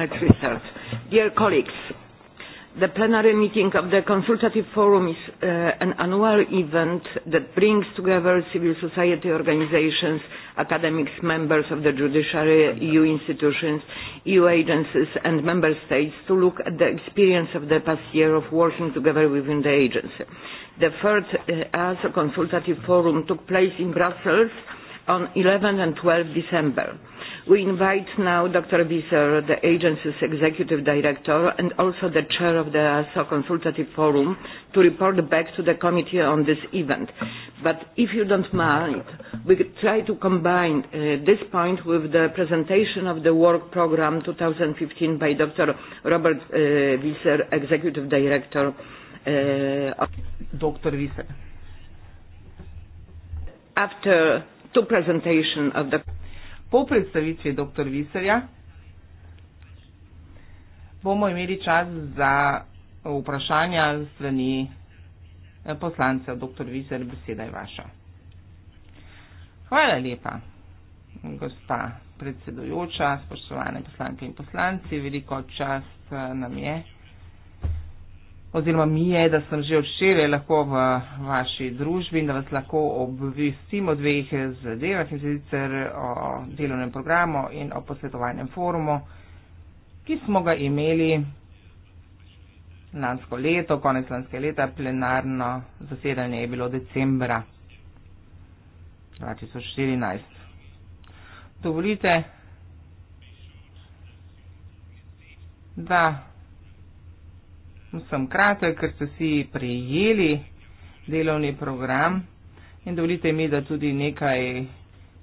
like research. Dear colleagues, the plenary meeting of the Consultative Forum is uh, an annual event that brings together civil society organizations, academics, members of the judiciary, EU institutions, EU agencies and member states to look at the experience of the past year of working together within the agency. The third uh, ASO Consultative Forum took place in Brussels on 11 and 12 December we invite now Dr. Visser, the agency's executive director and also the chair of the ASO Consultative Forum, to report back to the committee on this event. But if you don't mind, we could try to combine uh, this point with the presentation of the work program 2015 by Dr. Robert uh, Visser, executive director. Uh, of Dr. Visser. After two presentations of the. Po predstavitvi dr. Viserja bomo imeli čas za vprašanja strani eh, poslancev. Dr. Viser, beseda je vaša. Hvala lepa, gospa predsedujoča, spoštovane poslanke in poslanci. Veliko čast eh, nam je oziroma mi je, da sem že odšele lahko v vaši družbi in da vas lahko obvestim o dveh zadevah in sicer o delovnem programu in o posvetovalnem forumu, ki smo ga imeli lansko leto, konec lanskega leta, plenarno zasedanje je bilo decembra 2014. Dovolite, da vsem kratek, ker ste si prijeli delovni program in dovolite mi, da tudi nekaj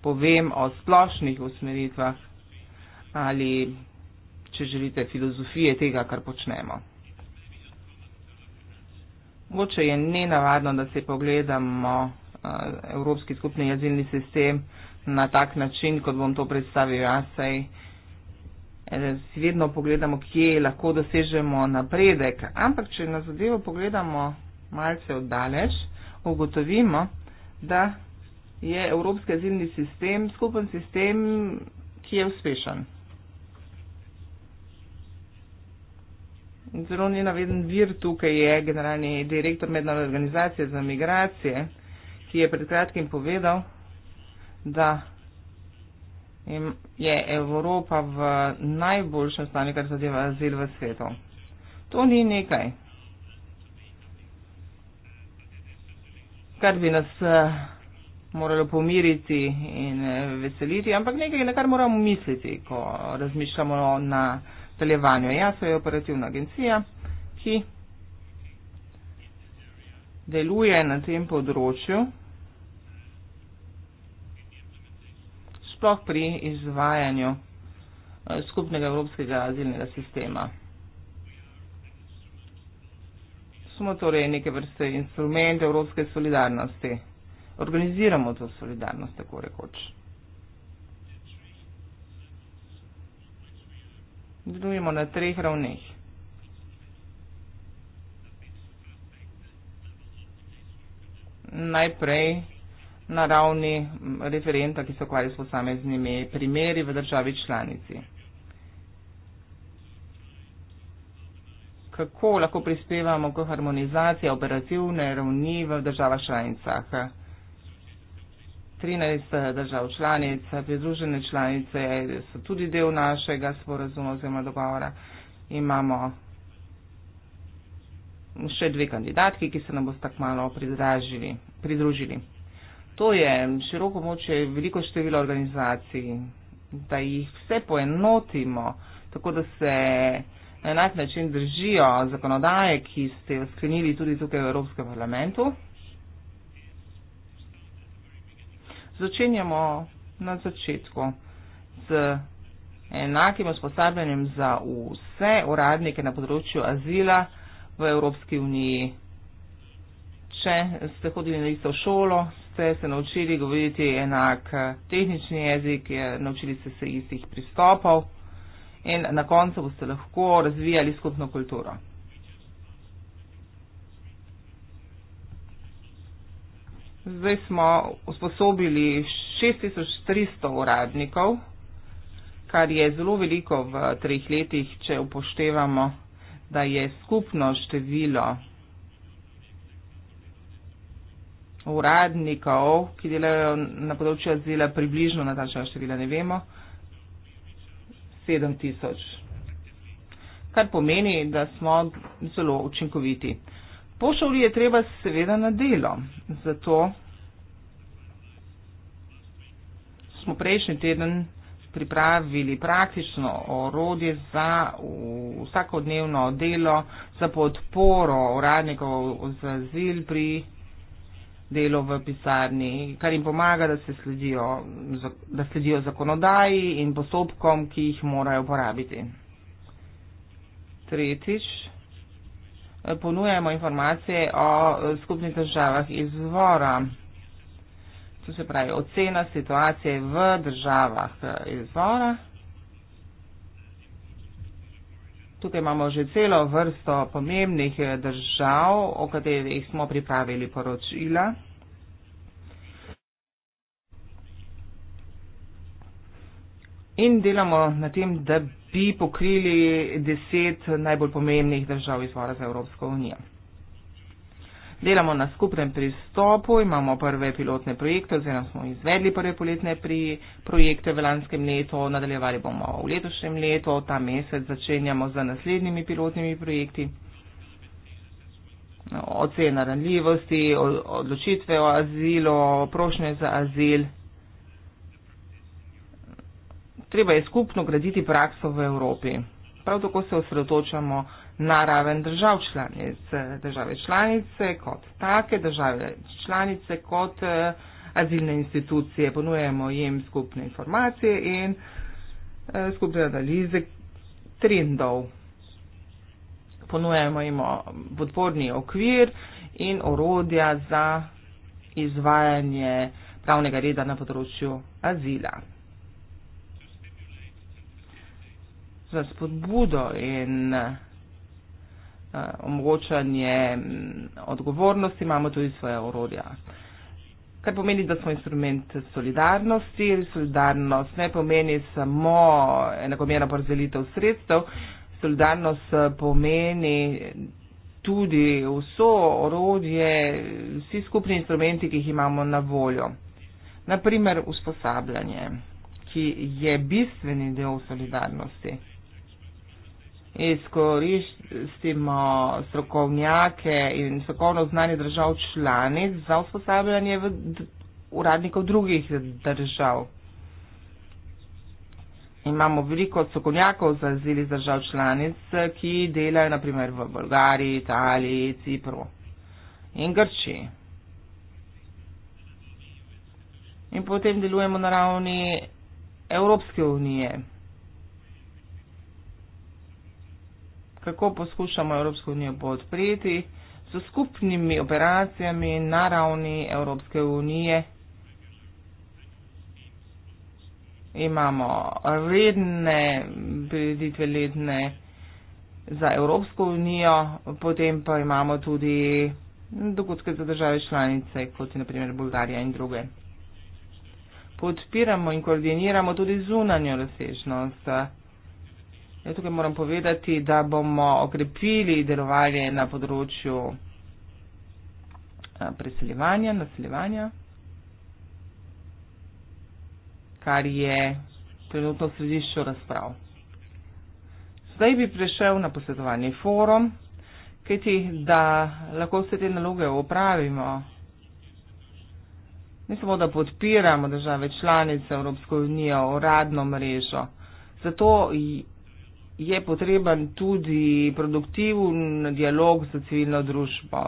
povem o splošnih usmeritvah ali, če želite, filozofije tega, kar počnemo. Mogoče je nenavadno, da se pogledamo eh, Evropski skupni jazilni sistem na tak način, kot bom to predstavil jaz, saj si eh, vedno pogledamo, kje lahko dosežemo napredek. Ampak, če na zadevo pogledamo malce oddaleč, ugotovimo, da je Evropski azilni sistem skupen sistem, ki je uspešen. Zelo nenaveden vir tukaj je generalni direktor Mednarodne organizacije za migracije, ki je pred kratkim povedal, da je Evropa v najboljšem stanju, kar zadeva azil v svetu. To ni nekaj, kar bi nas eh, moralo pomiriti in eh, veseliti, ampak nekaj, na kar moramo misliti, ko razmišljamo na telovanju. Jaz je operativna agencija, ki deluje na tem področju sploh pri izvajanju eh, skupnega evropskega azilnega sistema. Smo torej neke vrste instrument evropske solidarnosti. Organiziramo to solidarnost, tako rekoč. Delujemo na treh ravneh. Najprej na ravni referenta, ki se ukvarja s posameznimi primeri v državi članici. Kako lahko prispevamo k harmonizaciji operativne ravni v državah članicah? 13 eh, držav članic, pridružene članice so tudi del našega sporazuma oziroma dogovora. Imamo še dve kandidatki, ki se nam bo tako malo pridružili. To je široko moče veliko število organizacij, da jih vse poenotimo, tako da se na enak način držijo zakonodaje, ki ste jo sklenili tudi tukaj v Evropskem parlamentu. Začenjamo na začetku z enakim usposabljanjem za vse uradnike na področju azila v Evropski uniji. Če ste hodili na isto šolo, ste se naučili govoriti enak eh, tehnični jezik, eh, naučili ste se istih pristopov in na koncu boste lahko razvijali skupno kulturo. Zdaj smo usposobili 6300 uradnikov, kar je zelo veliko v treh letih, če upoštevamo, da je skupno število uradnikov, ki delajo na področju azila, približno na tačna števila ne vemo, 7000. Kar pomeni, da smo zelo učinkoviti. Pošolji je treba seveda na delo, zato smo prejšnji teden pripravili praktično orodje za vsakodnevno delo, za podporo uradnikov za zil pri delo v pisarni, kar jim pomaga, da, sledijo, da sledijo zakonodaji in postopkom, ki jih morajo uporabiti. Tretjič, ponujemo informacije o skupnih državah izvora. To se pravi ocena situacije v državah izvora. Tukaj imamo že celo vrsto pomembnih eh, držav, o katerih smo pripravili poročila. In delamo na tem, da bi pokrili deset najbolj pomembnih držav izvora za Evropsko unijo delamo na skupnem pristopu, imamo prve pilotne projekte oziroma smo izvedli prve poletne pri, projekte v lanskem letu, nadaljevali bomo v letošnjem letu, ta mesec začenjamo z naslednjimi pilotnimi projekti. Ocena ranljivosti, odločitve o azilu, prošnje za azil. Treba je skupno graditi prakso v Evropi. Prav tako se osredotočamo na raven držav članic, države članice kot take, države članice kot eh, azilne institucije. Ponujemo jim skupne informacije in eh, skupne analize trendov. Ponujemo jim podporni okvir in orodja za izvajanje pravnega reda na področju azila. za spodbudo in eh, omogočanje mm, odgovornosti, imamo tudi svoje orodja. Kar pomeni, da smo instrument solidarnosti. Solidarnost ne pomeni samo enakomerno porazdelitev sredstev, solidarnost eh, pomeni tudi vso orodje, vsi skupni instrumenti, ki jih imamo na voljo. Naprimer, usposabljanje, ki je bistveni del solidarnosti izkoristimo strokovnjake in strokovno znanje držav članic za usposabljanje uradnikov drugih držav. Imamo veliko strokovnjakov za azil iz držav članic, ki delajo naprimer v Bolgariji, Italiji, Cipru in Grčiji. In potem delujemo na ravni Evropske unije. kako poskušamo Evropsko unijo podpreti s skupnimi operacijami na ravni Evropske unije. Imamo redne preditve letne za Evropsko unijo, potem pa imamo tudi dogodke za države članice, kot je naprimer Bulgarija in druge. Podpiramo in koordiniramo tudi zunanjo razsežnost. Ja, tukaj moram povedati, da bomo okrepili delovanje na področju eh, preseljevanja, naseljevanja, kar je trenutno v središču razprav. Zdaj bi prišel na posvetovanje forum, kajti da lahko vse te naloge opravimo, ne samo da podpiramo države članice Evropske unije, uradno mrežo, zato je potreben tudi produktiven dialog s civilno družbo.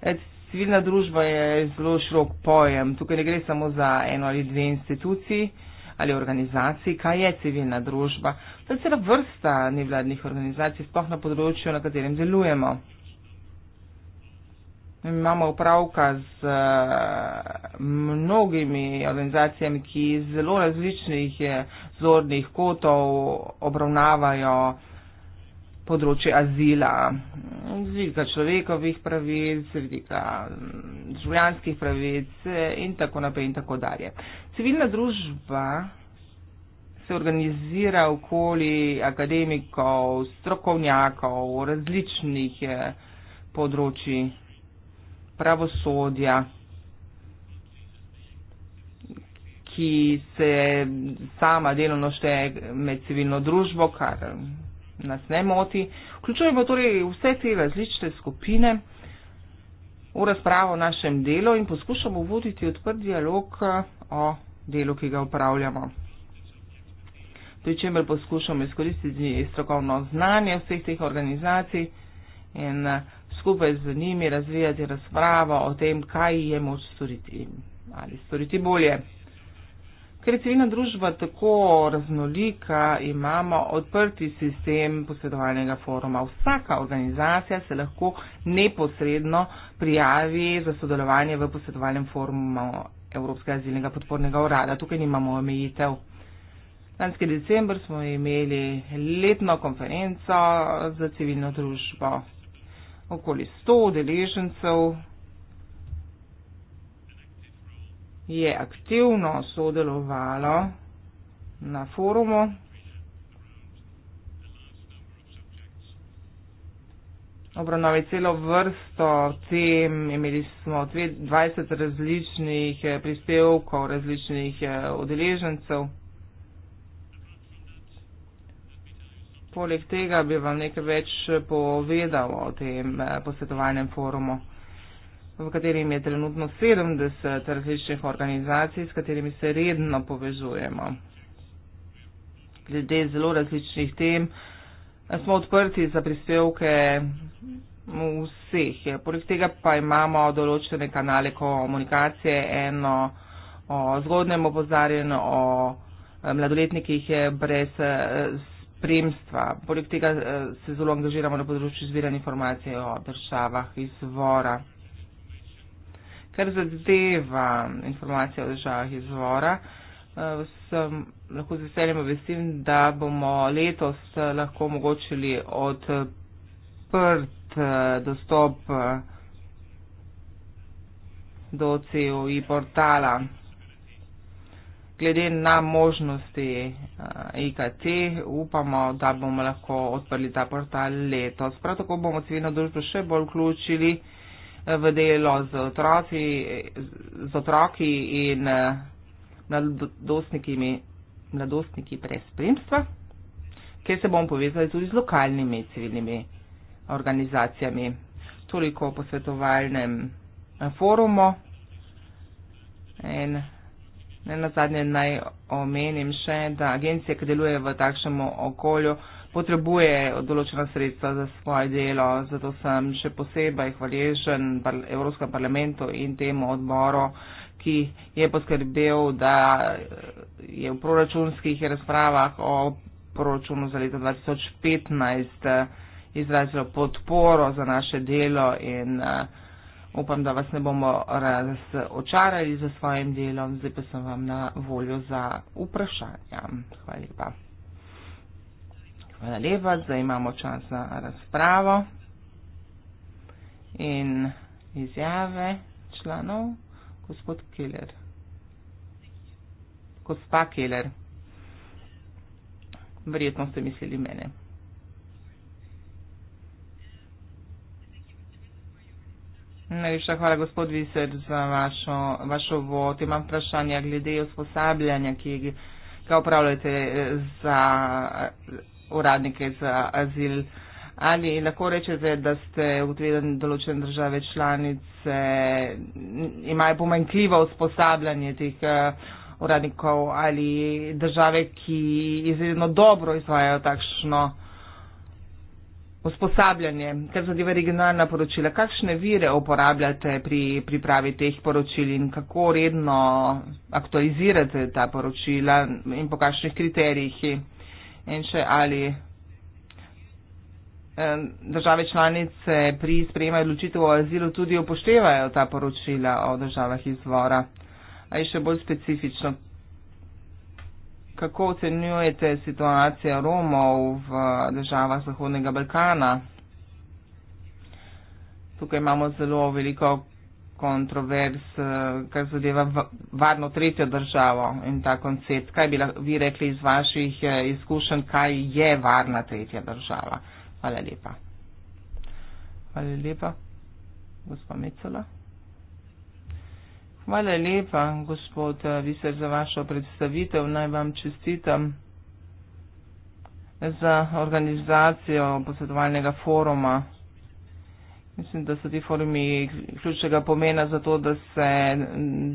Ed, civilna družba je zelo širok pojem. Tukaj ne gre samo za eno ali dve instituciji ali organizaciji. Kaj je civilna družba? To je cela vrsta nevladnih organizacij, sploh na področju, na katerem delujemo imamo upravka z eh, mnogimi organizacijami, ki iz zelo različnih eh, zornih kotov obravnavajo področje azila, z vidika človekovih pravic, z vidika mm, življanskih pravic eh, in tako naprej in tako dalje. Civilna družba se organizira okoli akademikov, strokovnjakov, različnih področji pravosodja, ki se sama delovno šteje med civilno družbo, kar nas ne moti. Vključujemo torej vse te različne skupine v razpravo o našem delu in poskušamo voditi odprt dialog eh, o delu, ki ga upravljamo. Pri čemer poskušamo izkoristiti strokovno znanje vseh teh organizacij in skupaj z njimi razvijati razpravo o tem, kaj je moč storiti ali storiti bolje. Ker je civilna družba tako raznolika, imamo odprti sistem posvetovalnega foruma. Vsaka organizacija se lahko neposredno prijavi za sodelovanje v posvetovalnem forumu Evropskega azilnega podpornega urada. Tukaj nimamo omejitev. Lanski december smo imeli letno konferenco za civilno družbo okoli 100 deležencev je aktivno sodelovalo na forumu. Obravnavali celo vrsto tem, imeli smo 20 različnih eh, prispevkov različnih eh, udeležencev. poleg tega bi vam nekaj več povedal o tem eh, posvetovalnem forumu, v katerem je trenutno 70 različnih organizacij, s katerimi se redno povezujemo. Glede zelo različnih tem eh, smo odprti za prispevke vseh. Poleg tega pa imamo določene kanale komunikacije, eno o zgodnem opozarjen o eh, mladoletnikih brez spremstva. Poleg tega eh, se zelo angažiramo na področju zbiranja informacij o državah izvora. Ker zadeva informacije o državah izvora, eh, sem lahko z veseljem obvestim, da bomo letos eh, lahko omogočili odprt dostop do COI portala, glede na možnosti uh, eh, IKT upamo, da bomo lahko odprli ta portal letos. Prav tako bomo civilno družbo še bolj vključili eh, v delo z, otroci, z otroki in eh, mladostniki, mladostniki brez spremstva, kjer se bomo povezali tudi z lokalnimi civilnimi organizacijami. Toliko o posvetovalnem forumu. Ne na zadnje naj omenim še, da agencije, ki delujejo v takšnem okolju, potrebujejo določena sredstva za svoje delo, zato sem še posebej hvaležen par Evropskem parlamentu in temu odboru, ki je poskrbel, da je v proračunskih razpravah o proračunu za leto 2015 eh, izrazilo podporo za naše delo in uh, Upam, da vas ne bomo razočarali za svojim delom. Zdaj pa sem vam na voljo za vprašanja. Hvala lepa. Hvala lepa, zdaj imamo čas za razpravo in izjave članov. Gospod Keller. Gospa Keller. Verjetno ste mislili mene. Najlepša hvala, gospod Viser, za vašo, vašo vod. Imam vprašanje glede usposabljanja, ki ga upravljate eh, za eh, uradnike za azil. Ali lahko rečete, da ste ugotovili, da določene države članice imajo pomanjkljivo usposabljanje teh eh, uradnikov ali države, ki izredno dobro izvajajo takšno usposabljanje, kar zadeva regionalna poročila. Kakšne vire uporabljate pri pripravi teh poročil in kako redno aktualizirate ta poročila in po kakšnih kriterijih? In še ali države članice pri sprejemanju odločitev o azilu tudi upoštevajo ta poročila o državah izvora? Ali še bolj specifično, kako ocenjujete situacijo Romov v državah Zahodnega Balkana? Tukaj imamo zelo veliko kontrovers, eh, kar zadeva varno tretjo državo in ta koncept. Kaj bi vi rekli iz vaših eh, izkušenj, kaj je varna tretja država? Hvala lepa. Hvala lepa, gospod Mecela. Hvala lepa, gospod eh, Viser, za vašo predstavitev. Naj vam čestitam za organizacijo posvetovalnega foruma. Mislim, da so ti forumi ključnega pomena za to, da se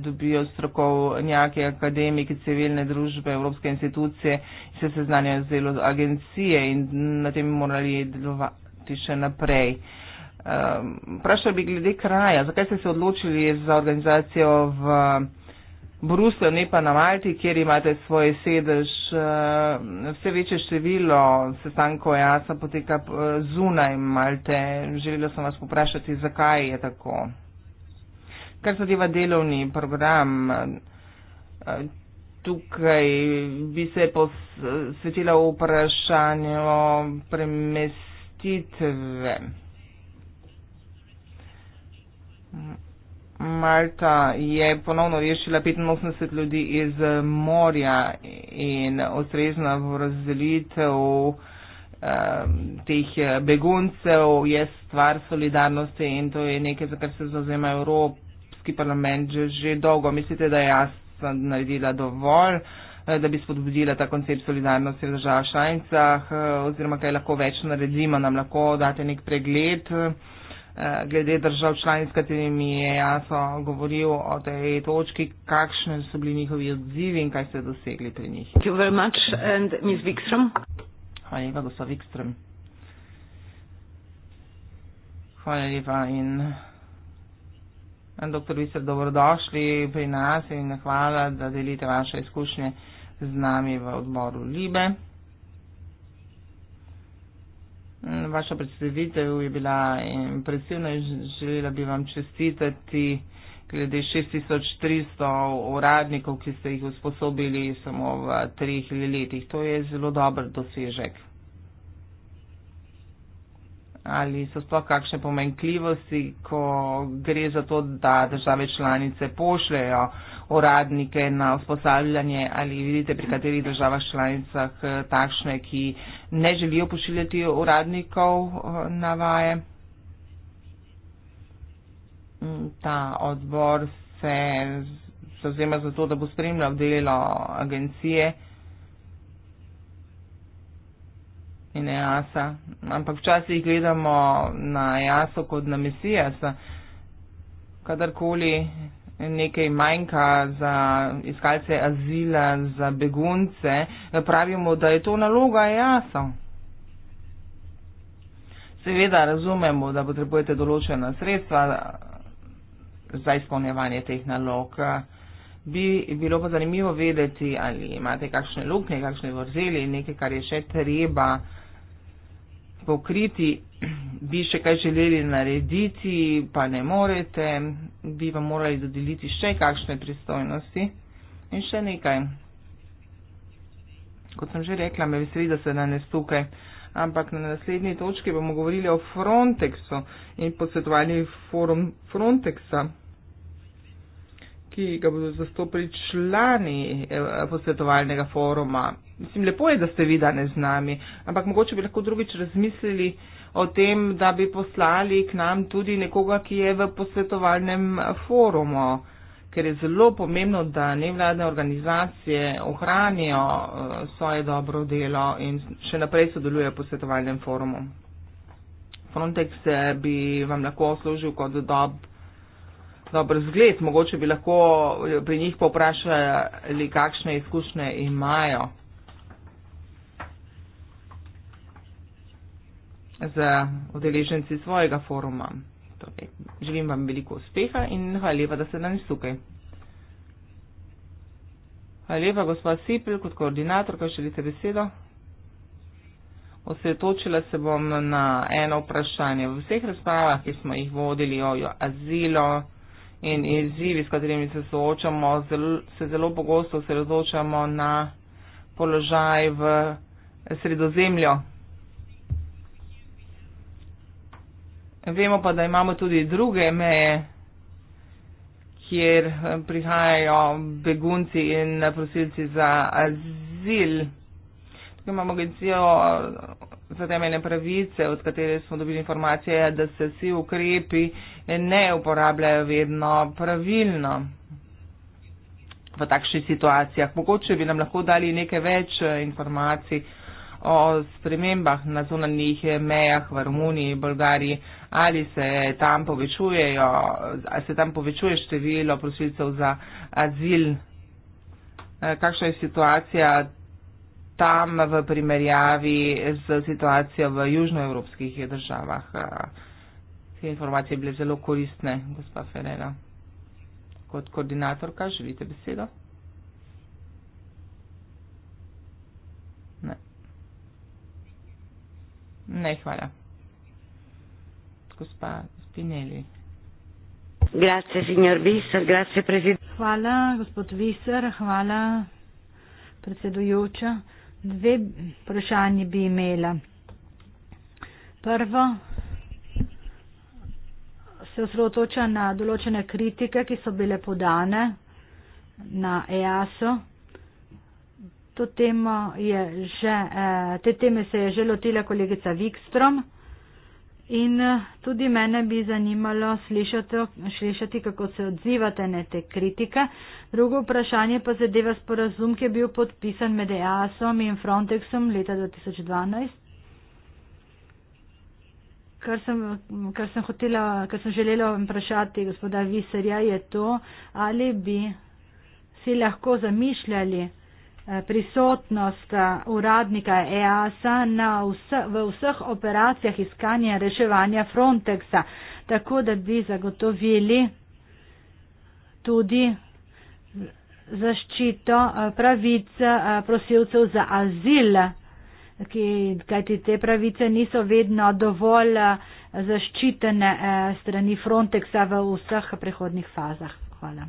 dobijo strokovnjaki, akademiki, civilne družbe, evropske institucije in se seznanjajo z delo agencije in na tem morali delovati še naprej. Uh, Ehm, vprašal bi glede kraja, zakaj ste se odločili za organizacijo v Bruslju, ne pa na Malti, kjer imate svoj sedež. Ehm, vse večje število sestankov EASA poteka eh, zunaj Malte. Želela sem vas poprašati, zakaj je tako. Kar zadeva delovni program, eh, tukaj bi se posvetila vprašanju premestitve. Malta je ponovno rešila 85 ljudi iz morja in ustrezna razdelitev teh beguncev je stvar solidarnosti in to je nekaj, za kar se zauzema Evropski parlament že, že dolgo. Mislite, da je jaz naredila dovolj, eh, da bi spodbudila ta koncept solidarnosti v državah članicah eh, oziroma kaj lahko več naredimo, nam lahko date nek pregled glede držav članic, s katerimi je jasno govoril o tej točki, kakšne so bili njihovi odzivi in kaj ste dosegli pri njih. Hvala lepa, gospod Vikström. Hvala lepa in doktor, vi ste dobrodošli pri nas in hvala, da delite vaše izkušnje z nami v odboru Libe. Vaša predstavitev je bila impresivna in želela bi vam čestitati glede 6300 uradnikov, ki ste jih usposobili samo v treh letih. To je zelo dober dosežek. Ali so sploh kakšne pomenkljivosti, ko gre za to, da države članice pošljajo uradnike na usposabljanje ali vidite pri katerih državah članicah eh, takšne, ki ne želijo pošiljati uradnikov eh, na vaje. Mm, ta odbor se zauzema za to, da bo spremljal delo agencije in EASA, ampak včasih gledamo na EASO kot na mesijasa. Kadarkoli nekaj manjka za iskalce azila, za begunce, pravimo, da je to naloga jasno. Seveda razumemo, da potrebujete določena sredstva za izpolnjevanje teh nalog. Bi bilo pa zanimivo vedeti, ali imate kakšne luknje, kakšne vrzeli, nekaj, kar je še treba uh, pokriti, bi še kaj želeli narediti, pa ne morete, bi vam morali dodeliti še kakšne pristojnosti in še nekaj. Kot sem že rekla, me veseli, da se danes tukaj, ampak na naslednji točki bomo govorili o Frontexu in posvetovali forum Frontexa ki ga bodo zastopili člani eh, posvetovalnega foruma mislim, lepo je, da ste vi danes z nami, ampak mogoče bi lahko drugič razmislili o tem, da bi poslali k nam tudi nekoga, ki je v posvetovalnem forumu, ker je zelo pomembno, da nevladne organizacije ohranijo eh, svoje dobro delo in še naprej sodelujejo v posvetovalnem forumu. Frontex eh, bi vam lahko služil kot dob, dober zgled, mogoče bi lahko pri njih povprašali, kakšne izkušnje imajo. z udeleženci svojega foruma. Torej, želim vam veliko uspeha in hvala lepa, da ste danes tukaj. Hvala lepa, gospod Sipil, kot koordinator, kaj želite besedo? Osredotočila se bom na eno vprašanje. V vseh razpravah, ki smo jih vodili o azilo in izzivi, s katerimi se soočamo, zelo, se zelo pogosto osredotočamo na položaj v sredozemlju. Vemo pa, da imamo tudi druge meje, kjer eh, prihajajo begunci in prosilci za azil. Tukaj imamo agencijo eh, za temeljne pravice, od katere smo dobili informacije, da se vsi ukrepi ne uporabljajo vedno pravilno v takšnih situacijah. Mogoče bi nam lahko dali nekaj več eh, informacij o spremembah na zunanjih mejah v Romuniji, Bolgariji ali se tam povečujejo, ali se tam povečuje število prosilcev za azil, eh, kakšna je situacija tam v primerjavi z situacijo v južnoevropskih državah. Eh, te informacije bile zelo koristne, gospa Ferrera. Kot koordinatorka, želite besedo? Ne, ne hvala gospa Spinelli. Grazie, signor Visser, grazie, predsednik. Hvala, gospod Visser, hvala, predsedujoča. Dve vprašanje bi imela. Prvo se osredotoča na določene kritike, ki so bile podane na EASO. Je že, eh, te teme se je že lotila kolegica Vikstrom. In eh, tudi mene bi zanimalo slišati, slišati kako se odzivate na te kritike. Drugo vprašanje pa zadeva sporazum, ki je bil podpisan med EASom in Frontexom leta 2012. Kar sem, kar, sem hotela, kar sem želela vprašati gospoda Viserja je to, ali bi si lahko zamišljali prisotnost eh, uradnika EASA na vse, v vseh operacijah iskanja reševanja Frontexa, tako da bi zagotovili tudi zaščito eh, pravic eh, prosilcev za azil, ki, kajti te pravice niso vedno dovolj zaščitene strani Frontexa v vseh prehodnih fazah. Hvala.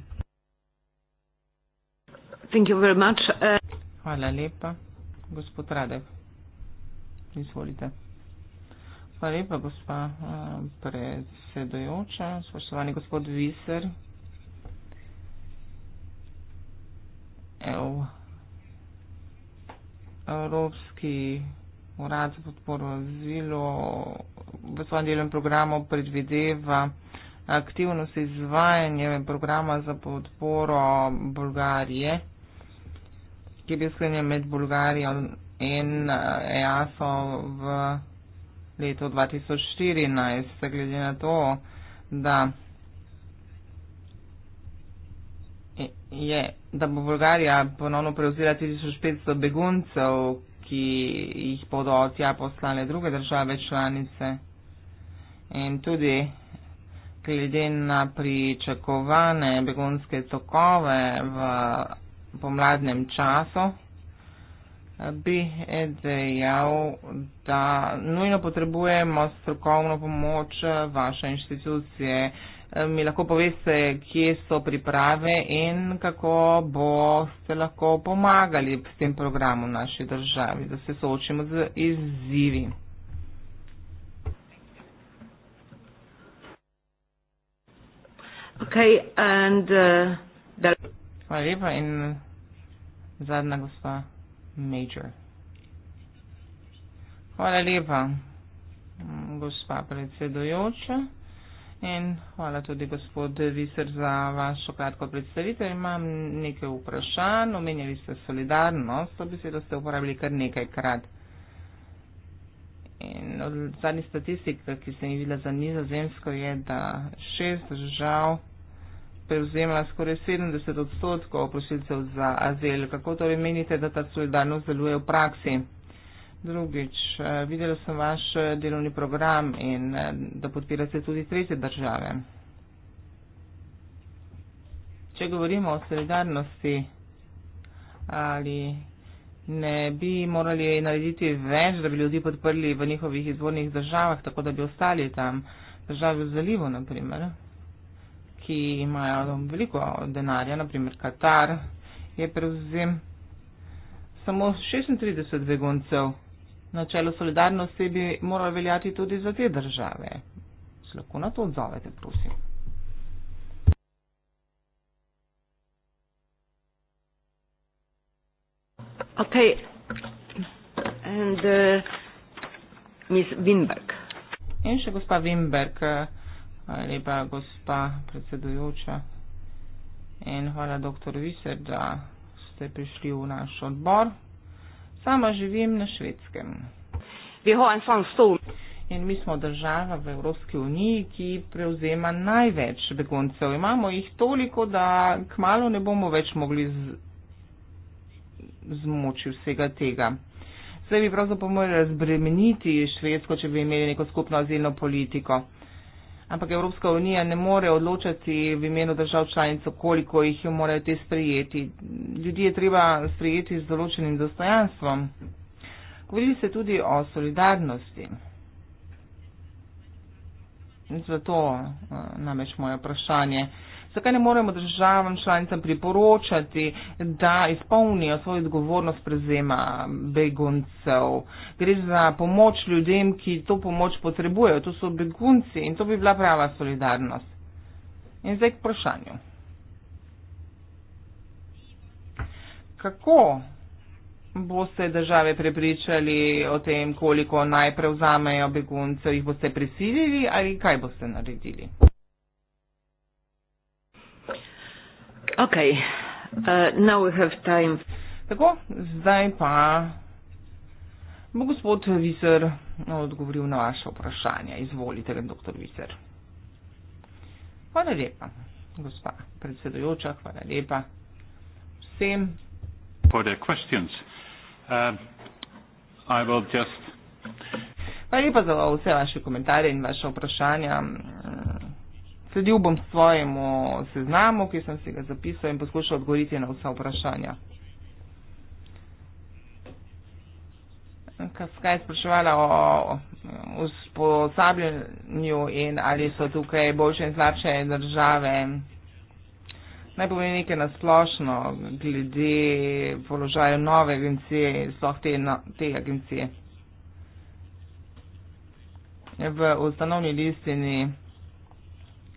Thank you very much. Uh, Hvala lepa, gospod Radek. Izvolite. Hvala lepa, gospa eh, predsedojoča, spoštovani gospod Viser. Evo. Evropski urad za podporo azilu v svojem delovnem programu predvideva aktivnost izvajanja programa za podporo Bolgarije ki je bil sklenjen med Bulgarijo in eh, EASO v letu 2014, glede na to, da, je, da bo Bulgarija ponovno prevzela 1500 beguncev, ki jih bodo od tja poslale druge države članice. In tudi glede na pričakovane begunske tokove v pomladnem času, bi dejal, da nujno potrebujemo strokovno pomoč vaše inštitucije. Mi lahko poveste, kje so priprave in kako boste lahko pomagali s tem programom v naši državi, da se soočimo z izzivi. Okay, and uh, the Hvala lepa in zadnja gospa Major. Hvala lepa gospa predsedojoča in hvala tudi gospod Viser za vašo kratko predstavitev. Imam nekaj vprašanj, omenjali ste solidarnost, to besedo ste uporabili kar nekajkrat. In od zadnjih statistik, ki sem jih videla za nizozemsko, je, da šest držav prevzemala skoraj 70 odstotkov prosilcev za azil. Kako torej menite, da ta solidarnost deluje v praksi? Drugič, eh, videla sem vaš eh, delovni program in eh, da podpirate tudi tretje države. Če govorimo o solidarnosti, ali ne bi morali narediti več, da bi ljudi podprli v njihovih izvornih državah, tako da bi ostali tam, države v zalivu, naprimer? ki imajo veliko denarja, naprimer Katar, je prevzem samo 36 beguncev. Načelo solidarnosti bi moralo veljati tudi za te države. Se lahko na to odzovete, prosim. Ok. In uh, Miss Wimberg. In še gospa Wimberg. Uh, lepa gospa predsedujoča in hvala dr. Viser, da ste prišli v naš odbor. Sama živim na švedskem. In mi smo država v Evropski uniji, ki prevzema največ beguncev. Imamo jih toliko, da kmalo ne bomo več mogli z... zmoči vsega tega. Zdaj bi pravzaprav morali razbremeniti Švedsko, če bi imeli neko skupno azilno politiko ampak Evropska unija ne more odločati v imenu držav članic, koliko jih jo morajo te sprijeti. Ljudje je treba sprijeti z določenim dostojanstvom. Govorili ste tudi o solidarnosti. In zato eh, namreč moje vprašanje. Zakaj ne moremo državam članicam priporočati, da izpolnijo svojo odgovornost prezema beguncev? Gre za pomoč ljudem, ki to pomoč potrebujejo. To so begunci in to bi bila prava solidarnost. In zdaj k vprašanju. Kako boste države prepričali o tem, koliko naj prevzamejo begunce, jih boste prisilili ali kaj boste naredili? Ok, uh, now we have time. Tako, zdaj pa bo gospod Viser no, odgovoril na vaše vprašanje. Izvolite, doktor Viser. Hvala lepa, gospa predsedujoča, hvala lepa vsem. Uh, hvala lepa za vse vaše komentarje in vaše vprašanja. Sledil bom svojemu seznamu, ki sem si ga zapisal in poskušal odgovoriti na vsa vprašanja. Kaj je spraševala o usposabljanju in ali so tukaj boljše in slabše države? Naj povem nekaj nasplošno glede položaja nove agencije in sploh te, te agencije. V ustanovni listini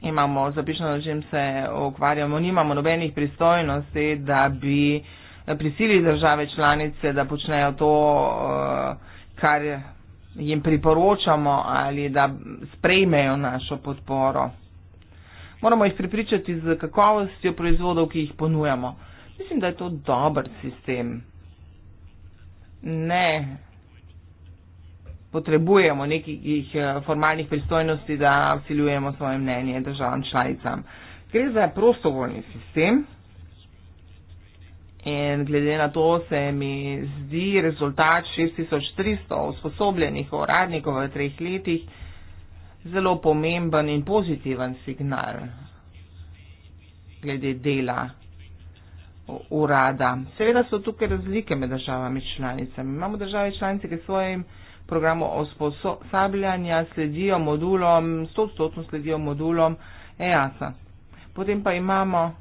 imamo zapišeno, da čim se ukvarjamo, nimamo nobenih pristojnosti, da bi eh, prisili države članice, da počnejo to, eh, kar jim priporočamo ali da sprejmejo našo podporo. Moramo jih pripričati z kakovostjo proizvodov, ki jih ponujamo. Mislim, da je to dober sistem. Ne potrebujemo nekih eh, formalnih pristojnosti, da vsiljujemo svoje mnenje državam članicam. Gre za prostovoljni sistem in glede na to se mi zdi rezultat 6300 usposobljenih uradnikov v treh letih zelo pomemben in pozitiven signal glede dela urada. Seveda so tukaj razlike med državami članicami. Imamo države članice, ki svojim programu osposabljanja sledijo modulom, 100% sledijo modulom EASA. Potem pa imamo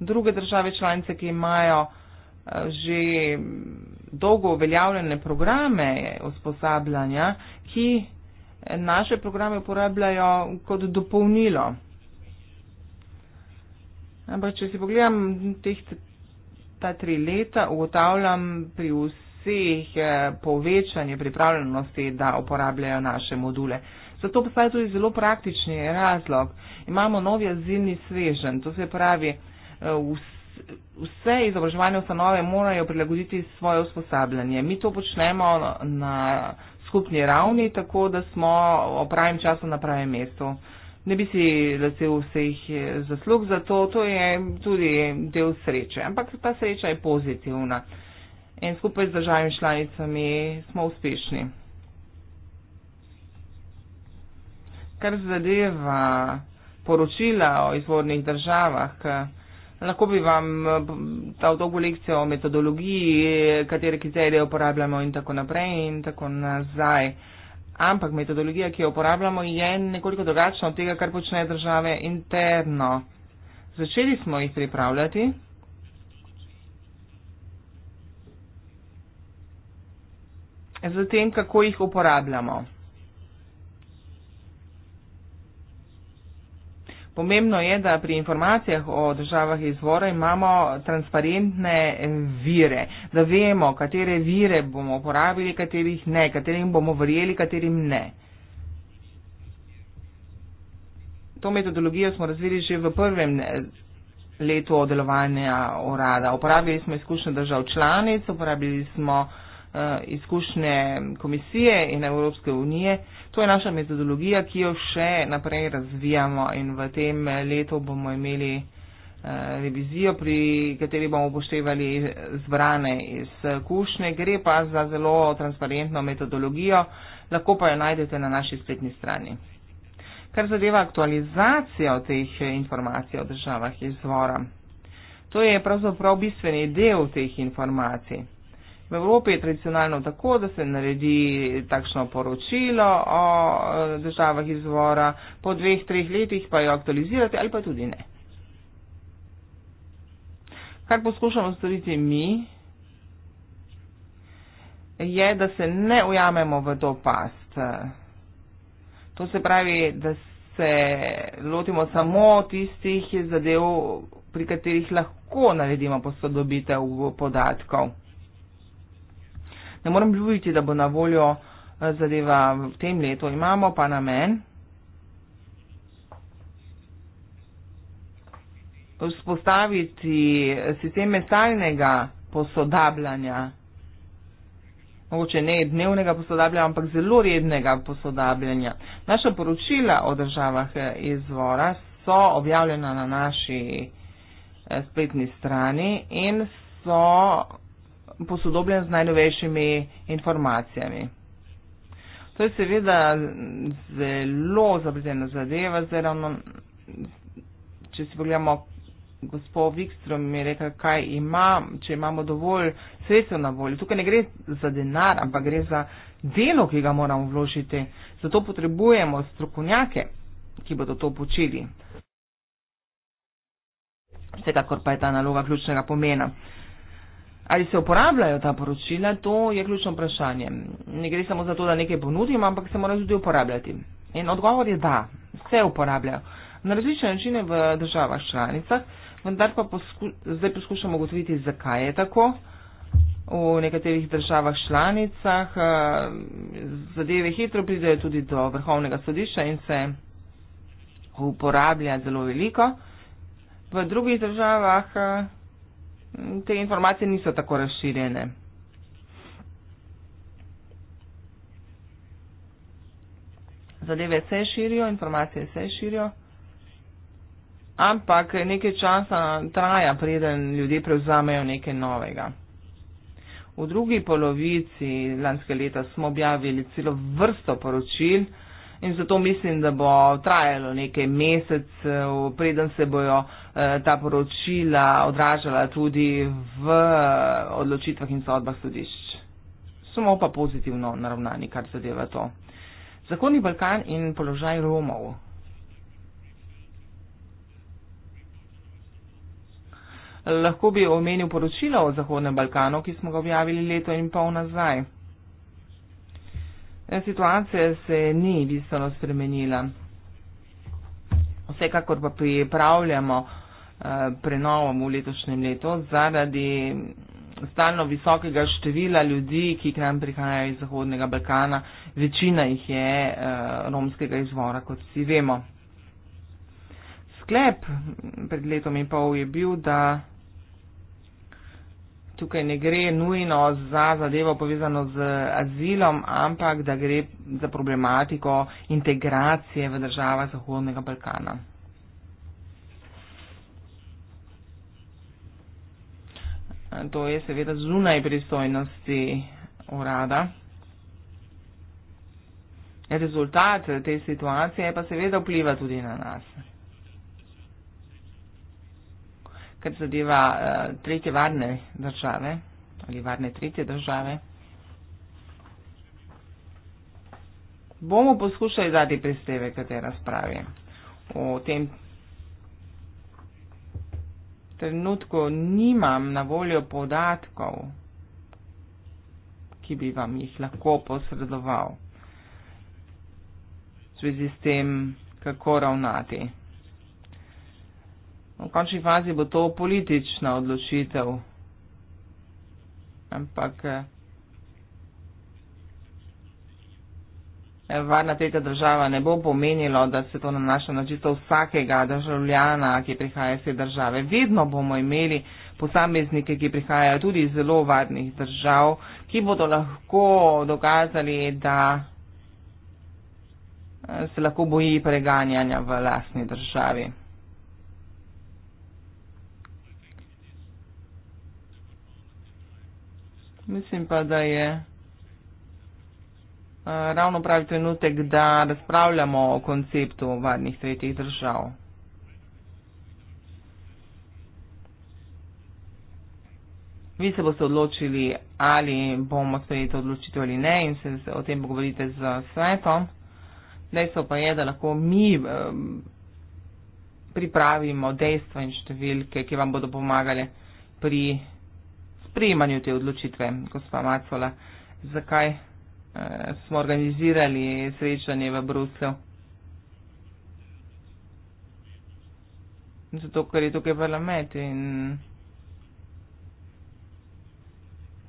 druge države članice, ki imajo eh, že dolgo uveljavljene programe osposabljanja, ki eh, naše programe uporabljajo kot dopolnilo. Ampak, če si pogledam teh, ta tri leta, ugotavljam pri vsem, vseh eh, povečanje pripravljenosti, da uporabljajo naše module. Zato postaje tudi zelo praktični razlog. Imamo novi azilni svežen, to se pravi, eh, vse izobraževanje ustanove morajo prilagoditi svoje usposabljanje. Mi to počnemo na skupni ravni, tako da smo v pravem času na pravem mestu. Ne bi si lasil vseh eh, zaslug za to, to je tudi del sreče, ampak ta sreča je pozitivna in skupaj z državami članicami smo uspešni. Kar zadeva poročila o izvornih državah, lahko bi vam dal dolgo lekcijo o metodologiji, katere kriterije uporabljamo in tako naprej in tako nazaj. Ampak metodologija, ki jo uporabljamo, je nekoliko drugačna od tega, kar počnejo države interno. Začeli smo jih pripravljati. z tem, kako jih uporabljamo. Pomembno je, da pri informacijah o državah izvora imamo transparentne vire, da vemo, katere vire bomo uporabili, katerih ne, katerim bomo verjeli, katerim ne. To metodologijo smo razvili že v prvem letu delovanja urada. Uporabili smo izkušnje držav članic, uporabili smo. Eh, izkušnje komisije in Evropske unije. To je naša metodologija, ki jo še naprej razvijamo in v tem letu bomo imeli eh, revizijo, pri kateri bomo upoštevali zbrane iz kušnje. Gre pa za zelo transparentno metodologijo, lahko pa jo najdete na naši spletni strani. Kar zadeva aktualizacijo teh informacij o državah izvora. To je pravzaprav bistveni del teh informacij. Evropi je tradicionalno tako, da se naredi takšno poročilo o e, državah izvora, po dveh, treh letih pa jo aktualizirate ali pa tudi ne. Kar poskušamo storiti mi, je, da se ne ujamemo v to past. To se pravi, da se lotimo samo tistih zadev, pri katerih lahko naredimo posodobitev podatkov ne morem ljubiti, da bo na voljo eh, zadeva v tem letu. Imamo pa namen vzpostaviti sisteme stalnega posodabljanja. Mogoče ne dnevnega posodabljanja, ampak zelo rednega posodabljanja. Naša poročila o državah eh, izvora so objavljena na naši eh, spletni strani in so posodobljen z najnovejšimi informacijami. To je seveda zelo zabrzena zadeva, zdaj ravno, če si pogledamo, gospod Vikstrom mi je rekel, kaj ima, če imamo dovolj sredstev na voljo. Tukaj ne gre za denar, ampak gre za delo, ki ga moramo vložiti. Zato potrebujemo strokovnjake, ki bodo to počeli. Vsekakor pa je ta naloga ključnega pomena. Uh, ali se uporabljajo ta poročila, to je ključno vprašanje. Ne gre samo za to, da nekaj ponudim, ampak se morajo tudi uporabljati. In odgovor je da, se uporabljajo na različne načine v državah članicah, vendar pa posku, zdaj poskušamo ugotoviti, zakaj je tako. V nekaterih državah članicah eh, zadeve hitro pridejo tudi do vrhovnega sodišča in se uporablja zelo veliko. V drugih državah eh, te informacije niso tako razširjene. Zadeve se širijo, informacije se širijo, ampak nekaj časa traja, preden ljudje prevzamejo nekaj novega. V drugi polovici lanske leta smo objavili celo vrsto poročil in zato mislim, da bo trajalo nekaj mesecev, preden se bojo uh, Eh, ta poročila odražala tudi v eh, odločitvah in sodbah sodišč. Smo pa pozitivno naravnani, kar zadeva to. Zahodni Balkan in položaj Romov. Lahko bi omenil poročilo o Zahodnem Balkanu, ki smo ga objavili leto in pol nazaj. Eh, situacija se ni bistveno spremenila. Vsekakor pa pripravljamo Eh, prenovom v letošnjem letu zaradi stalno visokega števila ljudi, ki k nam prihajajo iz Zahodnega Balkana. Večina jih je eh, romskega izvora, kot vsi vemo. Sklep pred letom in pol je bil, da tukaj ne gre nujno za zadevo povezano z azilom, ampak da gre za problematiko integracije v država Zahodnega Balkana. To je seveda zunaj pristojnosti urada. Rezultat te situacije pa seveda vpliva tudi na nas. Kar zadeva eh, tretje varne države ali varne tretje države, bomo poskušali dati prispevek, katera spravi o tem trenutku nimam na voljo podatkov, ki bi vam jih lahko posredoval v zvezi s tem, kako ravnati. V končni fazi bo to politična odločitev, ampak. Eh, varna tretja država ne bo pomenilo, da se to nanaša na čisto vsakega državljana, ki prihaja iz te države. Vedno bomo imeli posameznike, ki prihajajo tudi iz zelo varnih držav, ki bodo lahko dokazali, da eh, se lahko boji preganjanja v lastni državi. Mislim pa, da je. Eh, ravno pravi trenutek, da razpravljamo o konceptu varnih tretjih držav. Vi se boste odločili, ali bomo sprejeli to odločitev ali ne in se o tem pogovorite z svetom. Dejstvo pa je, da lahko mi ehm, pripravimo dejstva in številke, ki vam bodo pomagale pri sprejemanju te odločitve, gospa Macola. Zakaj Eh, smo organizirali srečanje v Bruslju. Zato, ker je tukaj parlament in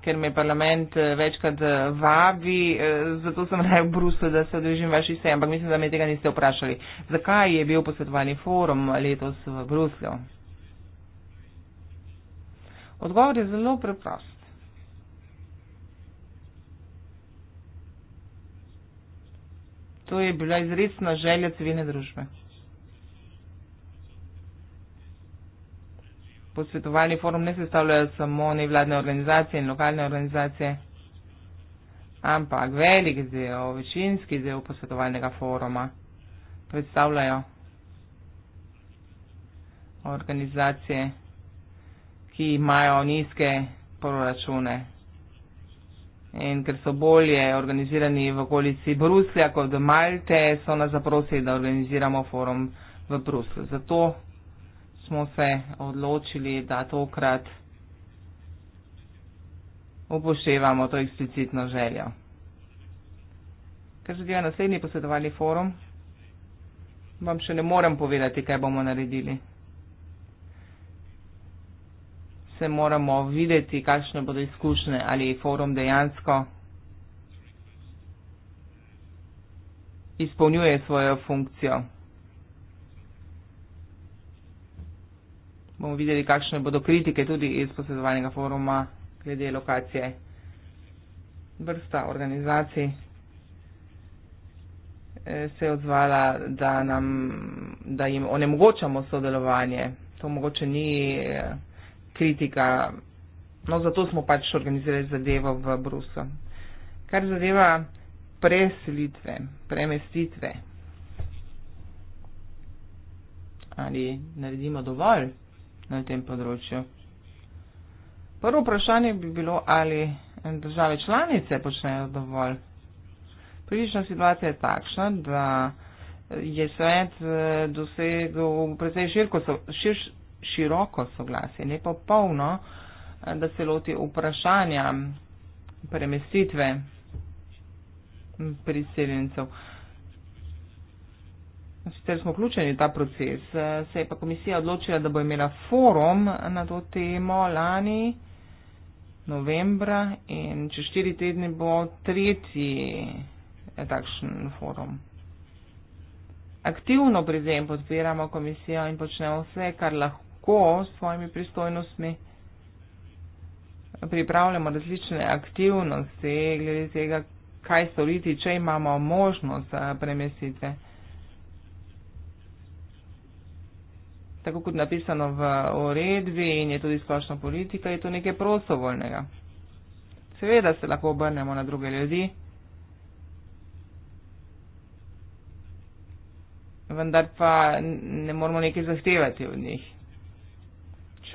ker me parlament eh, večkrat eh, vabi, zato sem raje v Bruslju, da se odrežim vaših sej, ampak mislim, da me tega niste vprašali. Zakaj je bil posvetovalni forum letos v Bruslju? Odgovor je zelo preprost. To je bila izredna želja civilne družbe. Posvetovalni forum ne sestavljajo samo nevladne organizacije in lokalne organizacije, ampak velik del, večinski del posvetovalnega foruma predstavljajo organizacije, ki imajo nizke proračune In ker so bolje organizirani v okolici Bruslja kot v Malte, so nas zaprosili, da organiziramo forum v Bruslju. Zato smo se odločili, da tokrat upoštevamo to eksplicitno željo. Ker zadeva naslednji posvetovalni forum, vam še ne morem povedati, kaj bomo naredili se moramo videti, kakšne bodo izkušnje, ali je forum dejansko izpolnjuje svojo funkcijo. Bomo videli, kakšne bodo kritike tudi iz posvetovalnega foruma glede lokacije vrsta organizacij. Eh, se je odzvala, da, nam, da jim onemogočamo sodelovanje. To mogoče ni eh, kritika. No, zato smo pač organizirali zadevo v Bruslu. Kar zadeva preselitve, premestitve. Ali naredimo dovolj na tem področju? Prvo vprašanje bi bilo, ali države članice počnejo dovolj. Prilična situacija je takšna, da je svet eh, dosegel precej širko, široko soglasje, ne pa polno, eh, da se loti vprašanja premestitve priseljencev. Sicer smo vključeni v ta proces, eh, se je pa komisija odločila, da bo imela forum na to temo lani novembra in čez štiri tedne bo tretji eh, takšen forum. Aktivno pri tem podpiramo komisijo in počnemo vse, kar lahko lahko s svojimi pristojnostmi pripravljamo različne aktivnosti, glede tega, kaj storiti, če imamo možnost eh, premestitve. Tako kot napisano v uredbi in je tudi splošna politika, je to nekaj prostovoljnega. Seveda se lahko obrnemo na druge ljudi, vendar pa ne moramo nekaj zahtevati od njih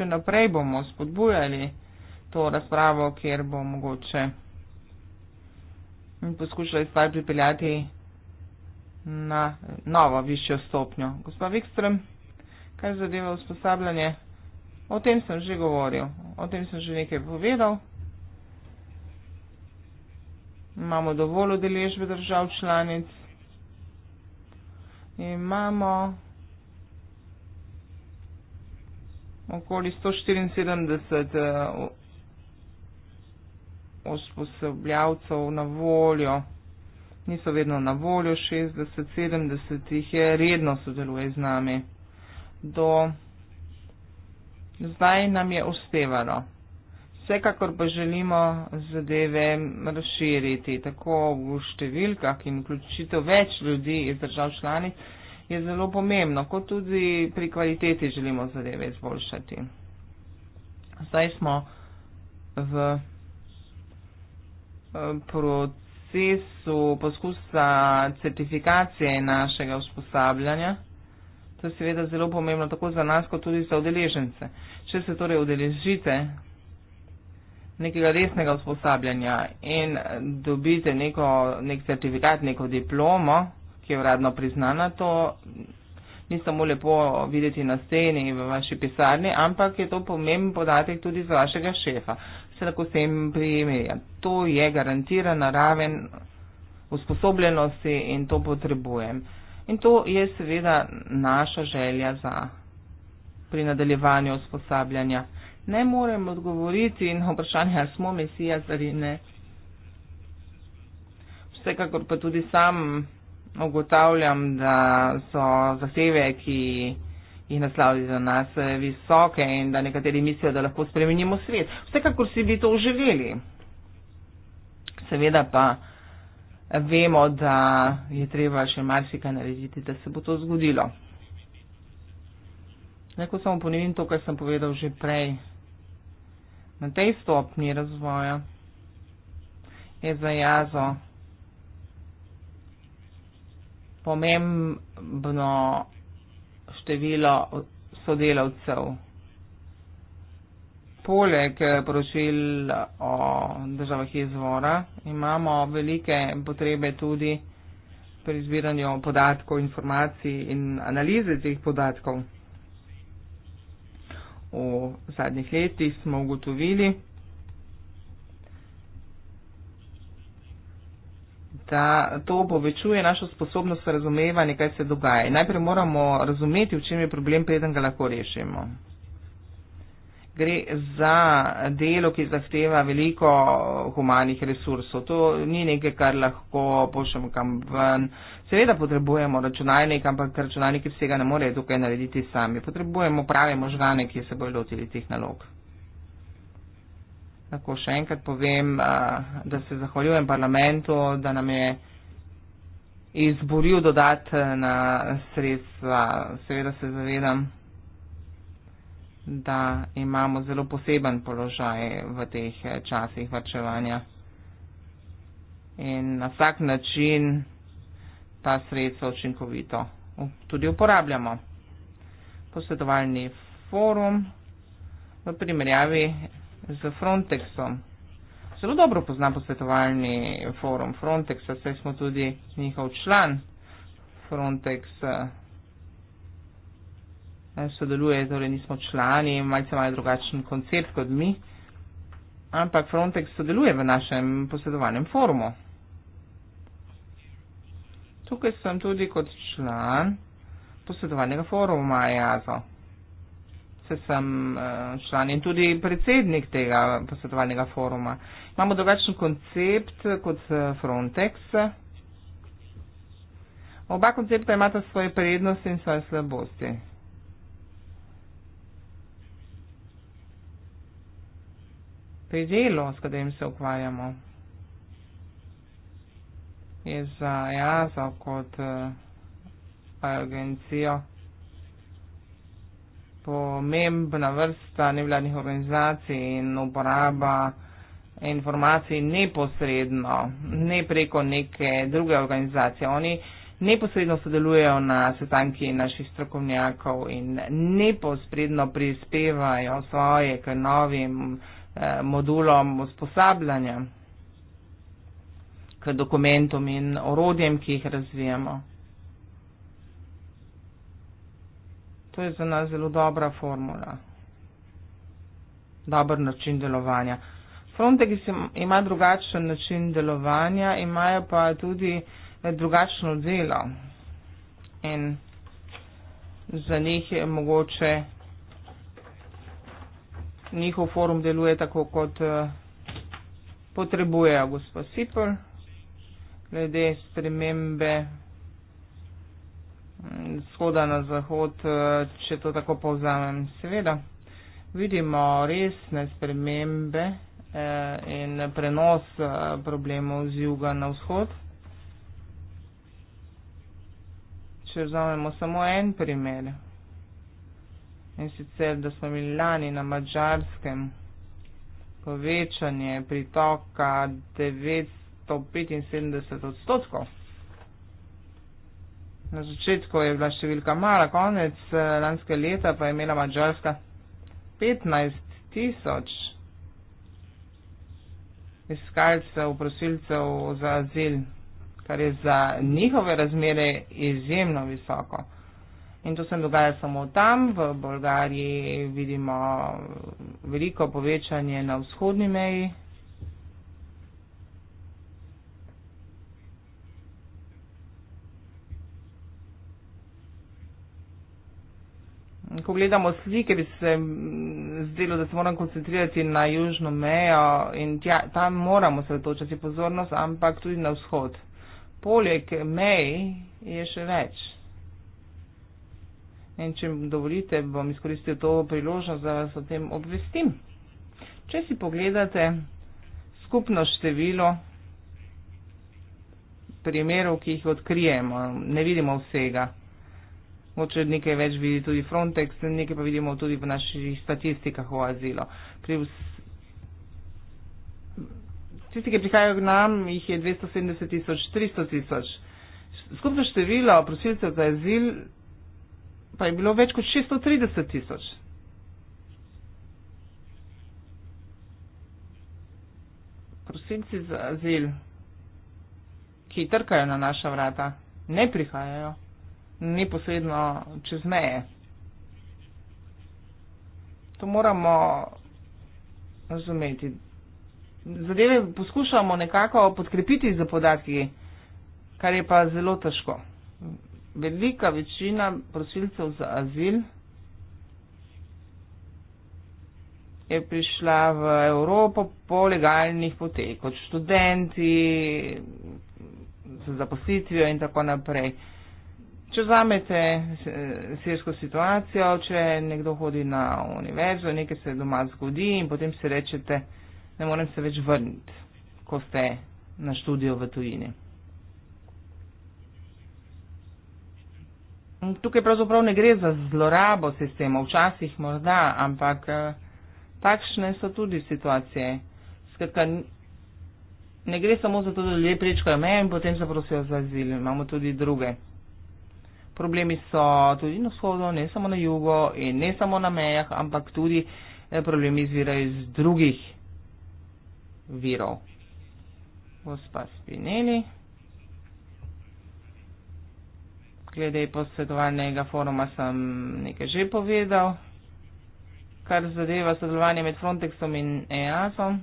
še naprej bomo spodbujali to razpravo, kjer bo mogoče poskušali stvar pripeljati na novo, višjo stopnjo. Gospa Vikström, kaj zadeva usposabljanje? O tem sem že govoril, o tem sem že nekaj povedal. Imamo dovolj udeležbe držav članic. Imamo. okoli 174 usposabljavcev eh, na voljo. Niso vedno na voljo, 60-70 jih je, redno sodeluje z nami. Do zdaj nam je ustevalo. Vsekakor pa želimo zadeve razširiti, tako v številkah in vključitev več ljudi iz držav članic, je zelo pomembno, kot tudi pri kvaliteti želimo zadeve izboljšati. Zdaj smo v eh, procesu poskusa certifikacije našega usposabljanja. To je seveda zelo pomembno tako za nas, kot tudi za udeležence. Če se torej udeležite nekega resnega usposabljanja in dobite neko, nek certifikat, neko diplomo, ki je uradno priznana, to ni samo lepo videti na sceni v vaši pisarni, ampak je to pomemben podatek tudi za vašega šefa. Se lahko s tem primerja. To je garantirana raven usposobljenosti in to potrebujem. In to je seveda naša želja za pri nadaljevanju usposabljanja. Ne morem odgovoriti na vprašanje, ali smo mesija ali ne. Vsekakor pa tudi sam ugotavljam, da so zahteve, ki jih naslavlja za nas, visoke in da nekateri mislijo, da lahko spremenimo svet. Vsekakor si bi to želeli. Seveda pa vemo, da je treba še marsikaj narediti, da se bo to zgodilo. Neko samo ponovim to, kar sem povedal že prej. Na tej stopni razvoja je za jazo pomembno število sodelavcev. Poleg eh, poročil o državah izvora imamo velike potrebe tudi pri izbiranju podatkov, informacij in analize teh podatkov. V zadnjih letih smo ugotovili, da to povečuje našo sposobnost razumevanja, kaj se dogaja. Najprej moramo razumeti, v čem je problem, preden ga lahko rešimo. Gre za delo, ki zahteva veliko humanih resursov. To ni nekaj, kar lahko pošljemo kam ven. Seveda potrebujemo računalnik, ampak računalniki vsega ne morejo tukaj narediti sami. Potrebujemo prave možgane, ki se bodo lotili teh nalog lahko še enkrat povem, da se zahvaljujem parlamentu, da nam je izboril dodatna e, sredstva. Seveda se zavedam, da imamo zelo poseben položaj v teh e, časih vrčevanja. In na vsak način ta sredstva učinkovito tudi uporabljamo. Posvetovalni forum v primerjavi z Frontexom. Zelo dobro poznam posvetovalni forum Frontexa, saj smo tudi njihov član Frontex. Eh, sodeluje, torej nismo člani, malce malo drugačen koncept kot mi, ampak Frontex sodeluje v našem posvetovalnem forumu. Tukaj sem tudi kot član posvetovalnega foruma Jazo se sem uh, član in tudi predsednik tega posvetovalnega foruma. Imamo drugačen koncept kot eh, Frontex. Oba koncepta imata svoje prednosti in svoje slabosti. Pri delu, s katerim se ukvarjamo, je za jaz kot uh, agencijo pomembna vrsta nevladnih organizacij in uporaba informacij neposredno, ne preko neke druge organizacije. Oni neposredno sodelujejo na sestanki naših strokovnjakov in neposredno prispevajo svoje k novim eh, modulom usposabljanja, k dokumentom in orodjem, ki jih razvijamo. To je za nas zelo dobra formula, dober način delovanja. Frontex ima drugačen način delovanja, imajo pa tudi eh, drugačno delo. In za njih je mogoče, njihov forum deluje tako, kot eh, potrebujejo, gospod Sipr, glede spremembe shoda na zahod, eh, če to tako povzamem. Seveda, vidimo resne spremembe eh, in prenos eh, problemov z juga na vzhod. Če vzamemo samo en primer, in sicer, da smo imeli lani na mačarskem povečanje pritoka 975 odstotkov. Na začetku je bila številka mala, konec eh, lanske leta pa je imela Mačarska 15 tisoč iskalcev, prosilcev za azil, kar je za njihove razmere izjemno visoko. In to se dogaja samo tam, v Bolgariji vidimo veliko povečanje na vzhodni meji ko gledamo slike, bi se zdelo, da se moram koncentrirati na južno mejo in tja, tam moramo se otočati pozornost, ampak tudi na vzhod. Poleg mej je še več. In če dovolite, bom izkoristil to priložnost, da vas o tem obvestim. Če si pogledate skupno število primerov, ki jih odkrijemo, ne vidimo vsega. Mogoče nekaj več vidi tudi Frontex, nekaj pa vidimo tudi v naših statistikah o azilo. Tisti, ki prihajajo k nam, jih je 270 tisoč, 300 tisoč. Skupno število prosilcev za azil pa je bilo več kot 630 tisoč. Prosilci za azil, ki trkajo na naša vrata, ne prihajajo neposredno čez meje. To moramo razumeti. Zadeve poskušamo nekako podkrepiti za podatki, kar je pa zelo težko. Velika večina prosilcev za azil je prišla v Evropo po legalnih poteh, kot študenti, z zaposlitvijo in tako naprej. Če vzamete eh, sirsko situacijo, če nekdo hodi na univerzo in nekaj se doma zgodi in potem si rečete, ne morem se več vrniti, ko ste na študijo v tujini. Mm, tukaj pravzaprav ne gre za zlorabo sistema, včasih morda, ampak eh, takšne so tudi situacije. Skratka, ne gre samo za to, da ljudje prečkajo meje in potem zaprosijo za azil. Imamo tudi druge problemi so tudi na vzhodu, ne samo na jugu in ne samo na mejah, ampak tudi eh, problemi izvirajo iz drugih virov. Gospa Spineli, glede posvetovalnega foruma sem nekaj že povedal, kar zadeva sodelovanje med Frontexom in EASom.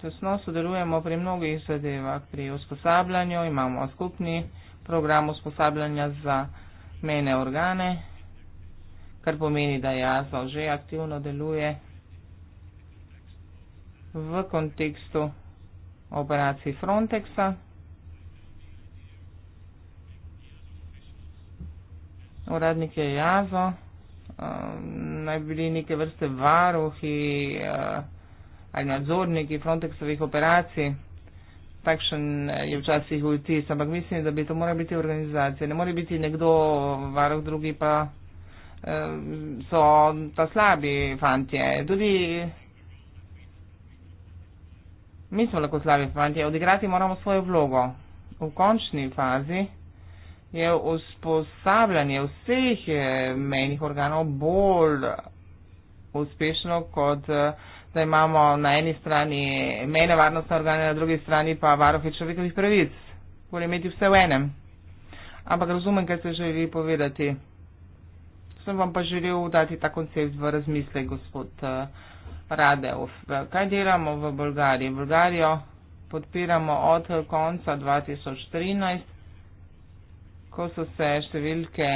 Tesno sodelujemo pri mnogih zadevah, pri usposabljanju imamo skupni program usposabljanja za mene organe, kar pomeni, da jazo e že aktivno deluje v kontekstu operacij Frontexa. Uradnik je jazo, um, naj bili neke vrste varuhi uh, ali nadzorniki Frontexovih operacij takšen je včasih vtis, ampak mislim, da bi to morala biti organizacija. Ne more biti nekdo, varoh drugi pa eh, so ta slabi fantje. Tudi mi smo lahko slabi fantje, odigrati moramo svojo vlogo. V končni fazi je usposabljanje vseh eh, menjih organov bolj uspešno kot eh, da imamo na eni strani mene varnostne organe, na drugi strani pa varuhe človekovih pravic. Bolje imeti vse v enem. Ampak razumem, kaj ste želeli povedati. Sem vam pa želel dati ta koncept v razmisle, gospod eh, Radev. Kaj delamo v Bolgariji? Bolgarijo podpiramo od konca 2013, ko so se številke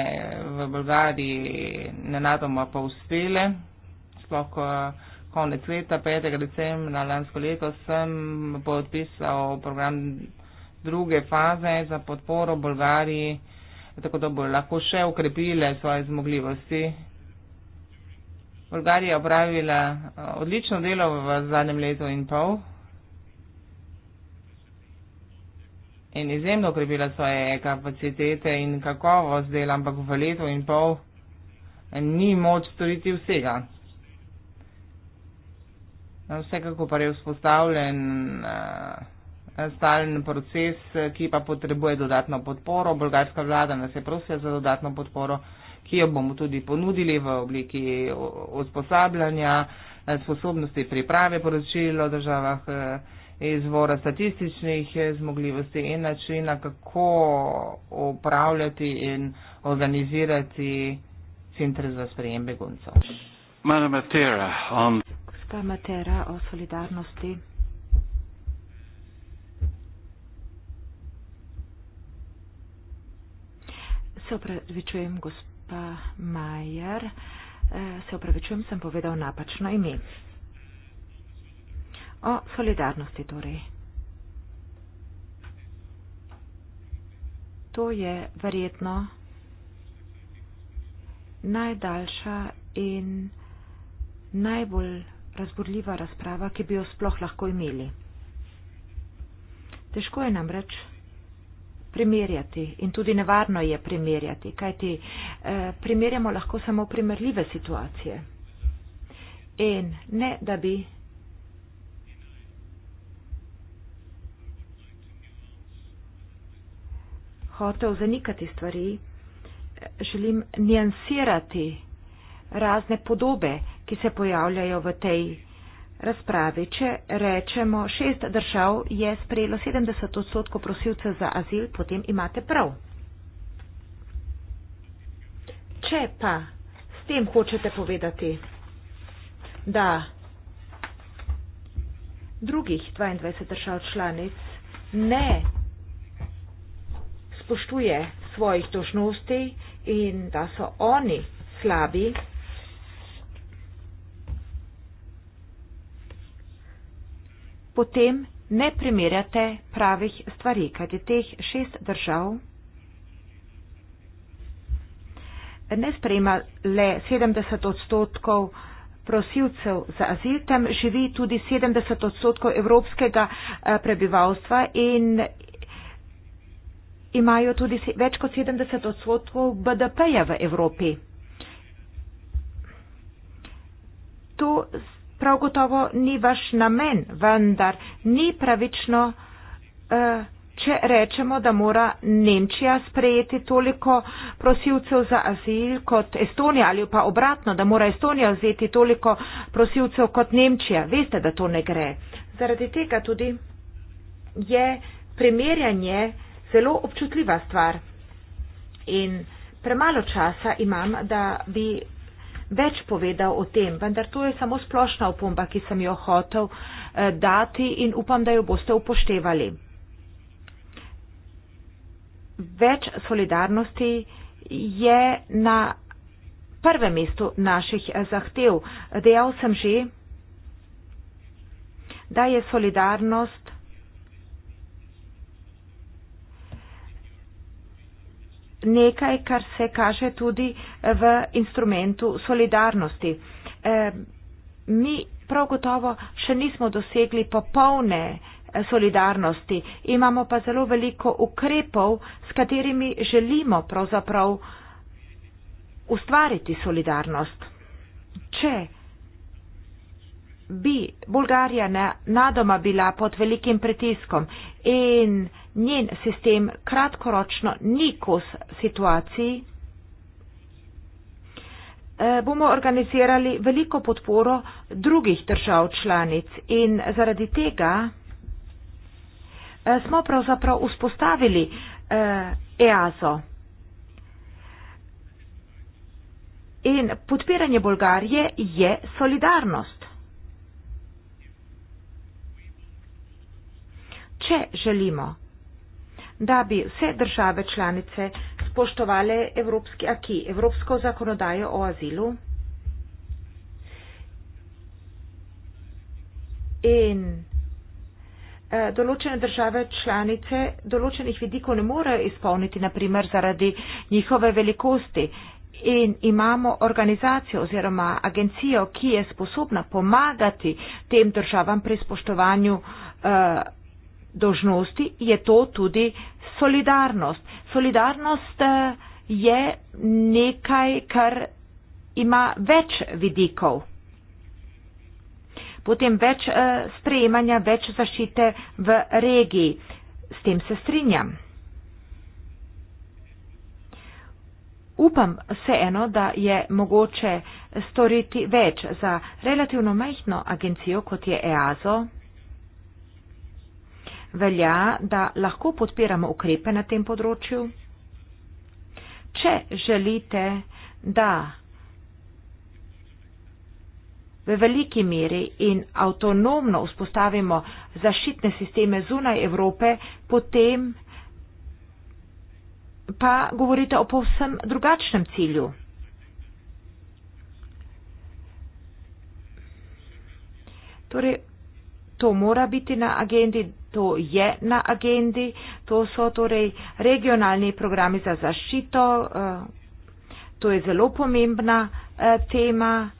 v Bolgariji nenadoma pa uspele. Sploh, uh, konec leta, 5. decembra lansko leto, sem podpisal program druge faze za podporo Bolgariji, tako da bodo lahko še ukrepile svoje zmogljivosti. Bolgarija je opravila eh, odlično delo v zadnjem letu in pol in izjemno ukrepila svoje kapacitete in kakovost dela, ampak v letu in pol ni moč storiti vsega. Vsekako pa je vzpostavljen eh, stalen proces, ki pa potrebuje dodatno podporo. Bolgarska vlada nas je prosila za dodatno podporo, ki jo bomo tudi ponudili v obliki usposabljanja, eh, sposobnosti priprave poročil o državah eh, izvora statističnih zmogljivosti in načina, kako upravljati in organizirati centre za sprejem beguncov. Madame Matera, on Evropska matera o solidarnosti. Se opravičujem, gospa Majer, eh, se opravičujem, sem povedal napačno ime. O solidarnosti torej. To je verjetno najdaljša in najbolj razburljiva razprava, ki bi jo sploh lahko imeli. Težko je namreč primerjati in tudi nevarno je primerjati, kajti eh, primerjamo lahko samo primerljive situacije. In ne, da bi hotel zanikati stvari, eh, želim njansirati razne podobe, ki se pojavljajo v tej razpravi. Če rečemo, šest držav je sprejelo 70 odstotkov prosilcev za azil, potem imate prav. Če pa s tem hočete povedati, da drugih 22 držav članic ne spoštuje svojih dožnosti in da so oni slabi, potem ne primerjate pravih stvari, kajti teh šest držav ne sprejema le 70 odstotkov prosilcev za azil, tam živi tudi 70 odstotkov evropskega eh, prebivalstva in imajo tudi več kot 70 odstotkov BDP-ja v Evropi. To prav gotovo ni vaš namen, vendar ni pravično, eh, če rečemo, da mora Nemčija sprejeti toliko prosilcev za azil kot Estonija ali pa obratno, da mora Estonija vzeti toliko prosilcev kot Nemčija. Veste, da to ne gre. Zaradi tega tudi je primerjanje zelo občutljiva stvar. In premalo časa imam, da bi več povedal o tem, vendar to je samo splošna opomba, ki sem jo hotel eh, dati in upam, da jo boste upoštevali. Več solidarnosti je na prvem mestu naših eh, zahtev. Dejal sem že, da je solidarnost nekaj, kar se kaže tudi v instrumentu solidarnosti. E, mi prav gotovo še nismo dosegli popolne e, solidarnosti, imamo pa zelo veliko ukrepov, s katerimi želimo pravzaprav ustvariti solidarnost. Če bi Bolgarija na, nadoma bila pod velikim pritiskom in njen sistem kratkoročno ni kos situaciji, e, bomo organizirali veliko podporo drugih držav članic in zaradi tega e, smo pravzaprav vzpostavili EASO. E in podpiranje Bolgarije je solidarnost. Če želimo, da bi vse države članice spoštovale evropski aki, evropsko zakonodajo o azilu in eh, določene države članice določenih vidikov ne morejo izpolniti, naprimer zaradi njihove velikosti. In imamo organizacijo oziroma agencijo, ki je sposobna pomagati tem državam pri spoštovanju uh, dožnosti je to tudi solidarnost. Solidarnost eh, je nekaj, kar ima več vidikov. Potem več eh, sprejemanja, več zašite v regiji. S tem se strinjam. Upam vseeno, da je mogoče storiti več za relativno majhno agencijo, kot je EASO velja, da lahko podpiramo ukrepe na tem področju. Če želite, da v veliki meri in avtonomno vzpostavimo zaščitne sisteme zunaj Evrope, potem pa govorite o povsem drugačnem cilju. Torej, to mora biti na agendi To je na agendi, to so torej regionalni programi za zaščito, eh, to je zelo pomembna eh, tema,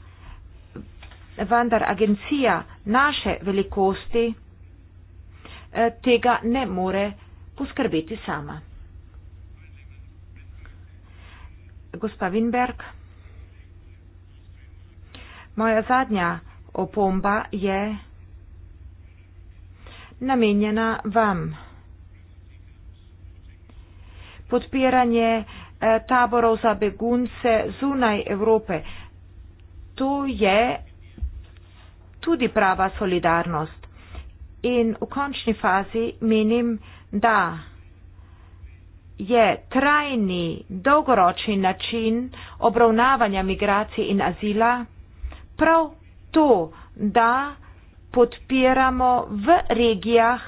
vendar agencija naše velikosti eh, tega ne more poskrbeti sama. Gospa Winberg, moja zadnja opomba je namenjena vam. Podpiranje eh, taborov za begunce zunaj Evrope. To je tudi prava solidarnost. In v končni fazi menim, da je trajni, dolgoročni način obravnavanja migracij in azila prav to, da podpiramo v regijah,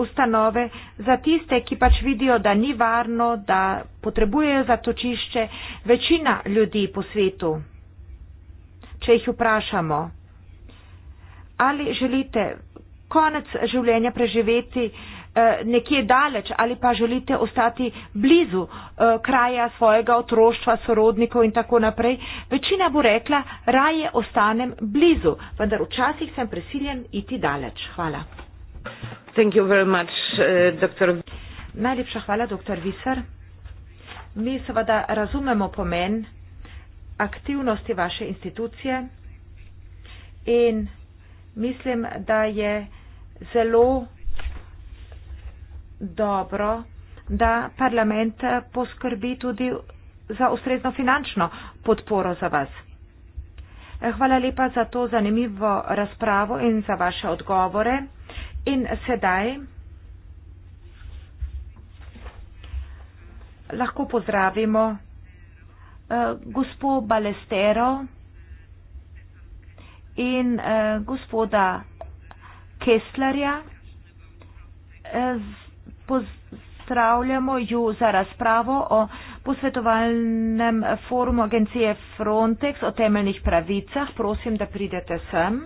ustanove, za tiste, ki pač vidijo, da ni varno, da potrebujejo zatočišče večina ljudi po svetu. Če jih vprašamo, ali želite konec življenja preživeti, Eh, nekje daleč ali pa želite ostati blizu eh, kraja svojega otroštva, sorodnikov in tako naprej, večina bo rekla, raje ostanem blizu, vendar včasih sem presiljen iti daleč. Hvala. Much, uh, doktor... Najlepša hvala, doktor Visar. Mi seveda razumemo pomen aktivnosti vaše institucije in mislim, da je zelo dobro, da parlament poskrbi tudi za ustrezno finančno podporo za vas. Hvala lepa za to zanimivo razpravo in za vaše odgovore. In sedaj lahko pozdravimo eh, gospod Balestero in eh, gospoda Kesslerja. Eh, pozdravljamo ju za razpravo o posvetovalnem forumu agencije Frontex o temeljnih pravicah. Prosim, da pridete sem.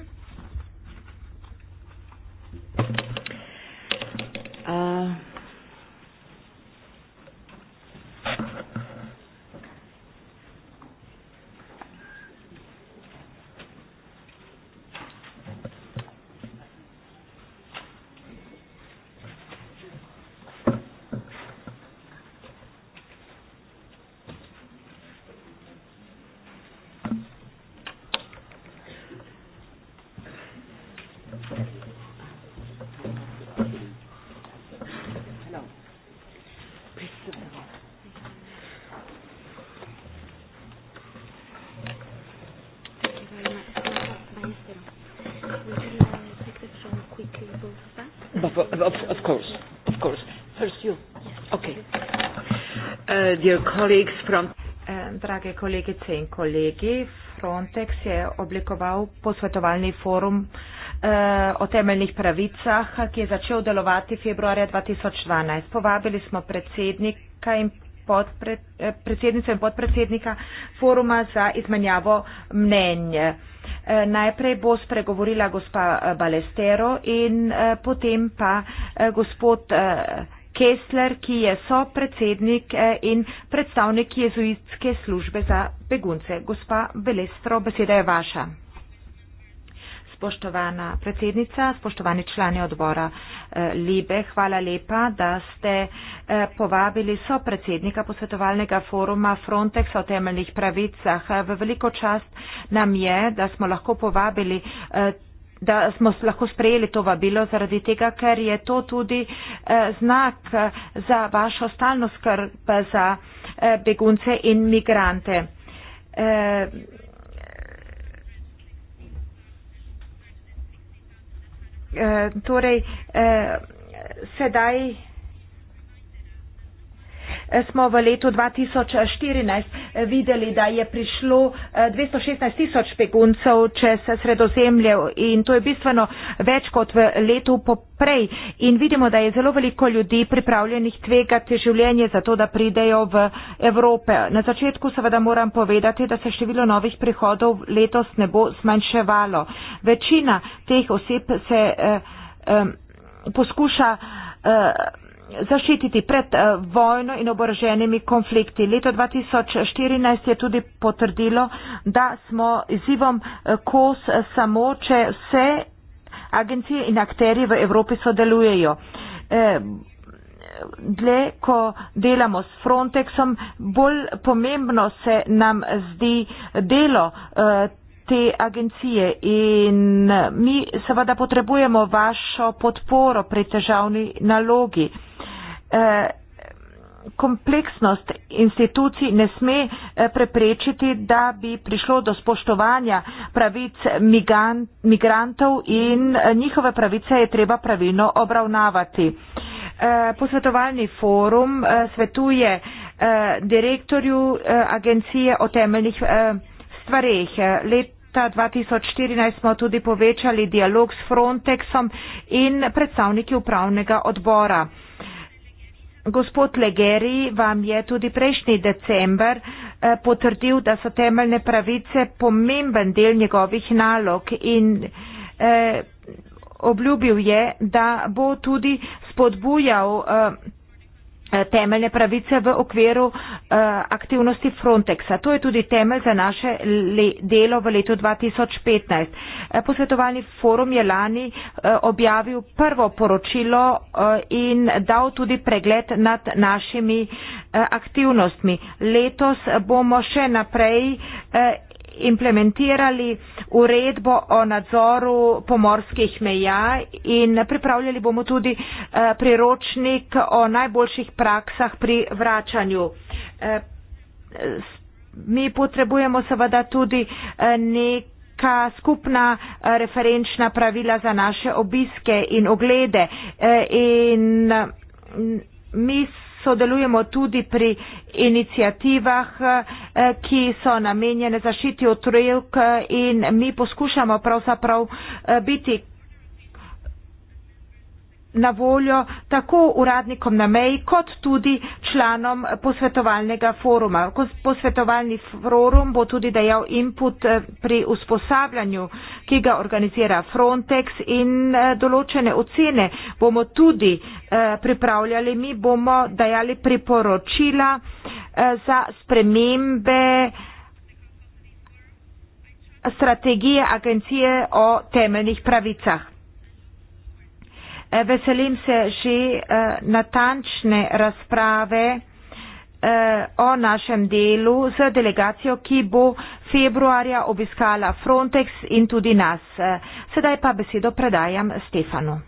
dear colleagues from eh, Drage kolegice in kolegi, Frontex je oblikoval posvetovalni forum eh, o temeljnih pravicah, ki je začel delovati februarja 2012. Povabili smo predsednika in podpredsednico eh, in podpredsednika foruma za izmenjavo mnenj. Eh, najprej bo spregovorila gospa eh, Balestero in eh, potem pa eh, gospod. Eh, Kessler, ki je sopredsednik eh, in predstavnik jezuitske službe za begunce. Gospa Belestro, beseda je vaša. Spoštovana predsednica, spoštovani člani odbora eh, Libe, hvala lepa, da ste eh, povabili sopredsednika posvetovalnega foruma Frontex o temeljnih pravicah. V veliko čast nam je, da smo lahko povabili da smo lahko sprejeli to vabilo, zaradi tega, ker je to tudi eh, znak eh, za vašo stalno skrb za eh, begunce in migrante. Torej, sedaj smo v letu 2014 videli, da je prišlo 216 eh, tisoč beguncev čez sredozemlje in to je bistveno več kot v letu poprej. In vidimo, da je zelo veliko ljudi pripravljenih tvegati življenje za to, da pridejo v Evrope. Na začetku seveda moram povedati, da se število novih prihodov letos ne bo zmanjševalo. Večina teh oseb se eh, eh, poskuša. Eh, zaščititi pred eh, vojno in oboroženimi konflikti. Leto 2014 je tudi potrdilo, da smo izzivom eh, kos eh, samo, če vse agencije in akteri v Evropi sodelujejo. Dle, ko delamo s Frontexom, bolj pomembno se nam zdi delo te agencije in mi seveda potrebujemo vašo podporo pri težavni nalogi. Eh, kompleksnost institucij ne sme eh, preprečiti, da bi prišlo do spoštovanja pravic migrantov in eh, njihove pravice je treba pravilno obravnavati. Posvetovalni forum svetuje direktorju agencije o temeljnih stvareh. Leta 2014 smo tudi povečali dialog s Frontexom in predstavniki upravnega odbora. Gospod Legeri vam je tudi prejšnji decembr eh, potrdil, da so temeljne pravice pomemben del njegovih nalog in eh, obljubil je, da bo tudi spodbujal eh, Eh, temeljne pravice v okviru eh, aktivnosti Frontexa. To je tudi temelj za naše delo v letu 2015. Eh, posvetovalni forum je lani objavil prvo poročilo in dal tudi pregled nad našimi aktivnostmi. Letos bomo še naprej implementirali uredbo o nadzoru pomorskih meja in pripravljali bomo tudi eh, priročnik o najboljših praksah pri vračanju. Eh, mi potrebujemo seveda tudi eh, nek ka skupna referenčna pravila za naše obiske in oglede. In mm, mi sodelujemo tudi pri inicijativah, eh, ki so namenjene zaščiti otrok eh, in mi poskušamo pravzaprav eh, biti na voljo tako uradnikom na meji, kot tudi članom posvetovalnega foruma. Posvetovalni forum bo tudi dejal input eh, pri usposabljanju, ki ga organizira Frontex in eh, določene ocene bomo tudi eh, pripravljali. Mi bomo dajali priporočila za spremembe strategije agencije o temeljnih pravicah. Eh, veselim se že eh, natančne razprave eh, o našem delu z delegacijo, ki bo februarja obiskala Frontex in tudi nas. Sedaj pa besedo predajam Stefanu.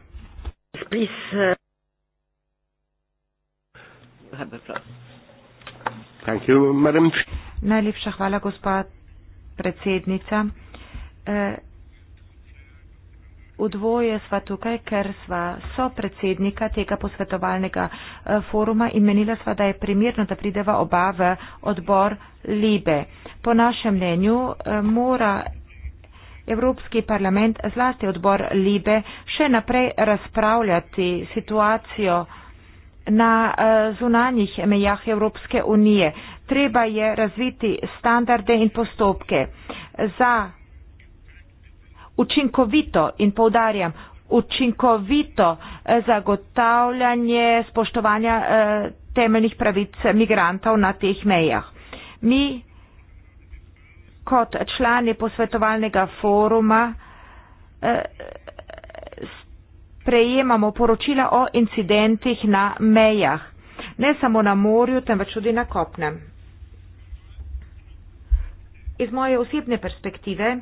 Najlepša hvala, gospod predsednica v dvoje sva tukaj, ker sva so predsednika tega posvetovalnega eh, foruma in menila sva, da je primirno, da prideva oba v odbor Libe. Po našem mnenju eh, mora Evropski parlament, zlasti odbor Libe, še naprej razpravljati situacijo na eh, zunanjih mejah Evropske unije. Treba je razviti standarde in postopke za učinkovito in povdarjam, učinkovito eh, zagotavljanje spoštovanja eh, temeljnih pravic migrantov na teh mejah. Mi kot člani posvetovalnega foruma eh, prejemamo poročila o incidentih na mejah, ne samo na morju, temveč tudi na kopnem. Iz moje osebne perspektive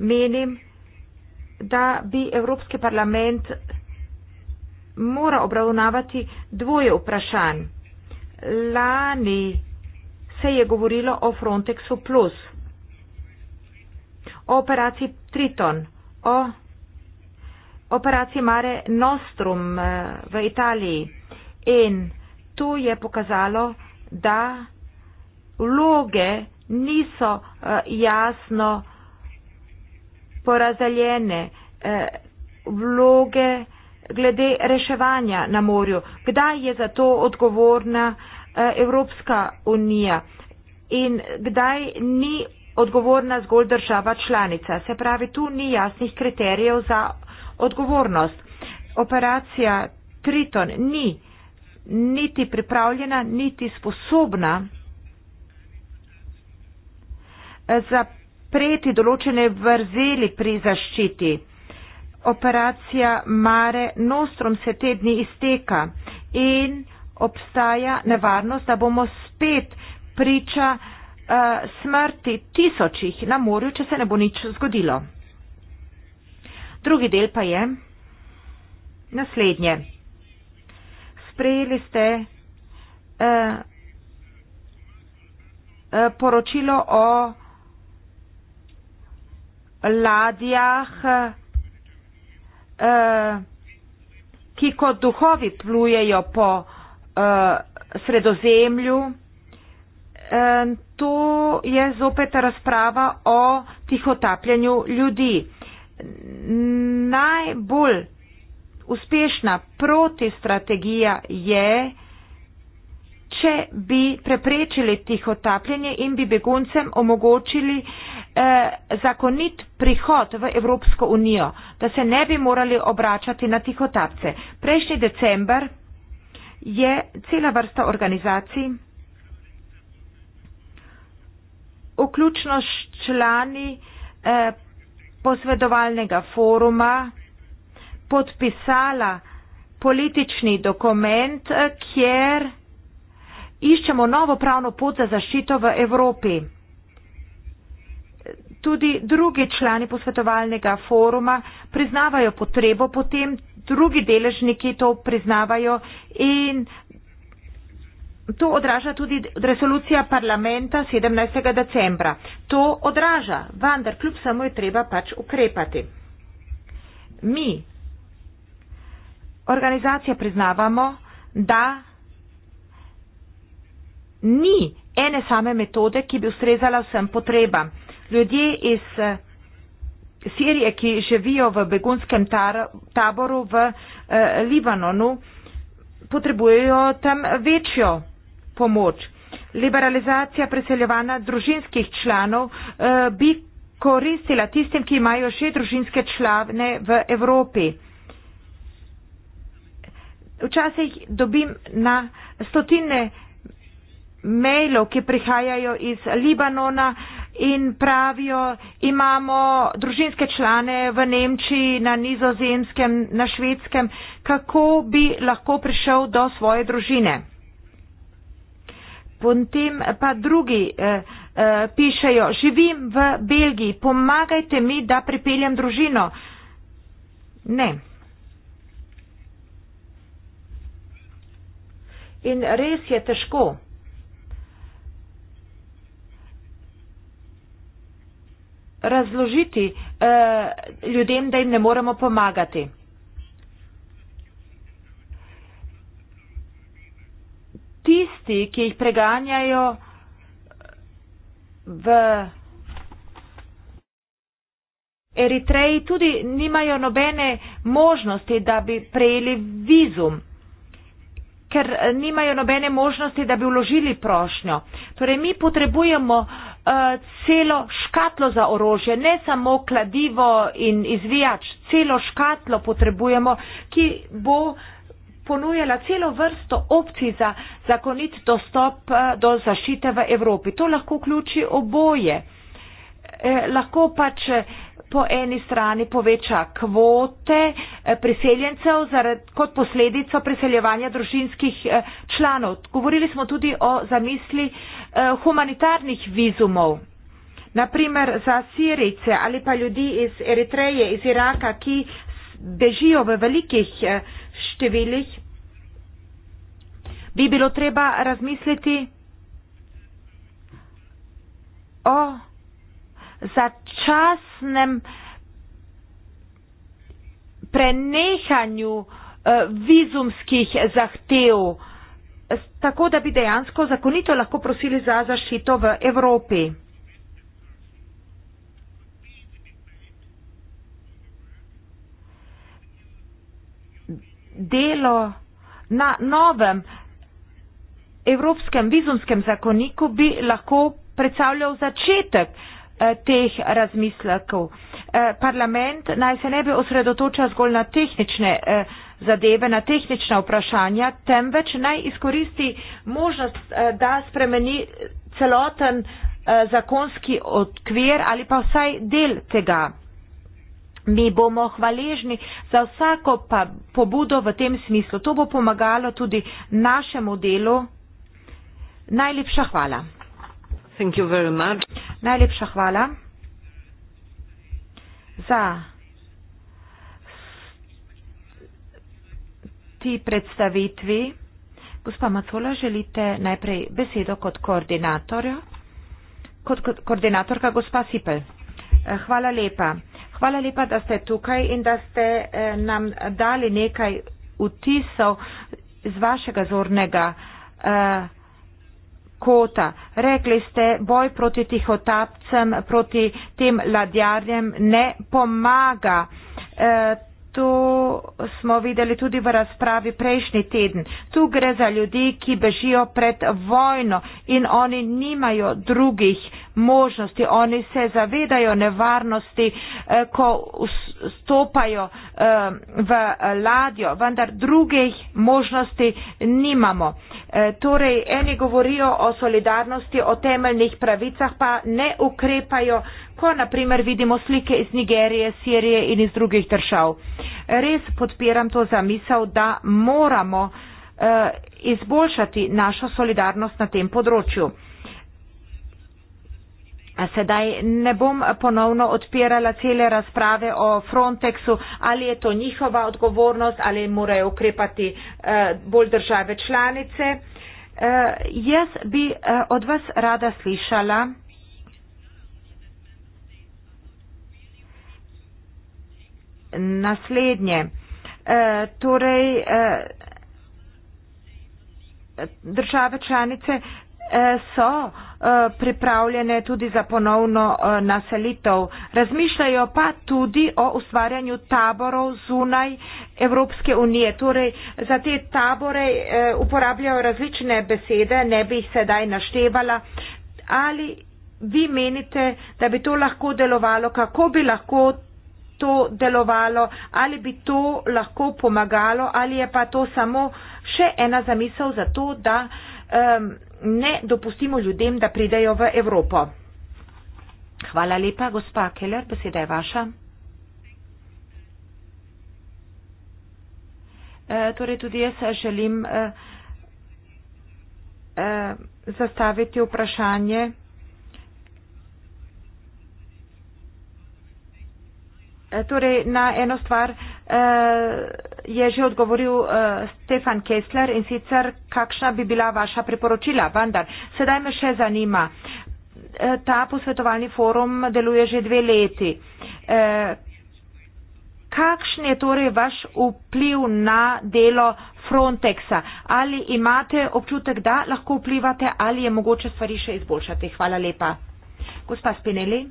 menim, da bi Evropski parlament mora obravnavati dvoje vprašanj. Lani se je govorilo o Frontexu plus, o operaciji Triton, o operaciji Mare Nostrum eh, v Italiji in to je pokazalo, da vloge niso eh, jasno uh, porazdeljene eh, vloge glede reševanja na morju. Kdaj je za to odgovorna eh, Evropska unija in kdaj ni odgovorna zgolj država članica. Se pravi, tu ni jasnih kriterijev za odgovornost. Operacija Triton ni niti pripravljena, niti sposobna eh, za prijeti določene vrzeli pri zaščiti. Operacija Mare Nostrom se te dni izteka in obstaja nevarnost, da bomo spet priča uh, smrti tisočih na morju, če se ne bo nič zgodilo. Drugi del pa je naslednje. Sprejeli ste uh, uh, poročilo o ladjah, eh, ki kot duhovi plujejo po eh, sredozemlju. Eh, to je zopet razprava o tihotapljanju ljudi. Najbolj uspešna protistrategija je, če bi preprečili tihotapljanje in bi beguncem omogočili uh, eh, zakonit prihod v Evropsko unijo, da se ne bi morali obračati na tihotapce. Prejšnji december je cela vrsta organizacij, vključno s člani eh, posvedovalnega foruma, podpisala politični dokument, eh, kjer iščemo novo pravno pot za zaščito v Evropi tudi drugi člani posvetovalnega foruma priznavajo potrebo, potem drugi deležniki to priznavajo in to odraža tudi resolucija parlamenta 17. decembra. To odraža, vendar kljub samo je treba pač ukrepati. Mi, organizacija, priznavamo, da ni ene same metode, ki bi ustrezala vsem potrebam ljudje iz eh, Sirije, ki živijo v begunskem taboru v eh, Libanonu, potrebujejo tam večjo pomoč. Liberalizacija preseljevanja družinskih članov eh, bi koristila tistim, ki imajo še družinske člane v Evropi. Včasih dobim na stotine mailov, ki prihajajo iz Libanona, uh, in pravijo, imamo družinske člane v Nemčiji, na nizozemskem, na švedskem, kako bi lahko prišel do svoje družine. Potem pa drugi eh, eh, pišejo, živim v Belgiji, pomagajte mi, da pripeljem družino. Ne. In res je težko. razložiti uh, ljudem, da jim ne moremo pomagati. Tisti, ki jih preganjajo v Eritreji, tudi nimajo nobene možnosti, da bi prejeli vizum, ker nimajo nobene možnosti, da bi vložili prošnjo. Torej, mi potrebujemo uh, Eh, celo škatlo za orožje, ne samo kladivo in izvijač, celo škatlo potrebujemo, ki bo ponujala celo vrsto opcij za zakonit dostop eh, do zašite v Evropi. To lahko vključi oboje eh, lahko pač eh, po eni strani poveča kvote eh, priseljencev zared, kot posledico priseljevanja družinskih eh, članov. Govorili smo tudi o zamisli eh, humanitarnih vizumov. Naprimer za Sirice ali pa ljudi iz Eritreje, iz Iraka, ki bežijo v velikih eh, številih, bi bilo treba razmisliti o začasnem prenehanju eh, vizumskih zahtev, tako da bi dejansko zakonito lahko prosili za zaščito v Evropi. Delo na novem evropskem vizumskem zakoniku bi lahko predstavljal začetek Eh, teh razmislekov. Eh, parlament naj se ne bi osredotočal zgolj na tehnične eh, zadeve, na tehnična vprašanja, temveč naj izkoristi možnost, da spremeni celoten zakonski odkvir ali pa vsaj del tega. Mi bomo hvaležni za vsako pa pobudo v tem smislu. To bo pomagalo tudi našemu delu. Najlepša hvala. Thank you very much. Najlepša hvala za ti predstavitvi. Gospa Macola, želite najprej besedo kot koordinatorja? Kot ko koordinatorka, gospa Sipel. Hvala lepa. Hvala lepa, da ste tukaj in da ste eh, nam dali nekaj vtisov z vašega zornega. Eh, kota. Rekli ste, boj proti tihotapcem, proti tem ladjarjem ne pomaga. E, to smo videli tudi v razpravi prejšnji teden. Tu gre za ljudi, ki bežijo pred vojno in oni nimajo drugih možnosti, oni se zavedajo nevarnosti, eh, ko stopajo eh, v ladjo, vendar drugih možnosti nimamo. Eh, torej, eni govorijo o solidarnosti, o temeljnih pravicah, pa ne ukrepajo, ko naprimer vidimo slike iz Nigerije, Sirije in iz drugih držav. Res podpiram to zamisel, da moramo izboljšati našo solidarnost na tem področju. Sedaj ne bom ponovno odpirala cele razprave o Frontexu, ali je to njihova odgovornost, ali morajo ukrepati eh, bolj države članice. Eh, jaz bi eh, od vas rada slišala, Naslednje. Torej, države članice Eh, so eh, pripravljene tudi za ponovno eh, naselitev. Razmišljajo pa tudi o ustvarjanju taborov zunaj Evropske unije. Torej, za te tabore uporabljajo različne besede, ne bi jih sedaj naštevala. Ali vi menite, da bi to lahko delovalo, kako bi lahko to delovalo, ali bi to lahko pomagalo, ali je pa to samo še ena zamisel za to, da um, ne dopustimo ljudem, da pridejo v Evropo. Hvala lepa, gospa Keller, beseda je vaša. E, torej, tudi jaz želim e, e, zastaviti vprašanje. E, torej, na eno stvar. E, je že odgovoril uh, Stefan Kessler in sicer, kakšna bi bila vaša priporočila. Vendar, sedaj me še zanima. Eh, ta posvetovalni forum deluje že dve leti. Eh, kakšen je torej vaš vpliv na delo Frontexa? Ali imate občutek, da lahko vplivate ali je mogoče stvari še izboljšati? Hvala lepa. Gospa Spinelli.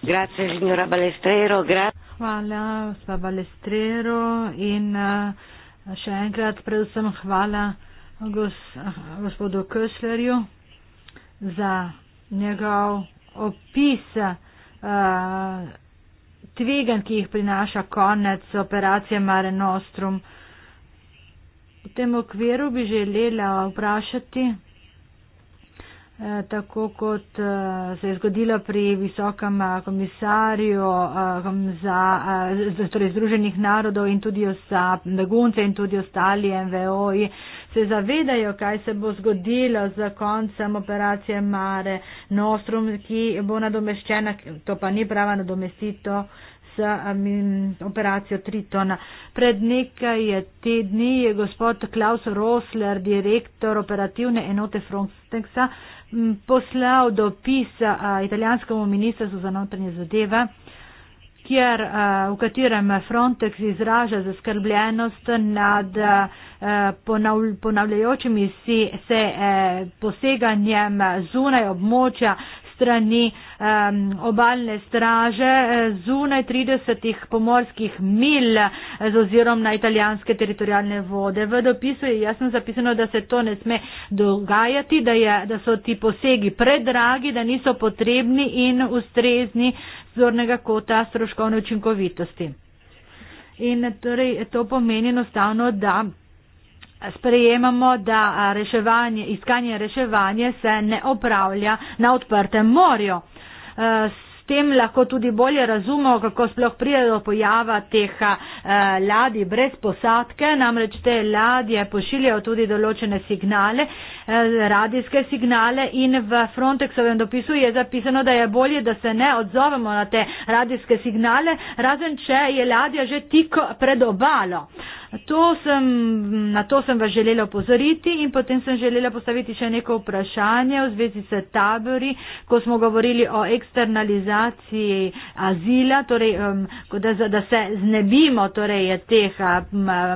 Grazie, signora Balestrero. Grazie hvala, gospa Balestrero in eh, še enkrat predvsem hvala gos, gospodu Köslerju za njegov opis eh, tvegan, ki jih prinaša konec operacije Mare Nostrum. V tem okviru bi želela vprašati, Eh, tako kot eh, se je zgodilo pri visokem eh, komisarju za, torej Združenih narodov in tudi za begunce in tudi ostali MVO-ji, se zavedajo, kaj se bo zgodilo z koncem operacije Mare Nostrum, ki bo nadomeščena, to pa ni prava nadomestito s um, operacijo Tritona. Pred nekaj tedni je gospod Klaus Rosler, direktor operativne enote Frontexa, poslal dopis italijanskemu ministrstvu za notranje zadeve, kjer, v katerem Frontex izraža zaskrbljenost nad ponavljajočimi se e, poseganjem zunaj območja strani um, obalne straže eh, zunaj 30 pomorskih mil eh, z ozirom na italijanske teritorijalne vode. V dopisu je jasno zapisano, da se to ne sme dogajati, da, je, da so ti posegi predragi, da niso potrebni in ustrezni zornega kota stroškovne učinkovitosti. In torej to pomeni enostavno, da sprejemamo, da reševanje, iskanje reševanja se ne opravlja na odprtem morju. E, s tem lahko tudi bolje razumemo, kako sploh pride do pojava teh e, ladij brez posadke, namreč te ladje pošiljajo tudi določene signale, e, radijske signale in v Frontexovem dopisu je zapisano, da je bolje, da se ne odzovemo na te radijske signale, razen če je ladja že tik pred obalo. To sem, na to sem vas želela opozoriti in potem sem želela postaviti še neko vprašanje v zvezi s tabori, ko smo govorili o eksternalizaciji azila, torej, da, da se znebimo torej, teh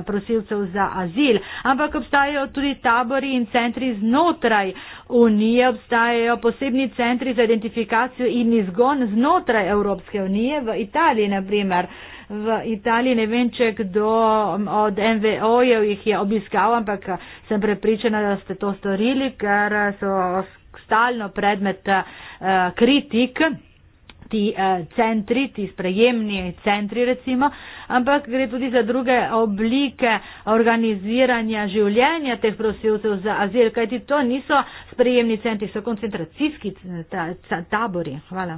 prosilcev za azil. Ampak obstajajo tudi tabori in centri znotraj unije, obstajajo posebni centri za identifikacijo in izgon znotraj Evropske unije, v Italiji na primer v Italiji, ne vem, če kdo od NVO-jev jih je obiskal, ampak sem prepričana, da ste to storili, ker so stalno predmet eh, kritik ti eh, centri, ti sprejemni centri recimo, ampak gre tudi za druge oblike organiziranja življenja teh prosilcev za azil, kajti to niso sprejemni centri, so koncentracijski eh, tabori. Hvala.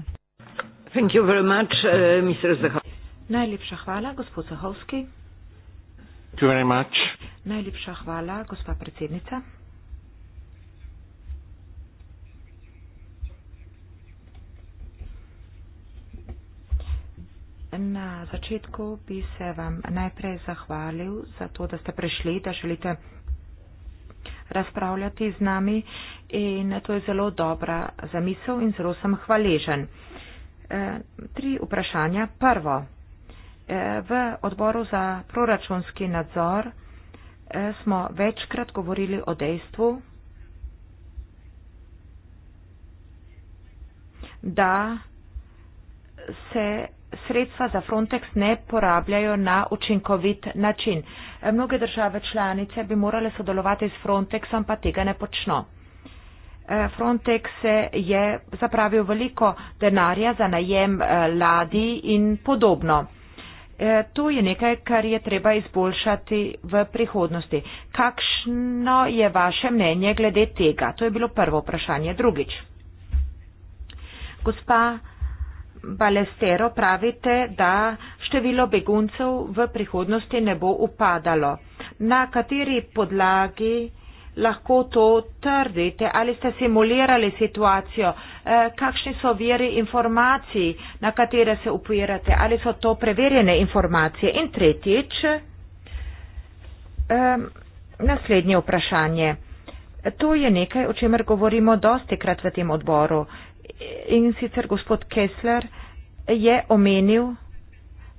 Thank you very much, uh, Mr. Zahar. Najlepša hvala, gospod Zahovski. Najlepša hvala, gospa predsednica. Na začetku bi se vam najprej zahvalil za to, da ste prišli, da želite razpravljati z nami in to je zelo dobra zamisel in zelo sem hvaležen. E, tri vprašanja. Prvo v odboru za proračunski nadzor eh, smo večkrat govorili o dejstvu, da se sredstva za Frontex ne porabljajo na učinkovit način. Eh, mnoge države članice bi morale sodelovati s Frontexom, pa tega ne počno. Eh, Frontex je zapravil veliko denarja za najem ladi in podobno. Eh, to je nekaj, kar je treba izboljšati v prihodnosti. Kakšno je vaše mnenje glede tega? To je bilo prvo vprašanje. Drugič. Gospa Balestero, pravite, da število beguncev v prihodnosti ne bo upadalo. Na kateri podlagi? lahko to trdite ali ste simulirali situacijo, eh, kakšni so veri informacij, na katere se upirate, ali so to preverjene informacije. In tretjič, naslednje vprašanje. To je nekaj, o čemer govorimo dosti krat v tem odboru. In sicer gospod Kessler je omenil,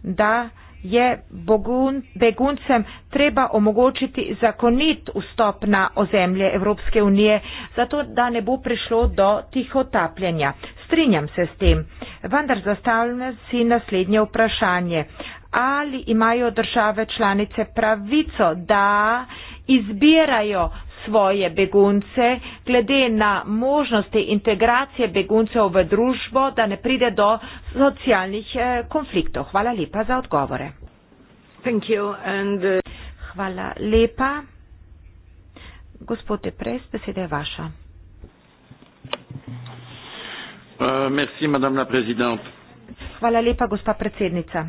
da je bogun, beguncem treba omogočiti zakonit vstop na ozemlje Evropske unije, zato da ne bo prišlo do tihotapljenja. Strinjam se s tem, vendar zastavljam si naslednje vprašanje. Ali imajo države članice pravico, da izbirajo svoje begunce, glede na možnosti integracije beguncev v družbo, da ne pride do socialnih eh, konfliktov. Hvala lepa za odgovore. Thank you and... Eh, Hvala lepa. Gospod Depres, beseda je vaša. Uh, merci, Hvala lepa, gospa predsednica.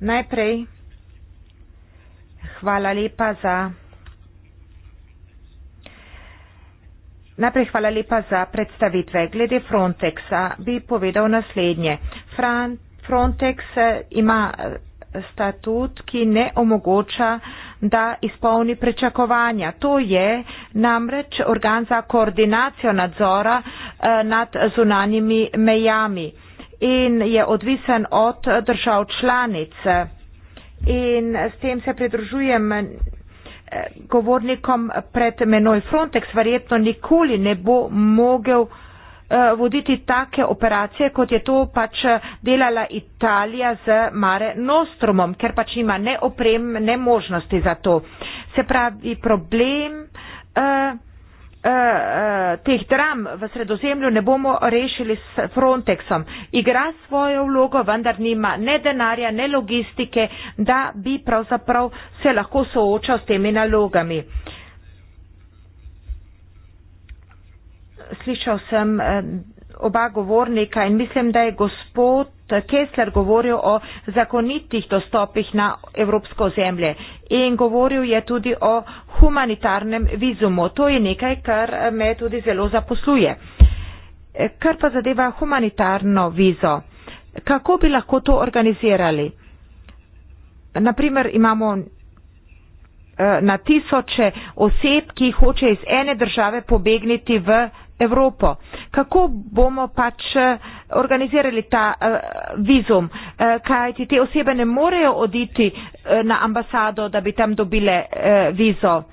Najprej hvala lepa za. Najprej hvala lepa za predstavitve. Glede Frontexa bi povedal naslednje. Fran, Frontex eh, ima eh, statut, ki ne omogoča, da izpolni prečakovanja. To je namreč organ za koordinacijo nadzora eh, nad zunanjimi mejami in je odvisen od držav članic in s tem se pridružujem eh, govornikom pred menoj Frontex, verjetno nikoli ne bo mogel eh, voditi take operacije, kot je to pač eh, delala Italija z Mare Nostromom, ker pač nima ne oprem, ne možnosti za to. Se pravi, problem uh, Eh, eh, teh dram v sredozemlju ne bomo rešili s Frontexom. Igra svojo vlogo, vendar nima ne denarja, ne logistike, da bi pravzaprav se lahko soočal s temi nalogami. Slišal sem. Eh, oba govornika in mislim, da je gospod Kessler govoril o zakonitih dostopih na evropsko zemlje in govoril je tudi o humanitarnem vizumu. To je nekaj, kar me tudi zelo zaposluje. Kar pa zadeva humanitarno vizo, kako bi lahko to organizirali? Naprimer, imamo eh, na tisoče oseb, ki hoče iz ene države pobegniti v Evropo. Kako bomo pač eh, organizirali ta eh, vizum, eh, kajti te osebe ne morejo oditi na ambasado, da bi tam dobile vizo.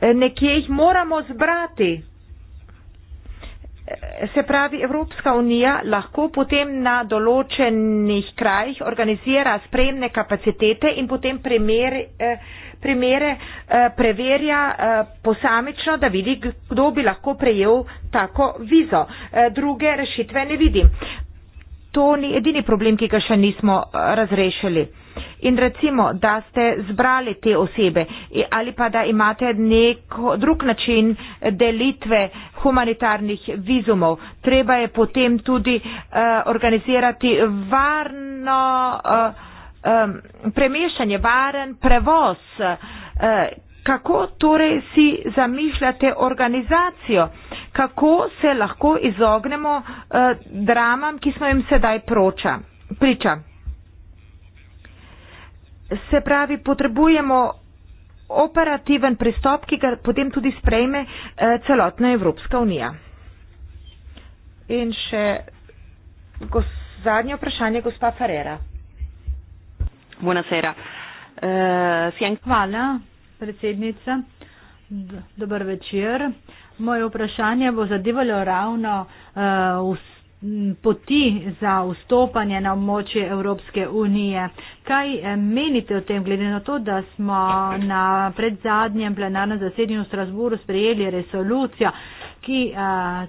Nekje jih moramo zbrati. Se pravi, Evropska unija lahko potem na določenih krajih organizira spremne kapacitete in potem primeri primere eh, preverja eh, posamično, da vidi, kdo bi lahko prejel tako vizo. Eh, druge rešitve ne vidim. To ni edini problem, ki ga še nismo razrešili. In recimo, da ste zbrali te osebe ali pa da imate nek drug način delitve humanitarnih vizumov, treba je potem tudi uh, organizirati varno. Uh, Um, premešanje varen prevoz. Uh, kako torej si zamišljate organizacijo? Kako se lahko izognemo uh, dramam, ki smo jim sedaj proča, priča? Se pravi, potrebujemo operativen pristop, ki ga potem tudi sprejme uh, celotna Evropska unija. In še zadnje vprašanje, gospa Ferrera. Buonasera. Eh, sien... Hvala, predsednica. Dober večer. Moje vprašanje bo zadevalo ravno eh, vs, m, poti za vstopanje na območje Evropske unije. Kaj eh, menite o tem, glede na to, da smo na predzadnjem plenarnem zasedanju v Strasburu sprejeli resolucijo, ki eh,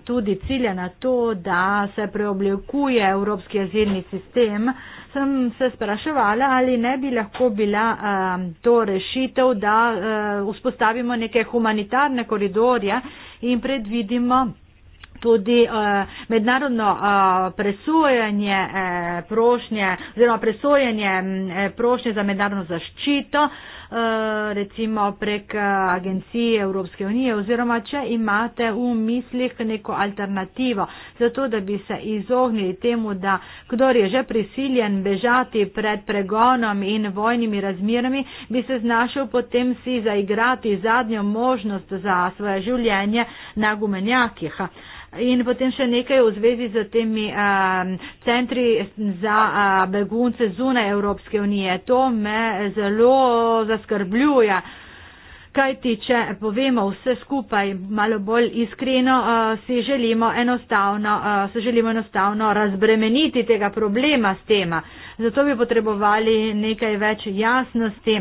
tudi cilja na to, da se preoblikuje Evropski azilni sistem? Eh, sem se spraševala, ali ne bi lahko bila um, to rešitev, da um, vzpostavimo neke humanitarne koridorje in predvidimo tudi uh, mednarodno uh, presojanje uh, prošnje oziroma presojanje uh, prošnje za mednarodno zaščito. Uh, Eh, recimo prek eh, agencij Evropske unije oziroma če imate v mislih neko alternativo, zato da bi se izognili temu, da kdor je že prisiljen bežati pred pregonom in vojnimi razmirami, bi se znašel potem si zaigrati zadnjo možnost za svoje življenje na gumenjakih. In potem še nekaj v zvezi z temi um, centri za uh, begunce zunaj Evropske unije. To me zelo zanima zaskrbljuje. Kaj ti, če povemo vse skupaj malo bolj iskreno, uh, si želimo enostavno, uh, eh, se želimo enostavno razbremeniti tega problema s tema. Zato bi potrebovali nekaj več jasnosti.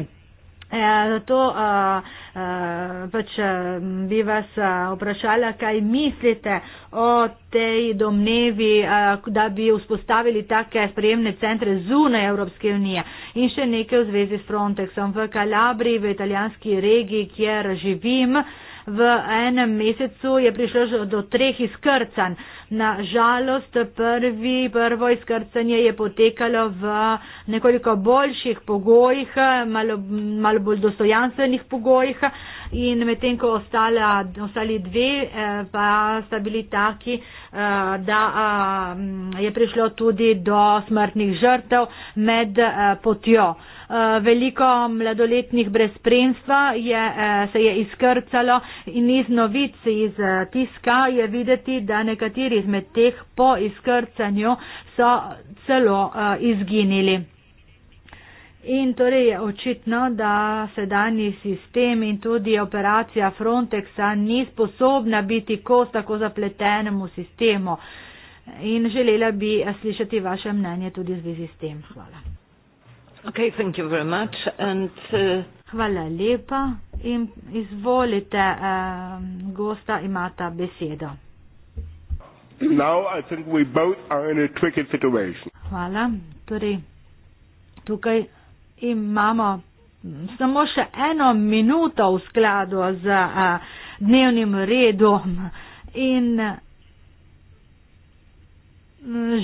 E, zato, uh, Eh, pač eh, bi vas eh, vprašala, kaj mislite o tej domnevi, da bi vzpostavili take sprejemne centre zunaj Evropske unije. In še nekaj v zvezi s Frontexom. V Kalabri, v italijanski regiji, kjer živim, v enem mesecu je prišlo do treh izkrcanj. Na žalost prvi, prvo izkrcanje je potekalo v nekoliko boljših pogojih, malo, malo bolj dostojanstvenih pogojih in medtem, ko ostala, ostali dve, eh, pa sta bili taki, eh, da eh, je prišlo tudi do smrtnih žrtev med potjo. Veliko mladoletnih brezprenstva je, se je izkrcalo in iz novic iz tiska je videti, da nekateri nekateri izmed teh po izkrcanju so celo uh, izginili. In torej je očitno, da sedanji sistem in tudi operacija Frontexa ni sposobna biti kos tako zapletenemu sistemu. In želela bi eh, slišati vaše mnenje tudi v zvezi s tem. Hvala. Okay, thank you very much. And, uh... Hvala lepa. In izvolite, uh, gosta imata besedo. Hvala. Torej, tukaj imamo samo še eno minuto v skladu z a, dnevnim redom in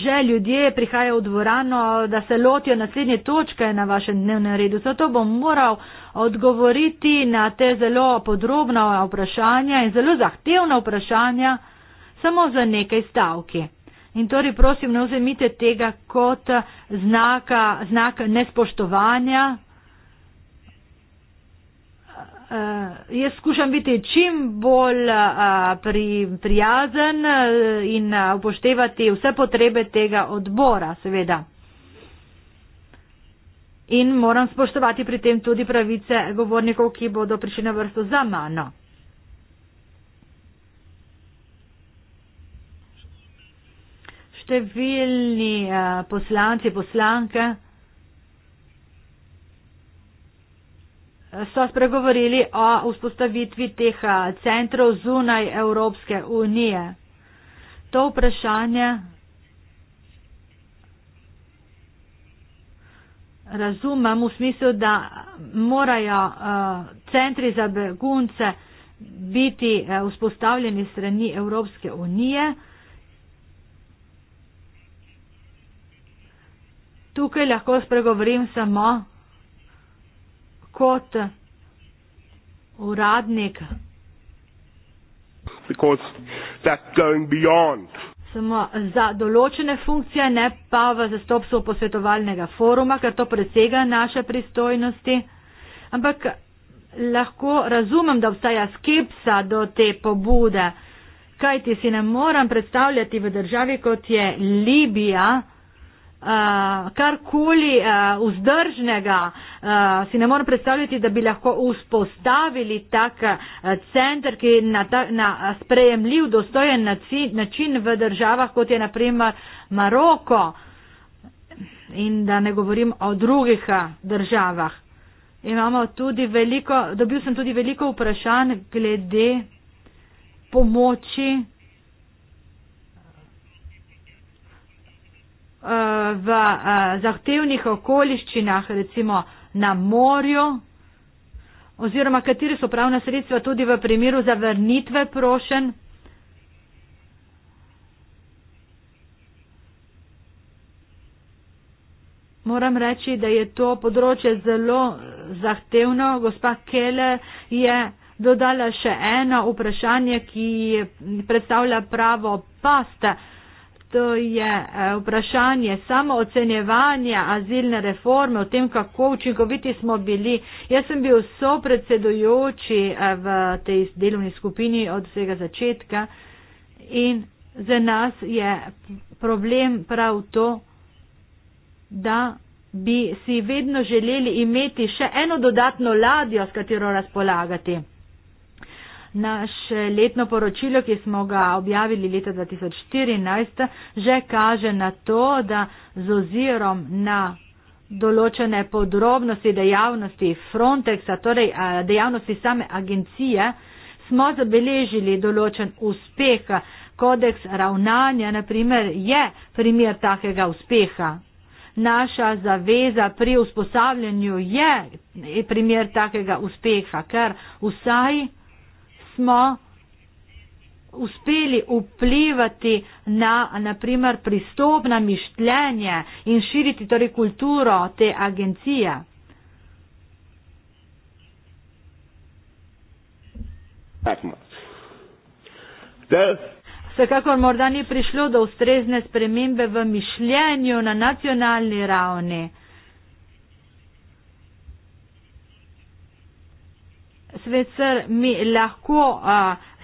že ljudje prihajajo v dvorano, da se lotijo naslednje točke na vašem dnevnem redu. Zato bom moral odgovoriti na te zelo podrobna vprašanja in zelo zahtevna vprašanja samo za nekaj stavki. In torej prosim, ne vzemite tega kot znaka, znak nespoštovanja. Uh, jaz skušam biti čim bolj uh, pri, prijazen uh, in uh, upoštevati vse potrebe tega odbora, seveda. In moram spoštovati pri tem tudi pravice govornikov, ki bodo prišli na vrsto za mano. številni uh, poslanci, poslanke so spregovorili o vzpostavitvi teh eh, centrov zunaj Evropske unije. To vprašanje razumem v smislu, da morajo uh, centri za begunce biti uh, vzpostavljeni strani Evropske unije. Uh, tukaj lahko spregovorim samo kot uradnik. Samo za določene funkcije, ne pa v zastopstvu posvetovalnega foruma, ker to presega naše pristojnosti. Ampak lahko razumem, da obstaja skepsa do te pobude, kajti si ne morem predstavljati v državi, kot je Libija uh, karkoli uh, vzdržnega, uh, si ne morem predstavljati, da bi lahko vzpostavili tak uh, center, ki je na, na sprejemljiv, dostojen način, način v državah, kot je naprimer Maroko in da ne govorim o drugih državah. Imamo tudi veliko, dobil sem tudi veliko vprašanj glede pomoči v eh, zahtevnih okoliščinah, recimo na morju, oziroma kateri so pravna sredstva tudi v primeru zavrnitve prošen. Moram reči, da je to področje zelo zahtevno. Gospa Kele je dodala še eno vprašanje, ki predstavlja pravo pasta to je eh, vprašanje samo ocenjevanja azilne reforme, o tem, kako učinkoviti smo bili. Jaz sem bil sopredsedujoči eh, v tej delovni skupini od vsega začetka in za nas je problem prav to, da bi si vedno želeli imeti še eno dodatno ladjo, s katero razpolagati naš eh, letno poročilo, ki smo ga objavili leta 2014, že kaže na to, da z ozirom na določene podrobnosti dejavnosti Frontexa, torej eh, dejavnosti same agencije, smo zabeležili določen uspeh. Kodeks ravnanja, naprimer, je primer takega uspeha. Naša zaveza pri usposabljanju je primer takega uspeha, ker vsaj smo uspeli vplivati na, naprimer, pristop na mišljenje in širiti torej kulturo te agencije. Vsekakor morda ni prišlo do ustrezne spremembe v mišljenju na nacionalni ravni. svecer mi lahko uh,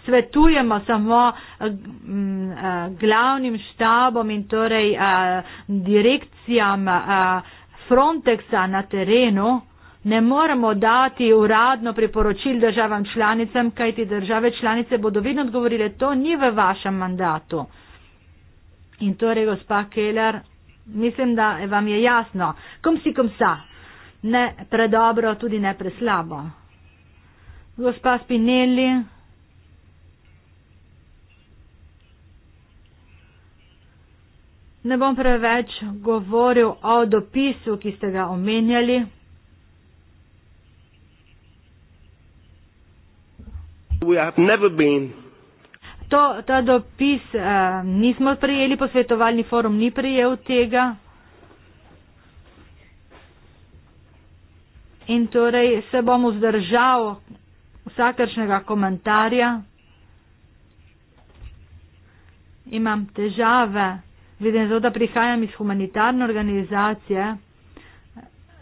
svetujemo samo uh, m, uh, glavnim štabom in torej uh, direkcijam uh, Frontexa na terenu. Ne moramo dati uradno priporočil državam članicam, kajti države članice bodo vedno odgovorile, to ni v vašem mandatu. In torej, gospa Keller, mislim, da vam je jasno, kom si kom sa, ne predobro, tudi ne preslabo gospa Spinelli. Ne bom preveč govoril o dopisu, ki ste ga omenjali. To, ta dopis eh, nismo prijeli, posvetovalni forum ni prijel tega. In torej se bom vzdržal vsakršnega komentarja. Imam težave, vidim zelo, da prihajam iz humanitarne organizacije,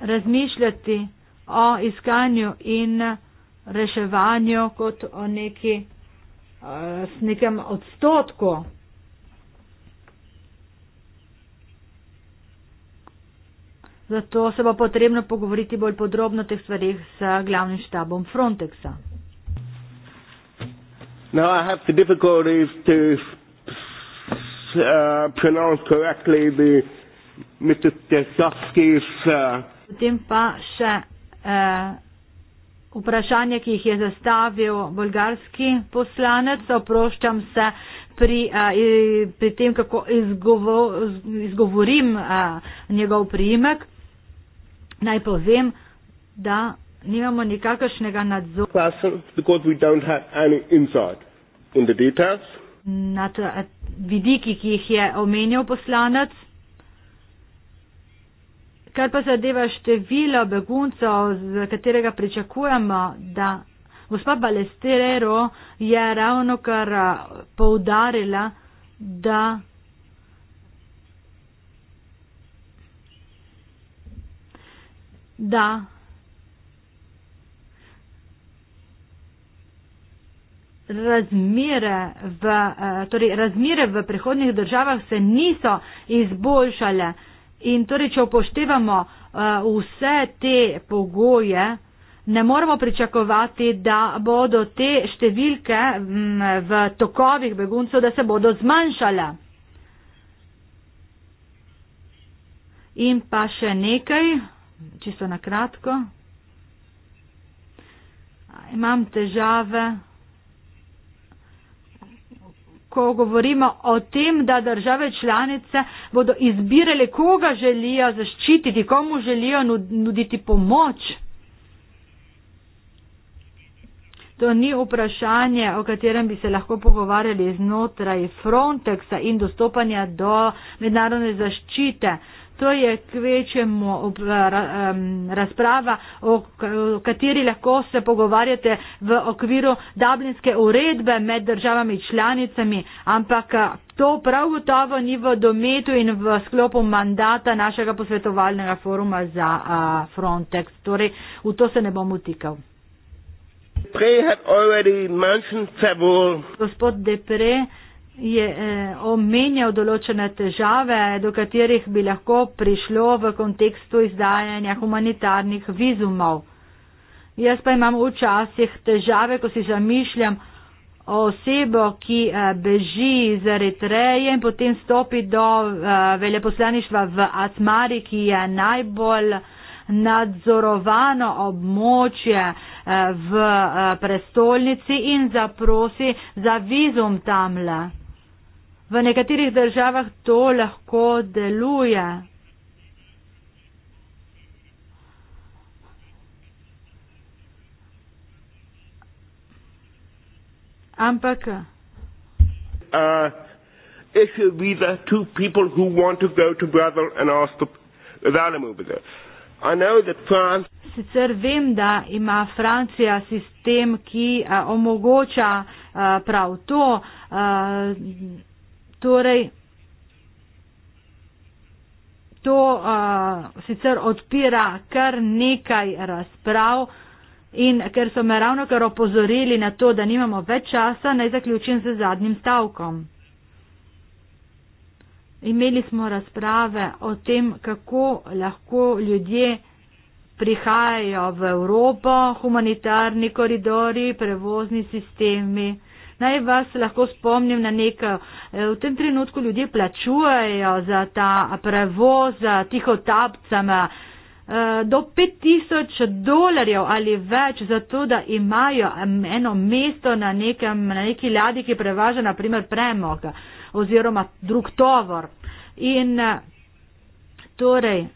razmišljati o iskanju in reševanju kot o neki, eh, s nekem odstotku. Zato se bo potrebno pogovoriti bolj podrobno o teh stvarih s glavnim štabom Frontexa. Now I have the difficulties to uh, pronounce correctly the Mr. Tesovsky's. Uh, Potem pa še uh, vprašanje, ki jih je zastavil bolgarski poslanec. Oproščam se pri, uh, pri tem, kako izgovo, izgovorim uh, njegov priimek. Naj povem, da nimamo nikakršnega nadzora nad eh, vidiki, ki jih je omenjal poslanec. Kar pa zadeva število beguncev, z katerega pričakujemo, da gospa Balesterero je ravno kar eh, poudarila, da. da razmere v, eh, torej razmere v prihodnih državah se niso izboljšale. In torej, če upoštevamo eh, vse te pogoje, ne moramo pričakovati, da bodo te številke mm, v tokovih beguncev, da se bodo zmanjšale. In pa še nekaj, čisto na kratko. Imam težave ko govorimo o tem, da države članice bodo izbirale, koga želijo zaščititi, komu želijo nuditi pomoč. To ni vprašanje, o katerem bi se lahko pogovarjali znotraj Frontexa in dostopanja do mednarodne zaščite to je kvečemo eh, razprava, o kateri lahko se pogovarjate v okviru Dublinske uredbe med državami članicami, ampak eh, to prav gotovo ni v dometu in v sklopu mandata našega posvetovalnega foruma za eh, Frontex. Torej, v to se ne bom utikal. Gospod Depre, je eh, omenjal določene težave, do katerih bi lahko prišlo v kontekstu izdajanja humanitarnih vizumov. Jaz pa imam včasih težave, ko si zamišljam osebo, ki eh, beži iz Eritreje in potem stopi do eh, veleposlaništva v Asmari, ki je najbolj nadzorovano območje eh, v eh, prestolnici in zaprosi za vizum tamle. V nekaterih državah to lahko deluje. Ampak. Uh, France... Sicer vem, da ima Francija sistem, ki uh, omogoča uh, prav to. Uh, torej to uh, sicer odpira kar nekaj razprav in ker so me ravno kar opozorili na to, da nimamo več časa, naj zaključim z zadnjim stavkom. Imeli smo razprave o tem, kako lahko ljudje prihajajo v Evropo, humanitarni koridori, prevozni sistemi. Naj vas lahko spomnim na nekaj. E, v tem trenutku ljudje plačujejo za ta prevoz za tiho tapcama e, do 5000 dolarjev ali več za to, da imajo eno mesto na, nekem, na neki ladji, ki prevaža naprimer premog oziroma drug tovor. In e, torej.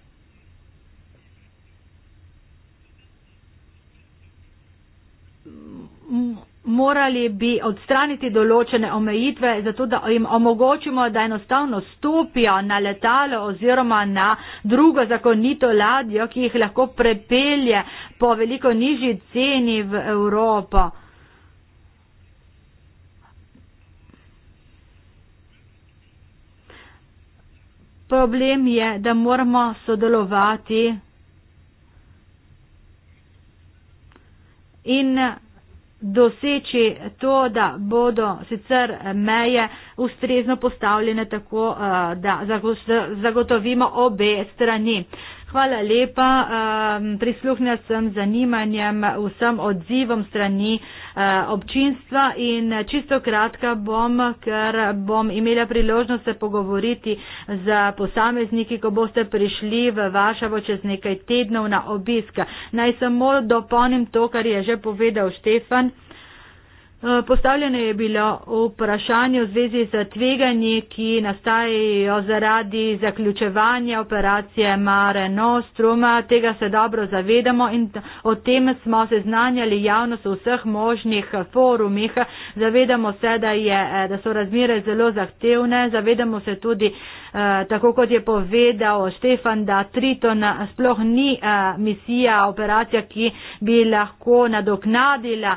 M morali bi odstraniti določene omejitve, zato da jim omogočimo, da enostavno stopijo na letalo oziroma na drugo zakonito ladjo, ki jih lahko prepelje po veliko nižji ceni v Evropo. Problem je, da moramo sodelovati in doseči to, da bodo sicer meje ustrezno postavljene tako, eh, da zagotovimo obe strani. Hvala lepa. Prisluhnil sem zanimanjem vsem odzivom strani eh, občinstva in eh, čisto kratka bom, ker bom imela priložnost se pogovoriti z posamezniki, ko boste prišli v Varšavo čez nekaj tednov na obisk. Naj samo dopolnim to, kar je že povedal Štefan. Eh, postavljeno je bilo vprašanje v zvezi z tveganji, ki nastajajo zaradi zaključevanja operacije Mare Nostrum. Tega se dobro zavedamo in o tem smo seznanjali javnost v vseh možnih forumih. Zavedamo se, da, je, eh, da so razmire zelo zahtevne. Zavedamo se tudi, eh, tako kot je povedal Štefan, da Triton sploh ni misija, operacija, ki bi lahko nadoknadila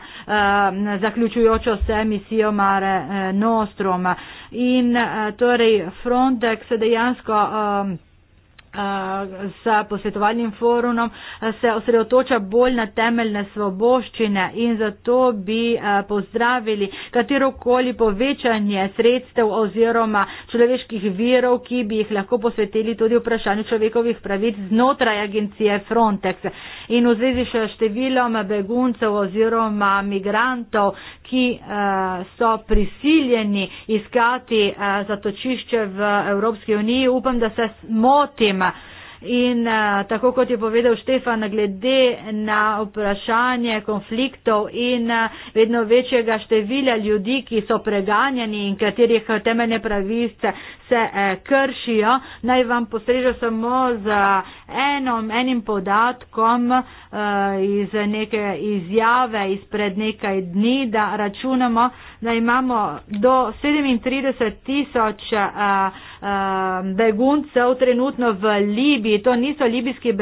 zaključevanje vključujočo vse misijo Mare eh, Nostrom. In eh, torej Frontex dejansko. Um, s posvetovalnim forumom se osredotoča bolj na temeljne svoboščine in zato bi pozdravili katerokoli povečanje sredstev oziroma človeških virov, ki bi jih lahko posvetili tudi vprašanju človekovih pravic znotraj agencije Frontex. In v zvezi s številom beguncev oziroma migrantov, ki so prisiljeni iskati zatočišče v Evropski uniji, upam, da se motim problema. In uh, tako kot je povedal Štefan, glede na vprašanje konfliktov in uh, vedno večjega števila ljudi, ki so preganjani in katerih eh, temeljne pravice se eh, kršijo, naj vam postrežem samo z enom, enim podatkom uh, iz neke izjave izpred nekaj dni, da računamo, uh, da imamo do 37 tisoč eh, eh, beguncev trenutno v Libiji. To niso libijski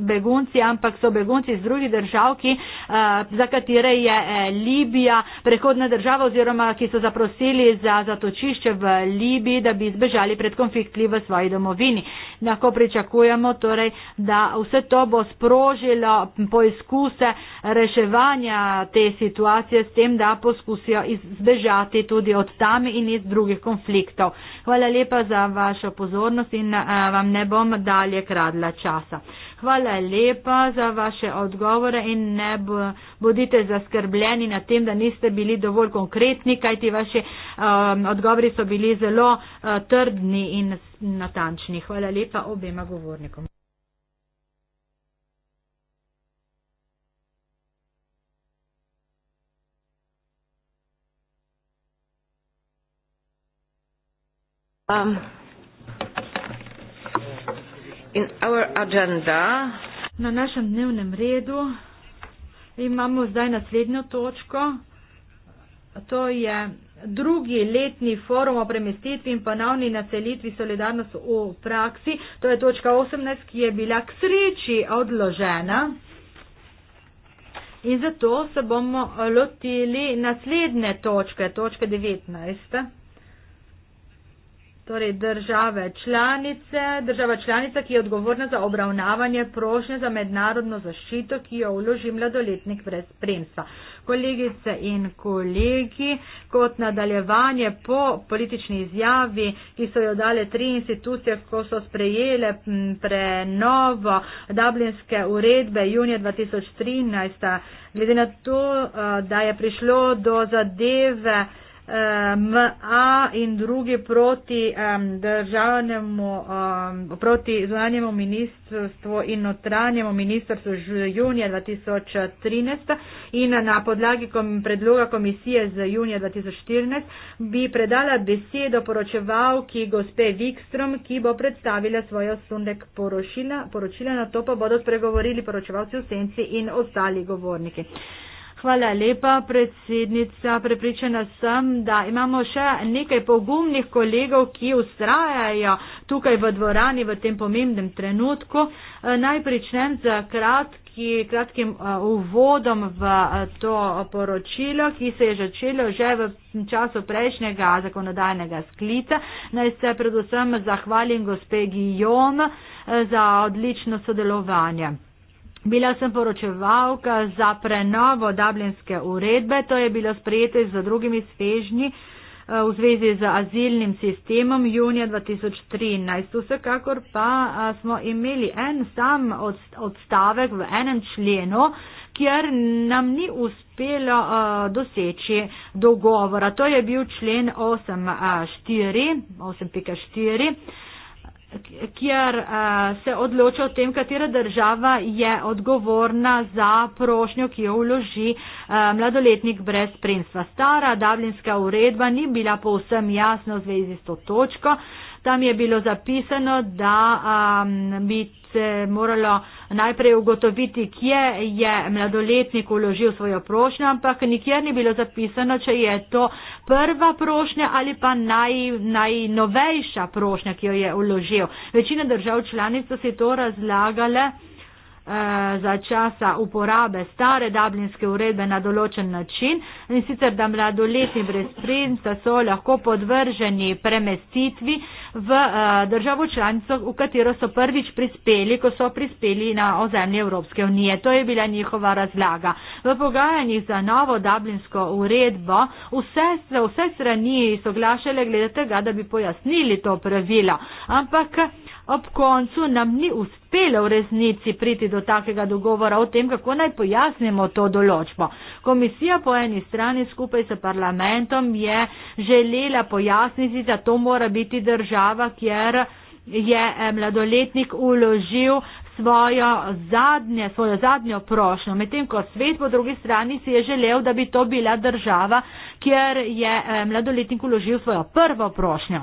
begunci, ampak so begunci iz drugih držav, ki, a, eh, za katere je Libija prehodna država oziroma ki so zaprosili za zatočišče v Libiji, da bi izbežali pred konflikti v svoji domovini. Lahko pričakujemo torej, da vse to bo sprožilo poizkuse reševanja te situacije s tem, da poskusijo iz, zbežati tudi od tam in iz drugih konfliktov. Hvala lepa za vašo pozornost in eh, vam ne bom dalje kradla časa. Hvala lepa za vaše odgovore in ne bodite zaskrbljeni na tem, da niste bili dovolj konkretni, kajti vaše eh, odgovori so bili zelo eh, trdni in natančni. Hvala lepa obema govornikom. Um, in our agenda. Na našem dnevnem redu imamo zdaj naslednjo točko. To je drugi letni forum o premestitvi in ponovni naselitvi solidarnost v praksi. To je točka 18, ki je bila k sreči odložena. In zato se bomo lotili naslednje točke, točke 19. Torej države članice, država članica, ki je odgovorna za obravnavanje prošnje za mednarodno zaščito, ki jo vloži mladoletnik brez spremstva. Kolegice in kolegi, kot nadaljevanje po politični izjavi, ki so jo dale tri institucije, ko so sprejele prenovo Dublinske uredbe junija 2013, glede na to, da je prišlo do zadeve, um, MA in drugi proti um, državnemu, um, proti zvanjemu ministrstvu in notranjemu ministrstvu z junija 2013 in na podlagi kom, predloga komisije z junija 2014 bi predala besedo poročevalki gospe Vikstrom, ki bo predstavila svoj osundek poročila, poročila na to pa bodo spregovorili poročevalci v senci in ostali govorniki. Hvala lepa, predsednica. Prepričana sem, da imamo še nekaj pogumnih kolegov, ki ustrajajo tukaj v dvorani v tem pomembnem trenutku. Eh, Naj pričnem z kratki, kratkim eh, uvodom v eh, to poročilo, ki se je začelo že v času prejšnjega zakonodajnega sklica. Naj se predvsem zahvalim gospe Gijom za odlično sodelovanje. Bila sem poročevalka za prenovo dublinske uredbe, to je bilo sprejeto z drugimi svežnji eh, v zvezi z azilnim sistemom junija 2013. Vsekakor pa eh, smo imeli en sam odstavek v enem členu, kjer nam ni uspelo eh, doseči dogovora. To je bil člen 8.4. 8 kjer uh, se odloča o tem, katera država je odgovorna za prošnjo, ki jo vloži uh, mladoletnik brez spremstva. Stara dablinska uredba ni bila povsem jasna v zvezi s to točko. Uh, Tam je bilo zapisano, da um, bi se moralo najprej ugotoviti, kje je mladoletnik uložil svojo prošnjo, ampak nikjer ni bilo zapisano, če je to prva prošnja ali pa naj, najnovejša prošnja, ki jo je uložil. Večina držav članic so si to razlagale. Eh, za časa uporabe stare dablinske uredbe na določen način in sicer, da mladoletni brez spremstva so lahko podvrženi premestitvi v eh, državo članico, v katero so prvič prispeli, ko so prispeli na ozemlje Evropske unije. To je bila njihova razlaga. V pogajanjih za novo dablinsko uredbo vse, se, vse strani soglašale glede tega, da bi pojasnili to pravilo. Ampak ob koncu nam ni uspelo v resnici priti do takega dogovora o tem, kako naj pojasnimo to določbo. Komisija po eni strani skupaj s parlamentom je želela pojasniti, da to mora biti država, kjer je eh, mladoletnik uložil svojo zadnje, svojo zadnjo prošnjo, medtem ko svet po drugi strani si je želel, da bi to bila država, kjer je eh, mladoletnik uložil svojo prvo prošnjo.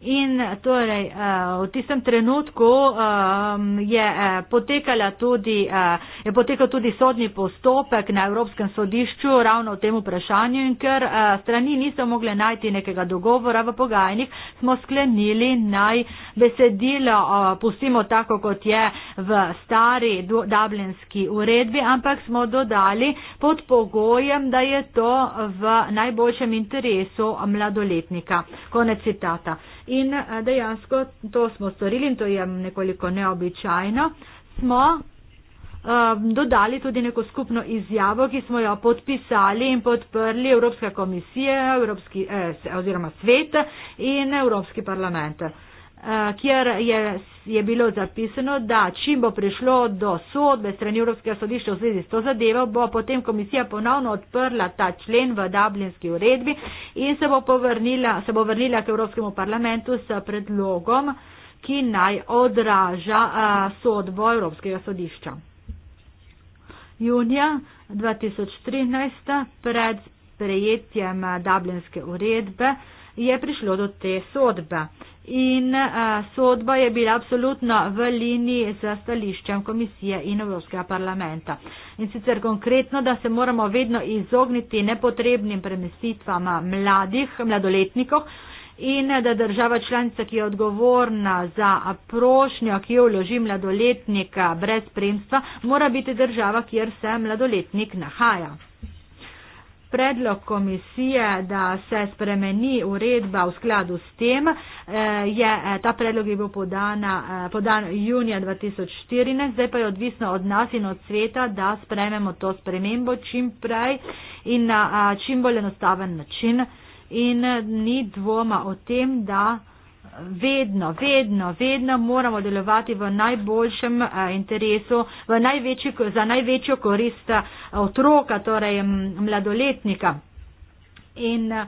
In torej, eh, v tistem trenutku ehm, je, eh, tudi, eh, je potekal tudi sodni postopek na Evropskem sodišču ravno o tem vprašanju in ker strani niso mogli najti nekega dogovora v pogajanjih, smo sklenili naj besedilo pustimo tako, kot je v stari dublinski uredbi, ampak smo dodali pod pogojem, da je to v najboljšem interesu mladoletnika. Konec citata. In eh, dejansko to smo storili in to je nekoliko neobičajno. Smo eh, dodali tudi neko skupno izjavo, ki smo jo podpisali in podprli Evropska komisija, Evropski, eh, oziroma svet in Evropski parlament. Eh, kjer je, je bilo zapisano, da čim bo prišlo do sodbe strani Evropskega sodišča v zvezi s to zadevo, bo potem komisija ponovno odprla ta člen v Dublinski uredbi in se bo, povrnila, se bo vrnila k Evropskemu parlamentu s predlogom, ki naj odraža a, sodbo Evropskega sodišča. Junija 2013, pred prejetjem Dublinske uredbe, je prišlo do te sodbe in a, sodba je bila absolutno v liniji z stališčem komisije in Evropskega parlamenta. In sicer konkretno, da se moramo vedno izogniti nepotrebnim premestitvam mladih, mladoletnikov in da država članica, ki je odgovorna za prošnjo, ki jo vloži mladoletnika brez spremstva, mora biti država, kjer se mladoletnik nahaja predlog komisije, da se spremeni uredba v skladu s tem, eh, je, eh, ta predlog je bil podana, eh, podan junija 2014, zdaj pa je odvisno od nas in od sveta, da sprememo to spremembo čim prej in na čim bolj enostaven način. In ni dvoma o tem, da vedno, vedno, vedno moramo delovati v najboljšem eh, interesu, v največji, za največjo korist eh, otroka, torej mladoletnika. In eh,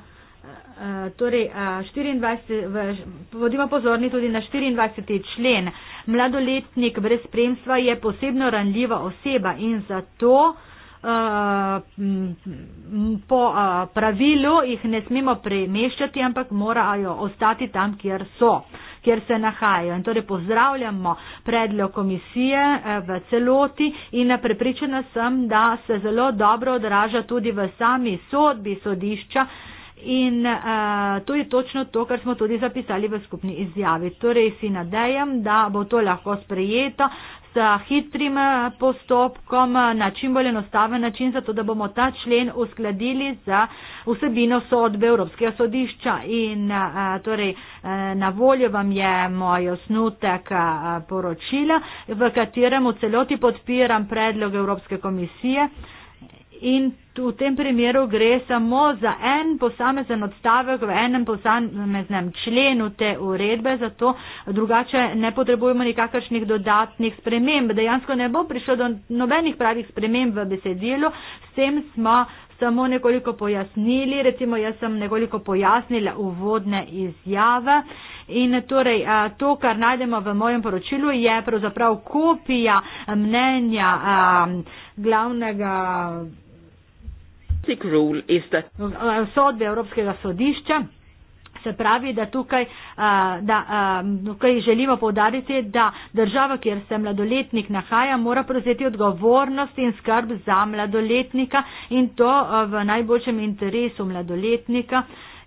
torej, 24, vodimo pozorni tudi na 24. člen. Mladoletnik brez spremstva je posebno ranljiva oseba in zato Eh, po uh, pravilu jih ne smemo premeščati, ampak morajo ostati tam, kjer so, kjer se nahajajo. In torej pozdravljamo predlog komisije eh, v celoti in prepričana sem, da se zelo dobro odraža tudi v sami sodbi sodišča. In uh, to je točno to, kar smo tudi zapisali v skupni izjavi. Torej si nadejam, da bo to lahko sprejeto, s hitrim eh, postopkom na čim bolj enostaven način, zato da bomo ta člen uskladili za vsebino sodbe Evropskega sodišča. In eh, torej eh, na voljo vam je moj osnutek poročila, v katerem v celoti podpiram predlog Evropske komisije in v tem primeru gre samo za en posamezen odstavek v enem posameznem členu te uredbe, zato drugače ne potrebujemo nikakršnih dodatnih sprememb. Dejansko ne bo prišlo do nobenih pravih sprememb v besedilu, s tem smo samo nekoliko pojasnili, recimo jaz sem nekoliko pojasnila uvodne izjave. In torej to, kar najdemo v mojem poročilu, je pravzaprav kopija mnenja glavnega sodbe Evropskega sodišča. Se pravi, da tukaj, da tukaj želimo povdariti, da država, kjer se mladoletnik nahaja, mora prevzeti odgovornost in skrb za mladoletnika in to v najboljšem interesu mladoletnika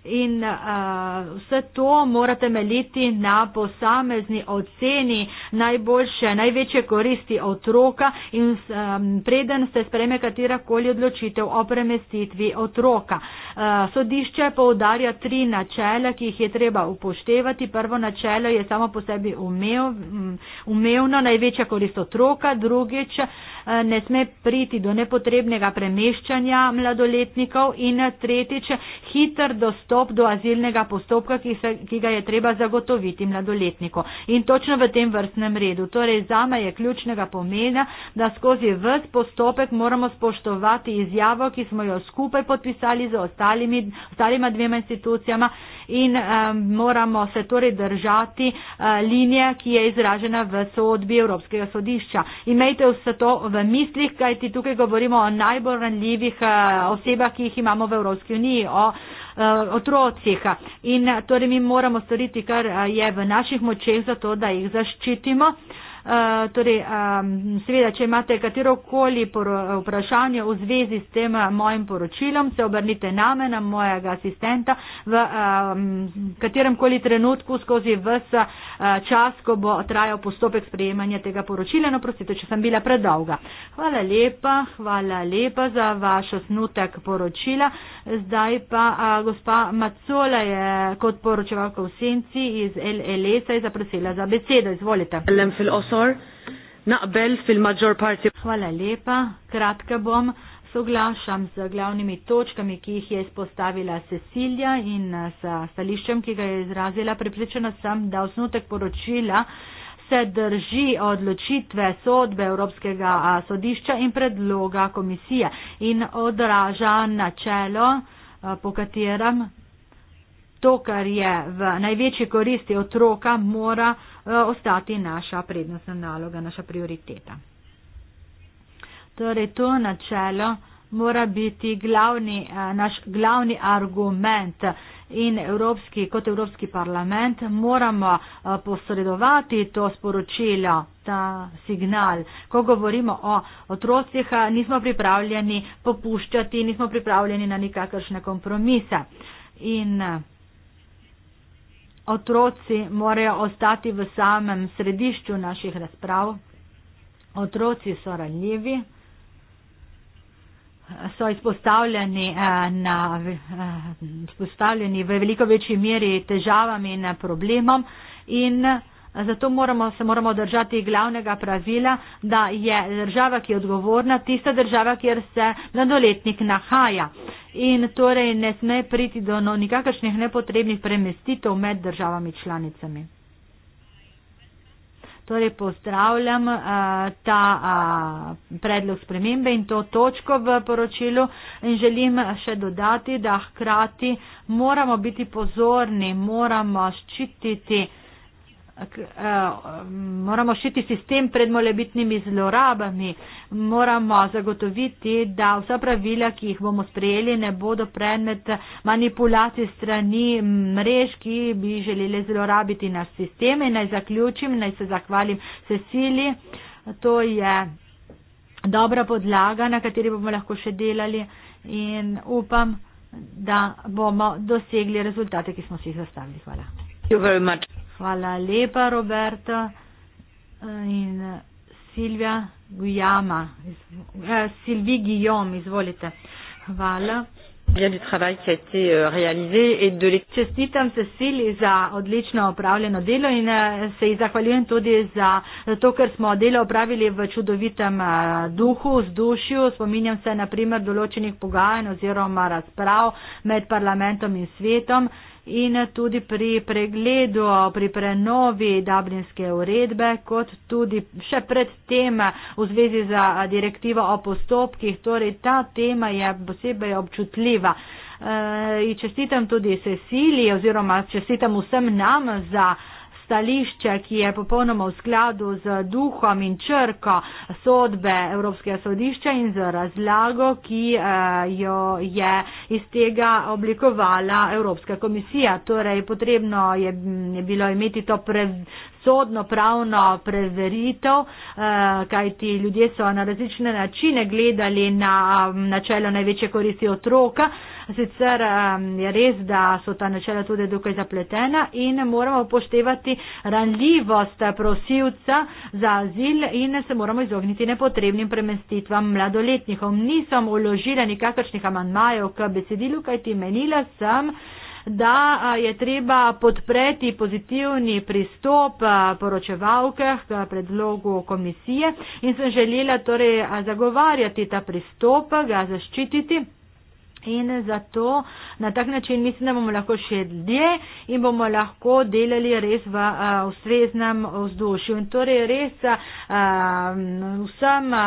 in uh, vse to mora temeljiti na posamezni oceni najboljše, največje koristi otroka in um, preden se spreme katerakoli odločitev o premestitvi otroka. Uh, sodišče poudarja tri načela, ki jih je treba upoštevati. Prvo načelo je samo po sebi umev, umevno, največja korist otroka, drugič. Uh, Eh, ne sme priti do nepotrebnega premeščanja mladoletnikov in eh, tretjič, hiter dostop do azilnega postopka, ki, se, ki ga je treba zagotoviti mladoletniku. In točno v tem vrstnem redu. Torej, zame je ključnega pomena, da skozi vs postopek moramo spoštovati izjavo, ki smo jo skupaj podpisali z ostalimi, ostalima dvema institucijama in um, moramo se torej držati uh, linije, ki je izražena v sodbi Evropskega sodišča. Imejte vse to v mislih, kajti tukaj govorimo o najbolj ranljivih uh, osebah, ki jih imamo v Evropski uniji. O, uh, otrocih. In torej mi moramo storiti, kar uh, je v naših močeh, zato da jih zaščitimo. Uh, Eh, torej, um, seveda, če imate katerokoli vprašanje v zvezi s tem eh, mojim poročilom, se obrnite name, na mojega asistenta, v um, kateremkoli trenutku skozi vse uh, čas, ko bo trajal postopek sprejemanja tega poročila. No, prosite, če sem bila predolga. Hvala lepa, hvala lepa za vaš osnutek poročila. Zdaj pa uh, gospa Macola je kot poročevalka v senci iz LLS-a zaprosila za besedo. Izvolite. Hvala lepa. Kratka bom. Soglašam z glavnimi točkami, ki jih je izpostavila Cecilija in eh, s stališčem, ki ga je izrazila. Pripričana sem, da osnutek poročila se drži odločitve sodbe Evropskega eh, sodišča in predloga komisije in odraža načelo, eh, po katerem to, kar je v največji koristi otroka, mora eh, ostati naša prednostna naloga, naša prioriteta. Torej, to načelo mora biti glavni, eh, naš glavni argument in Evropski, kot Evropski parlament moramo eh, posredovati to sporočilo, ta signal. Ko govorimo o otrocih, nismo pripravljeni popuščati, nismo pripravljeni na nikakršne kompromise. In, otroci morajo ostati v samem središču naših razprav. Otroci so ranljivi, so izpostavljeni, eh, na, eh, izpostavljeni v veliko večji meri težavami in problemom in eh, Zato moramo, se moramo držati glavnega pravila, da je država, ki je odgovorna, tista država, kjer se mladoletnik nahaja. In torej ne sme priti do no, nikakršnih nepotrebnih premestitev med državami članicami. Torej pozdravljam uh, ta uh, predlog spremembe in to točko v poročilu in želim še dodati, da hkrati moramo biti pozorni, moramo ščititi. Eh, moramo šiti sistem pred molebitnimi zlorabami, moramo zagotoviti, da vsa pravila, ki jih bomo sprejeli, ne bodo predmet manipulacij strani mrež, ki bi želeli zlorabiti naš sistem. In naj zaključim, naj se zahvalim Cecili. To je dobra podlaga, na kateri bomo lahko še delali in upam, da bomo dosegli rezultate, ki smo si jih zastavili. Hvala. Thank you very much. Hvala lepa, Roberto in Silvija Gujama. Eh, Sylvie Guillaume, izvolite. Hvala. Euh, Čestitam Cecili za odlično opravljeno delo in eh, se ji zahvaljujem tudi za to, ker smo delo opravili v čudovitem eh, duhu, z dušju. Spominjam se na primer določenih pogajanj oziroma razprav med parlamentom in svetom in tudi pri pregledu, pri prenovi Dublinske uredbe, kot tudi še pred tem v zvezi z direktivo o postopkih. Torej, ta tema je posebej občutljiva. E, čestitam tudi Cecilii oziroma čestitam vsem nam za stališče, ki je popolnoma v skladu z duhom in črko sodbe Evropskega sodišča in z razlago, ki eh, jo je iz tega oblikovala Evropska komisija. Torej, potrebno je, je bilo imeti to prez, sodno pravno preveritev, eh, kajti ljudje so na različne načine gledali na eh, načelo največje koristi otroka. Sicer um, je res, da so ta načela tudi dokaj zapletena in moramo upoštevati ranljivost prosilca za azil in se moramo izogniti nepotrebnim premestitvam mladoletnikov. Nisem uložila nikakršnih amandmajev k besedilu, kajti menila sem da je treba podpreti pozitivni pristop poročevalke k predlogu komisije in sem želela torej zagovarjati ta pristop, ga zaščititi. In zato na tak način mislim, da bomo lahko še dlje in bomo lahko delali res v ustreznem vzdušju. In torej res a, vsem a,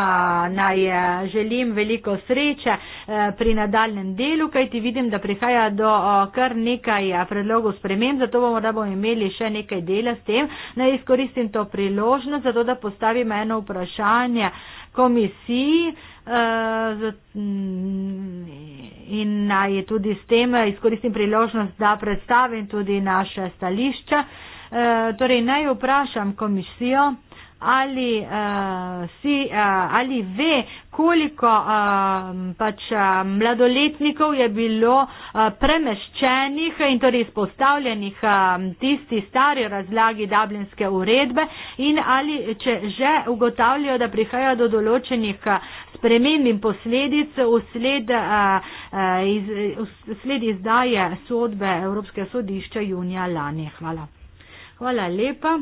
naj želim veliko sreče a, pri nadaljem delu, kajti vidim, da prihaja do a, kar nekaj predlogov sprememb, zato bomo, da bomo imeli še nekaj dela s tem. Naj izkoristim to priložnost, zato da postavim eno vprašanje komisiji. Eh, in naj tudi s tem eh, izkoristim priložnost, da predstavim tudi naše stališče. Eh, torej, naj vprašam komisijo ali, uh, si, uh, ali ve, koliko uh, pač, uh, mladoletnikov je bilo uh, premeščenih in torej izpostavljenih uh, tisti stari razlagi dublinske uredbe in ali če že ugotavljajo, da prihaja do določenih sprememb in posledic usled uh, uh, iz, izdaje sodbe Evropske sodišča junija lani. Hvala. Hvala lepa.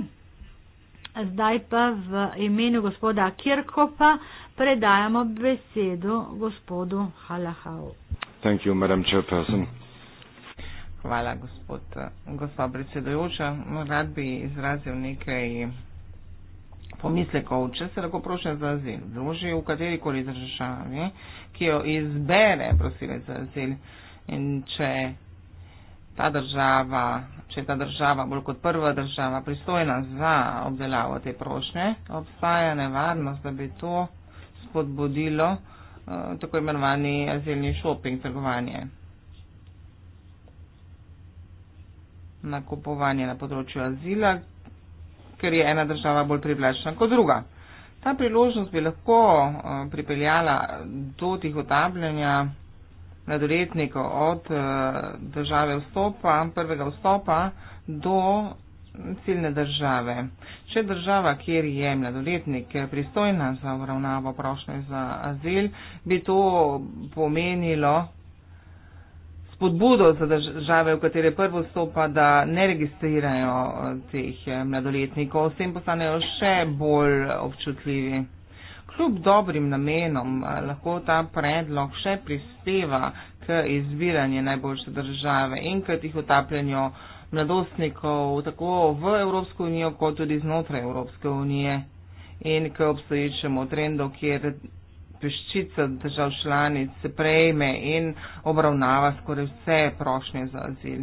Zdaj pa v imenu gospoda Kirkopa predajamo besedo gospodu Halahau. Thank you, madam chairperson. Hvala, gospod, gospod predsedujoča. Rad bi izrazil nekaj pomislekov, če se lahko prošnja za azil vloži v katerikoli državi, ki jo izbere prosilec za azil in če ta država če ta država bolj kot prva država pristojna za obdelavo te prošnje, obstaja nevarnost, da bi to spodbudilo eh, tako imenovani azilni šoping, trgovanje. Nakupovanje na področju azila, ker je ena država bolj privlačna kot druga. Ta priložnost bi lahko eh, pripeljala do tih otabljanja mladoletnikov od eh, države vstopa, prvega vstopa do ciljne države. Če država, kjer je mladoletnik pristojna za obravnavo prošnje za azil, bi to pomenilo spodbudo za države, v katere prvo stopa, da ne registrirajo eh, teh eh, mladoletnikov, s tem postanejo še bolj občutljivi kljub dobrim namenom eh, lahko ta predlog še prispeva k izbiranju najboljše države in k tih otapljanju mladostnikov tako v Evropsko unijo, kot tudi znotraj Evropske unije in k obstoječemu trendu, kjer peščica držav članic se prejme in obravnava skoraj vse prošnje za azil.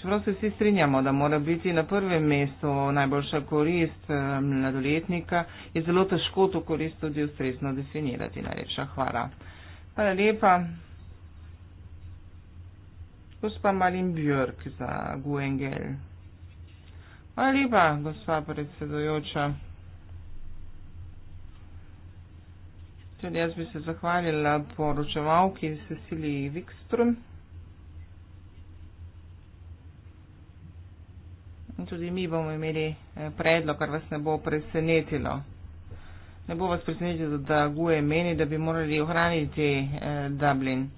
Čeprav se vsi strinjamo, da mora biti na prvem mestu najboljša korist eh, mladoletnika, je zelo težko to korist tudi ustrezno definirati. Najlepša hvala. Hvala lepa. Gospa Malin Björk za Guengel. Hvala lepa, gospa predsedojoča. Tudi jaz bi se zahvalila poročevalki Cecilii Wikström. In tudi mi bomo imeli eh, predlog, kar vas ne bo presenetilo. Ne bo vas presenetilo, da GUE meni, da bi morali ohraniti eh, Dublin.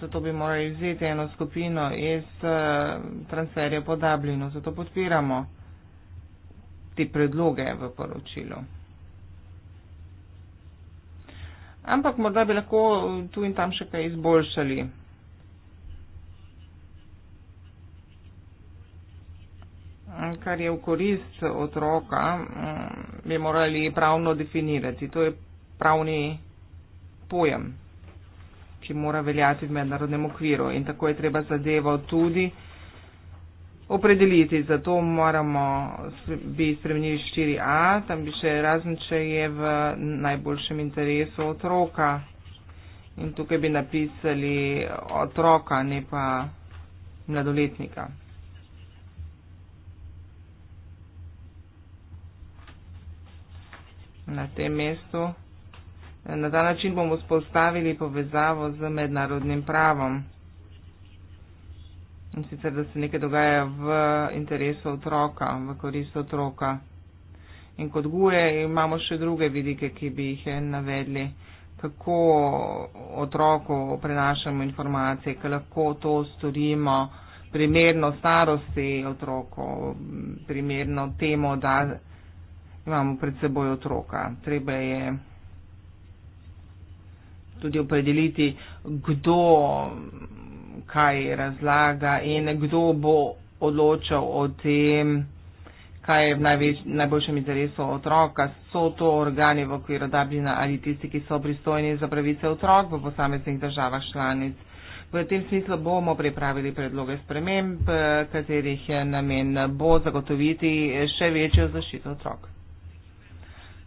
Zato bi morali vzeti eno skupino iz eh, transferja po Dublinu. Zato podpiramo te predloge v poročilu. Ampak morda bi lahko tu in tam še kaj izboljšali. kar je v korist otroka, mm, bi morali pravno definirati. To je pravni pojem, ki mora veljati v mednarodnem okviru in tako je treba zadevo tudi opredeliti. Zato moramo bi spremenili 4a, tam bi še razen, če je v najboljšem interesu otroka. In tukaj bi napisali otroka, ne pa mladoletnika. na tem mestu. Na ta način bomo spostavili povezavo z mednarodnim pravom. In sicer, da se nekaj dogaja v interesu otroka, v korist otroka. In kot guje imamo še druge vidike, ki bi jih navedli, kako otroku prenašamo informacije, kako lahko to storimo primerno starosti otroku, primerno temu, da imamo pred seboj otroka. Treba je tudi opredeliti, kdo kaj razlaga in kdo bo odločal o tem, kaj je v največ, najboljšem interesu otroka. So to organi v okviru Dublina ali tisti, ki so pristojni za pravice otrok v posameznih državah članic. V tem smislu bomo pripravili predloge sprememb, katerih namen bo zagotoviti še večjo zaščito otrok.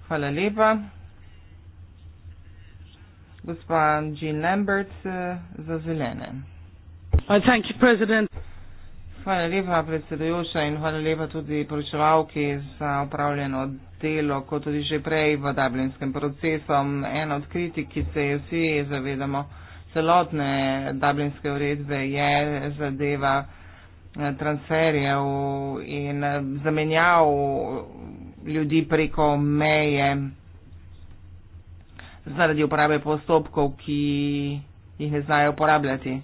Hvala lepa. Gospa Jean Lambert eh, za zelene. Uh, thank you, president. Hvala lepa, predsedujoča, in hvala lepa tudi poročevalki za upravljeno delo, kot tudi že prej v dublinskem procesu. Ena od kritik, ki se je vsi zavedamo celotne dublinske uredbe, je zadeva eh, transferjev in eh, zamenjav ljudi preko meje zaradi uporabe postopkov, ki jih ne znajo uporabljati.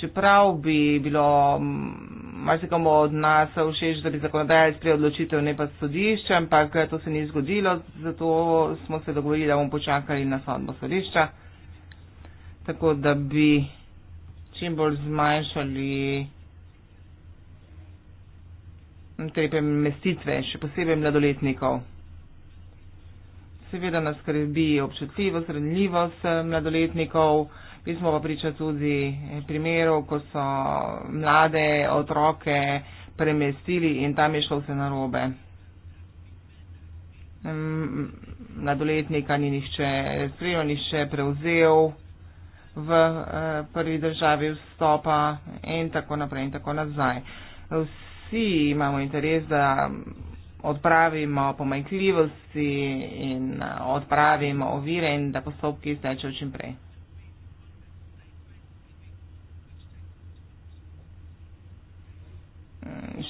Čeprav bi bilo marsikomu od nas všeč, da bi zakonodajalec prijel odločitev, ne pa sodišče, ampak to se ni zgodilo, zato smo se dogovorili, da bomo počakali na sodbo sodišča, tako da bi čim bolj zmanjšali trepe mestitve, še posebej mladoletnikov. Seveda nas skrbi občutljivost, ranljivost eh, mladoletnikov. Mi smo pa priča tudi primerov, ko so mlade otroke premestili in tam je šlo vse narobe. Mm, mladoletnika ni nihče sprejel, nihče prevzel v eh, prvi državi vstopa in tako naprej in tako nazaj. Vsi vsi imamo interes, da odpravimo pomanjkljivosti in eh, odpravimo ovire in da postopki stečejo čim prej. Eh,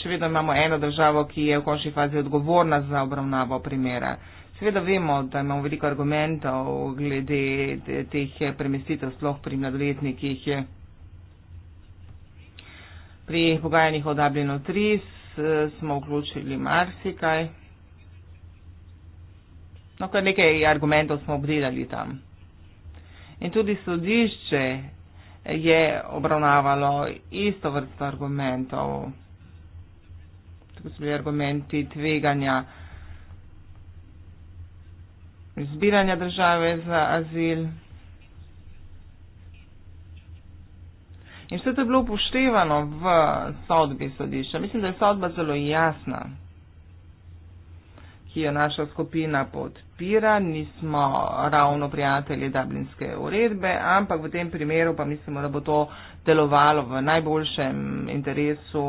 še vedno imamo eno državo, ki je v končni fazi odgovorna za obravnavo primera. Seveda vemo, da imamo veliko argumentov glede teh premestitev, sploh pri mladoletnikih. Je pri pogajanjih o Dublinu 3 smo vključili marsikaj. No, kar nekaj argumentov smo obdelali tam. In tudi sodišče je obravnavalo isto vrsto argumentov. Tako so bili argumenti tveganja izbiranja države za azil. In vse to je bilo upoštevano v sodbi sodišča. Mislim, da je sodba zelo jasna, ki jo naša skupina podpira. Nismo ravno prijatelji dublinske uredbe, ampak v tem primeru pa mislimo, da bo to delovalo v najboljšem interesu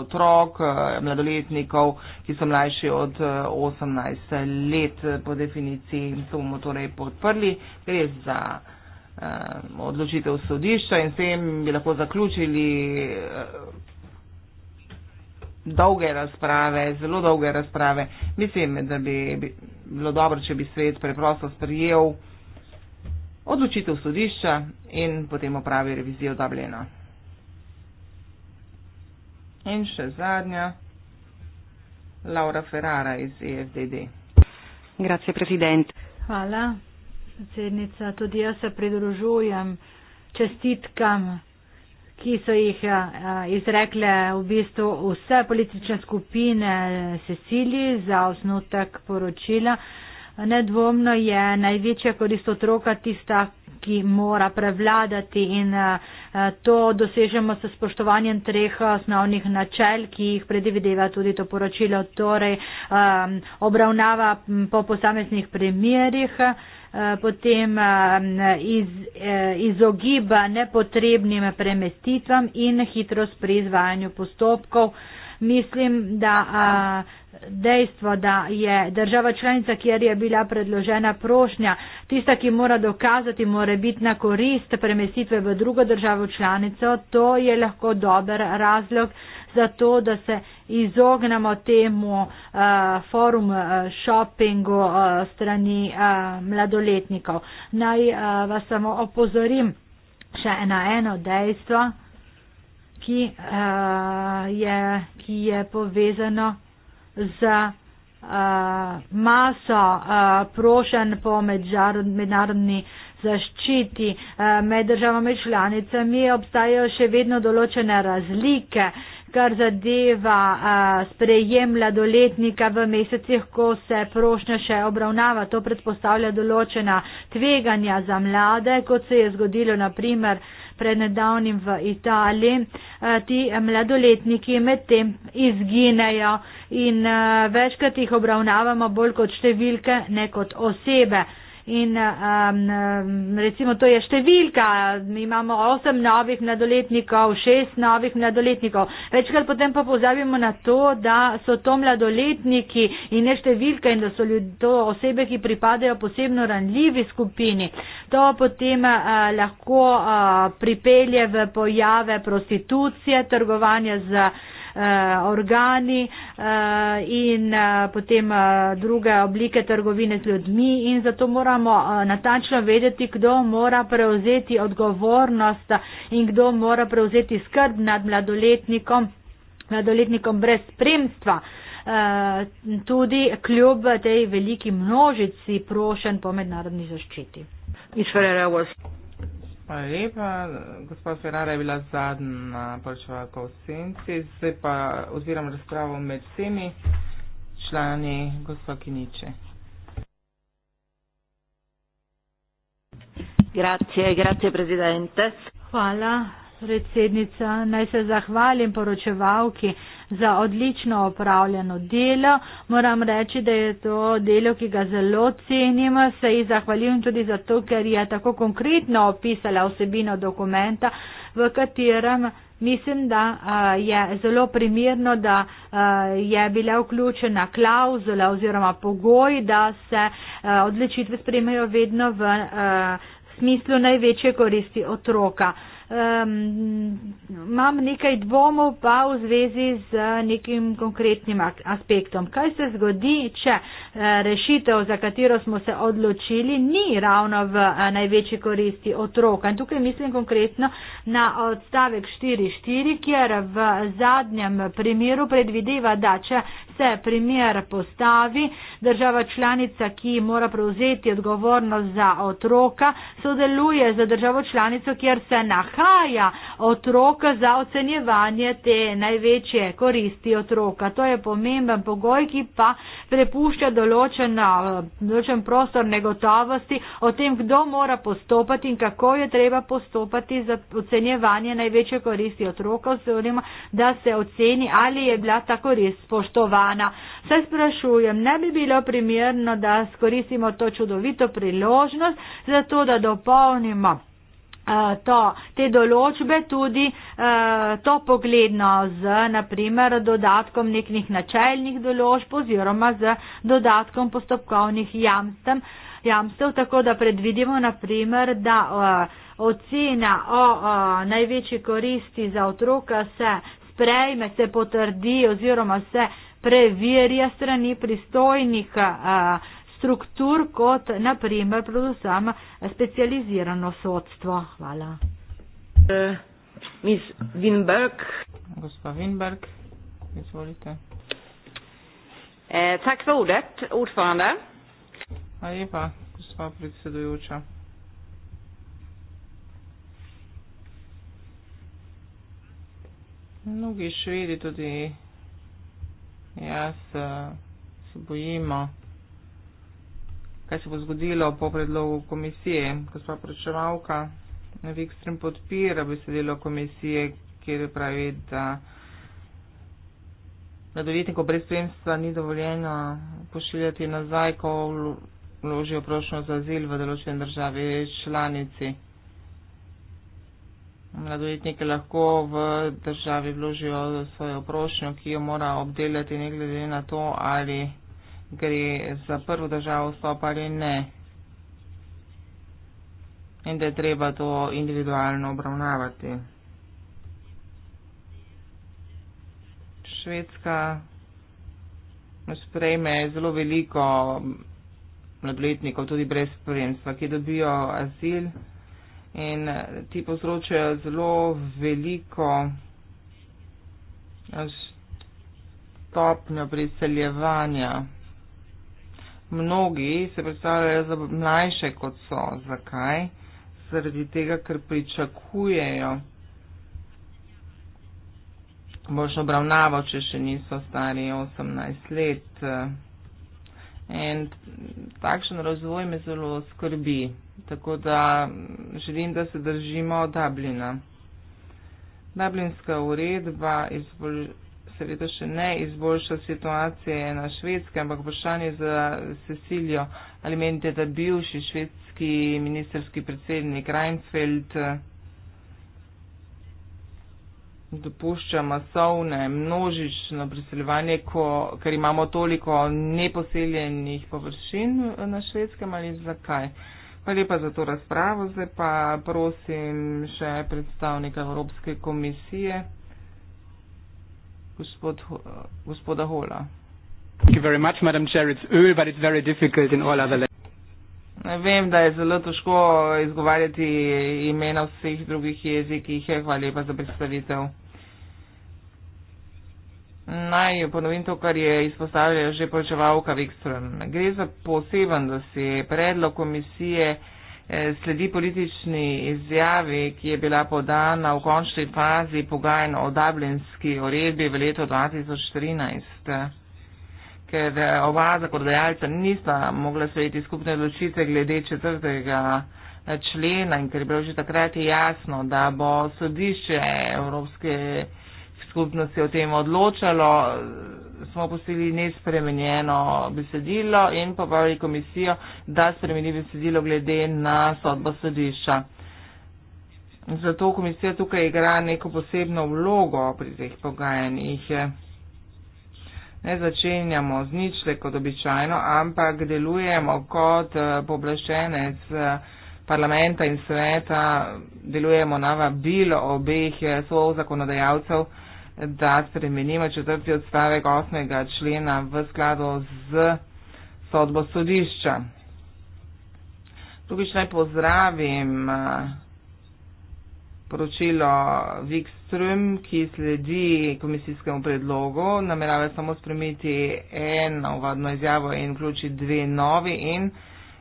otrok, mladoletnikov, ki so mlajši od 18 eh, let po definiciji. To bomo torej podprli. Res za uh, odločitev sodišča in s tem bi lahko zaključili uh, dolge razprave, zelo dolge razprave. Mislim, da bi, bi bilo dobro, če bi svet preprosto sprijel odločitev sodišča in potem opravi revizijo Dublina. In še zadnja. Laura Ferrara iz EFDD. Grazie, Presidente. Hvala predsednica, tudi jaz se pridružujem čestitkam, ki so jih izrekle v bistvu vse politične skupine Sesili za osnutek poročila. Nedvomno je največja korist otroka tista, ki mora prevladati in to dosežemo s spoštovanjem treh osnovnih načel, ki jih predvideva tudi to poročilo, torej obravnava po posameznih primerjih potem iz, e, izogiba nepotrebnim premestitvam in hitrost pri izvajanju postopkov. Mislim, da dejstvo, da je država članica, kjer je bila predložena prošnja, tista, ki mora dokazati, mora biti na korist premestitve v drugo državo članico, to je lahko dober razlog, za to, da se izognemo temu uh, forum uh, shoppingu uh, strani uh, mladoletnikov. Naj uh, vas samo opozorim še na eno dejstvo, ki, uh, je, ki je povezano z. Uh, maso uh, prošen po mednarodni zaščiti uh, med državami članicami obstajajo še vedno določene razlike uh, kar zadeva sprejem mladoletnika v mesecih, ko se prošnja še obravnava. To predpostavlja določena tveganja za mlade, kot se je zgodilo naprimer pred nedavnim v Italiji. Ti mladoletniki medtem izginejo in večkrat jih obravnavamo bolj kot številke, ne kot osebe in um, um, recimo to je številka, mi imamo osem novih mladoletnikov, šest novih mladoletnikov. Večkrat potem pa pozabimo na to, da so to mladoletniki in ne številka in da so ljud, to osebe, ki pripadajo posebno ranljivi skupini. To potem uh, lahko uh, pripelje v pojave prostitucije, trgovanja z. Uh, uh, organi uh, in uh, potem uh, druge oblike trgovine z ljudmi in zato moramo uh, natančno vedeti, kdo mora prevzeti odgovornost in kdo mora prevzeti skrb nad mladoletnikom, mladoletnikom brez spremstva. Uh, tudi kljub tej veliki množici prošen po mednarodni zaščiti. Hvala lepa. Gospa Ferrara je bila zadnja poročevalka v senci, zdaj pa oziram razpravo med vsemi člani gospa Kiniče. Grazie, grazie Presidente. Hvala predsednica, naj se zahvalim poročevalki za odlično opravljeno delo. Moram reči, da je to delo, ki ga zelo cenim. Se ji zahvaljujem tudi zato, ker je tako konkretno opisala vsebino dokumenta, v katerem mislim, da je zelo primirno, da je bila vključena klauzula oziroma pogoj, da se odločitve sprejmejo vedno v smislu največje koristi otroka. Um, imam nekaj dvomov pa v zvezi z nekim konkretnim aspektom. Kaj se zgodi, če eh, rešitev, za katero smo se odločili, ni ravno v eh, največji koristi otroka? In tukaj mislim konkretno na odstavek 4.4, kjer v zadnjem primeru predvideva, da če se primer postavi, država članica, ki mora prevzeti odgovornost za otroka, sodeluje z državo članico, kjer se nahaja prihaja otrok za ocenjevanje te največje koristi otroka. To je pomemben pogoj, ki pa prepušča določena, določen prostor negotovosti o tem, kdo mora postopati in kako je treba postopati za ocenjevanje največje koristi otroka, oziroma da se oceni, ali je bila ta korist spoštovana. Saj sprašujem, ne bi bilo primerno, da skoristimo to čudovito priložnost za to, da dopolnimo Eh, to, te določbe tudi eh, to pogledno z, naprimer, dodatkom nekih načeljnih določb oziroma z dodatkom postopkovnih jamstem, jamstev, tako da predvidimo, naprimer, da eh, ocena o, o največji koristi za otroka se sprejme, se potrdi oziroma se preverja strani pristojnika. A, struktur, kot naprimer predvsem specializirano sodstvo. Hvala. Uh, Miss Winberg. Gospa Winberg, izvolite. Eh, tak for ordet, ordförande. Hvala lepa, gospa predsedujoča. Mnogi švedi tudi jaz eh, se bojimo kaj se bo zgodilo po predlogu komisije. Gospa poročevalka, Vikstrem podpira besedilo komisije, kjer pravi, da mladoletniku brez spremstva ni dovoljeno pošiljati nazaj, ko vložijo prošnjo za azil v določene države članici. Mladoletniki lahko v državi vložijo svojo prošnjo, ki jo mora obdelati ne glede na to, ali gre za prvo državo vstop ali ne. In da je treba to individualno obravnavati. Švedska sprejme zelo veliko mladoletnikov, tudi brez spremstva, ki dobijo azil in ti povzročajo zelo veliko stopnjo priseljevanja mnogi se predstavljajo za mlajše kot so. Zakaj? Zaradi tega, ker pričakujejo boljšo obravnavo, če še niso stari 18 let. In takšen razvoj me zelo skrbi. Tako da želim, da se držimo Dublina. Dublinska uredba izboljšuje seveda še ne izboljša situacije na švedskem, ampak vprašanje za Cecilijo, ali menite, da bivši švedski ministerski predsednik Reinfeldt eh, dopušča masovne množično priseljevanje, ker imamo toliko neposeljenih površin na švedskem ali zakaj? Pa lepa za to razpravo, zdaj pa prosim še predstavnika Evropske komisije gospod, uh, gospoda Hola. Thank you very much, Madam Chair. It's Öl, but it's very difficult in all other languages. Vem, da je zelo težko izgovarjati imena vseh drugih jezikih. Hvala lepa za predstavitev. Naj ponovim to, kar je izpostavila že počevalka Vikström. Gre za poseben, da se predlog komisije. Eh, sledi politični izjavi, ki je bila podana v končni fazi pogajanj o dublinski uredbi v letu 2014, ker eh, oba zakonodajalca nista mogla sprejeti skupne odločitve glede četrtega eh, člena in ker je bilo že takrat jasno, da bo sodišče Evropske skupnosti o tem odločalo smo pustili nespremenjeno besedilo in povabili komisijo, da spremeni besedilo glede na sodbo sodišča. Zato komisija tukaj igra neko posebno vlogo pri teh pogajanjih. Ne začenjamo z ničle kot običajno, ampak delujemo kot eh, poblaščenec eh, parlamenta in sveta, delujemo na vabilo obeh eh, sozakonodajalcev da spremenimo četrti odstavek 8. člena v skladu z sodbo sodišča. Tukaj še naj pozdravim eh, poročilo Wikström, ki sledi komisijskemu predlogu, namerava samo spremeniti eno vadno izjavo in vključi dve novi in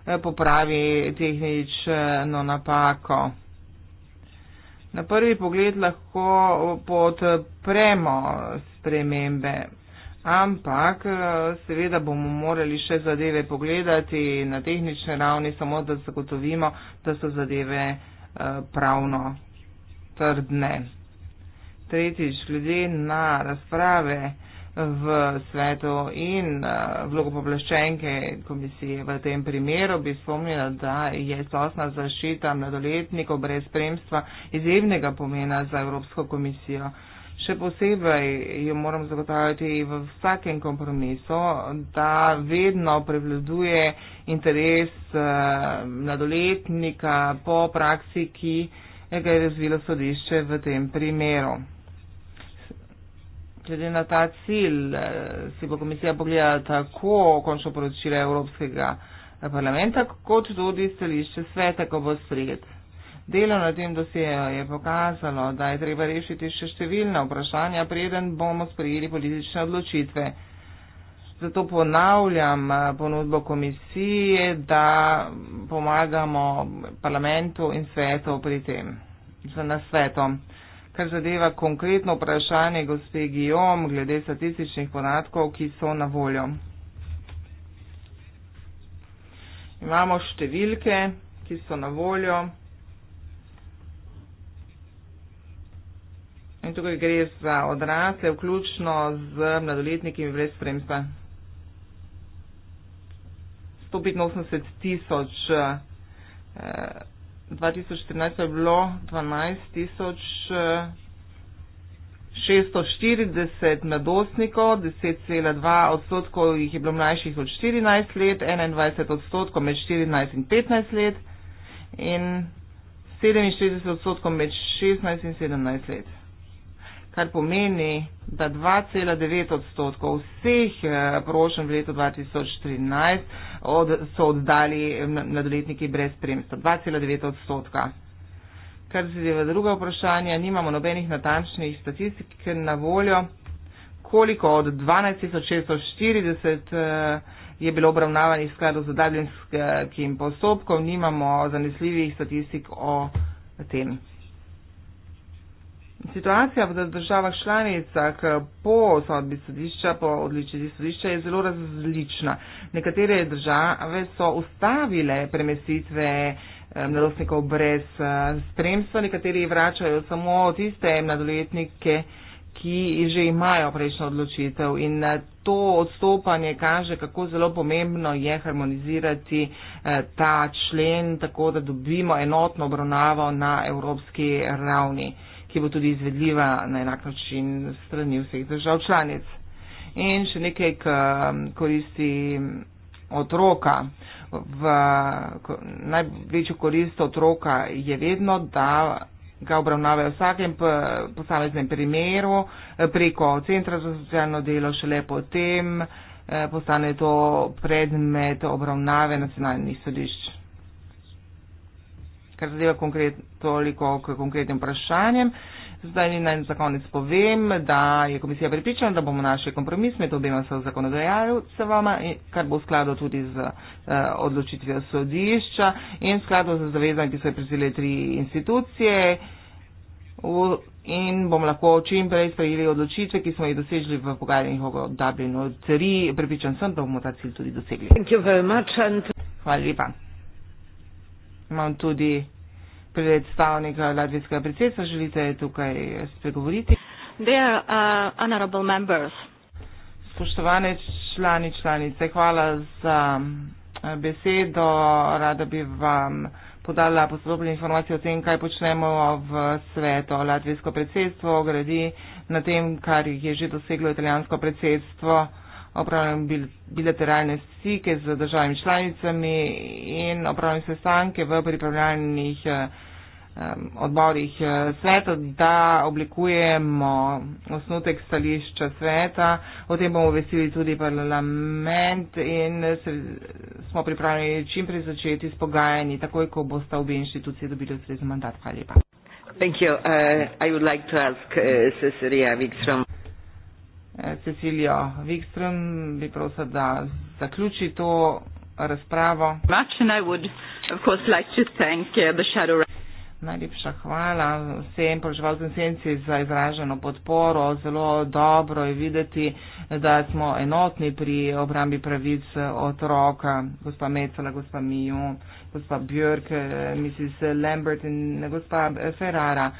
eh, popravi tehnično napako. Na prvi pogled lahko podpremo spremembe, ampak seveda bomo morali še zadeve pogledati na tehnične ravni, samo da zagotovimo, da so zadeve eh, pravno trdne. Tretjič, glede na razprave v svetu in uh, vlogo poblaščenke komisije. V tem primeru bi spomnila, da je sosna zašita mladoletnikov brez spremstva izjemnega pomena za Evropsko komisijo. Še posebej jo moram zagotavljati v vsakem kompromisu, da vedno prevladuje interes eh, mladoletnika po praksi, ki ga je razvilo sodišče v tem primeru glede na ta cilj eh, si bo komisija pogledala tako končno poročilo Evropskega eh, parlamenta, kot tudi stališče sveta, ko bo sprejet. Delo na tem dosjeju je pokazalo, da je treba rešiti še številna vprašanja, preden bomo sprejeli politične odločitve. Zato ponavljam eh, ponudbo komisije, da pomagamo parlamentu in svetu pri tem, za nasvetom kar zadeva konkretno vprašanje gospe Gijom glede statističnih podatkov, ki so na voljo. Imamo številke, ki so na voljo. In tukaj gre za odrasle, vključno z mladoletniki brez spremstva. 185 tisoč. Eh, 2014 je bilo 12640 eh, mladostnikov, 10,2 odstotkov jih je bilo mlajših od 14 let, 21 odstotkov med 14 in 15 let in 67 odstotkov med 16 in 17 let kar pomeni, da 2,9 odstotkov vseh eh, prošenj v letu 2013 od, so oddali eh, mladoletniki brez spremstva. 2,9 odstotka. Kar se zdi v druga vprašanja, nimamo nobenih natančnih statistik na voljo, koliko od 12.640 eh, je bilo obravnavanih v skladu z dadljenskim postopkom, nimamo zanesljivih statistik o tem. Situacija v državah članicah po sodbi sodišča, po odličitvi sodišča je zelo različna. Nekatere države so ustavile premestitve eh, mladostnikov brez eh, spremstva, nekateri vračajo samo tiste mladoletnike, ki že imajo prejšnjo odločitev. In eh, to odstopanje kaže, kako zelo pomembno je harmonizirati ta člen, tako da dobimo enotno obravnavo na evropski ravni ki bo tudi izvedljiva na enak način strani vseh držav članic. In še nekaj k um, koristi otroka. V, k, največjo korist otroka je vedno, da ga obravnavajo v vsakem posameznem primeru eh, preko centra za socialno delo, šele potem eh, postane to predmet obravnave nacionalnih sodišč kar zadeva konkret, toliko k konkretnim vprašanjem. Zdaj naj za konec povem, da je komisija pripričana, da bomo našli kompromis med obema se zakonodajalcevama, kar bo v skladu tudi z eh, odločitvijo sodišča in v skladu z zavezami, ki so jih prizile tri institucije in bomo lahko čim prej sprejeli odločitve, ki smo jih dosežili v pogajanjih o Dublinu 3. Pripričan sem, da bomo ta cilj tudi dosegli. Hvala lepa imam tudi predstavnika Latvijskega predsedstva. Želite tukaj spregovoriti? Dear uh, honorable members. Spoštovane člani, članice, hvala za eh, besedo. Rada bi vam podala posodobne informacije o tem, kaj počnemo v svetu. Latvijsko predsedstvo gradi na tem, kar je že doseglo italijansko predsedstvo opravljam bil, bilateralne stike z državami članicami in opravljam sestanke v pripravljalnih eh, odborih eh, sveta, da oblikujemo osnutek stališča sveta. O tem bomo vesili tudi parlament in se, smo pripravljeni čim prej začeti s pogajanji, takoj, ko bosta obi inštitucije dobili ustrezen mandat. Hvala lepa. Thank you. Uh, I would like to ask uh, Cesaria Wikström. Cecilijo Wikström bi prosil, da zaključi to razpravo. Uh, Najlepša hvala vsem poživalcem senci za izraženo podporo. Zelo dobro je videti, da smo enotni pri obrambi pravic otroka, gospa Metzela, gospa Miju, gospa Björk, eh, Mrs. Lambert in gospa Ferrara.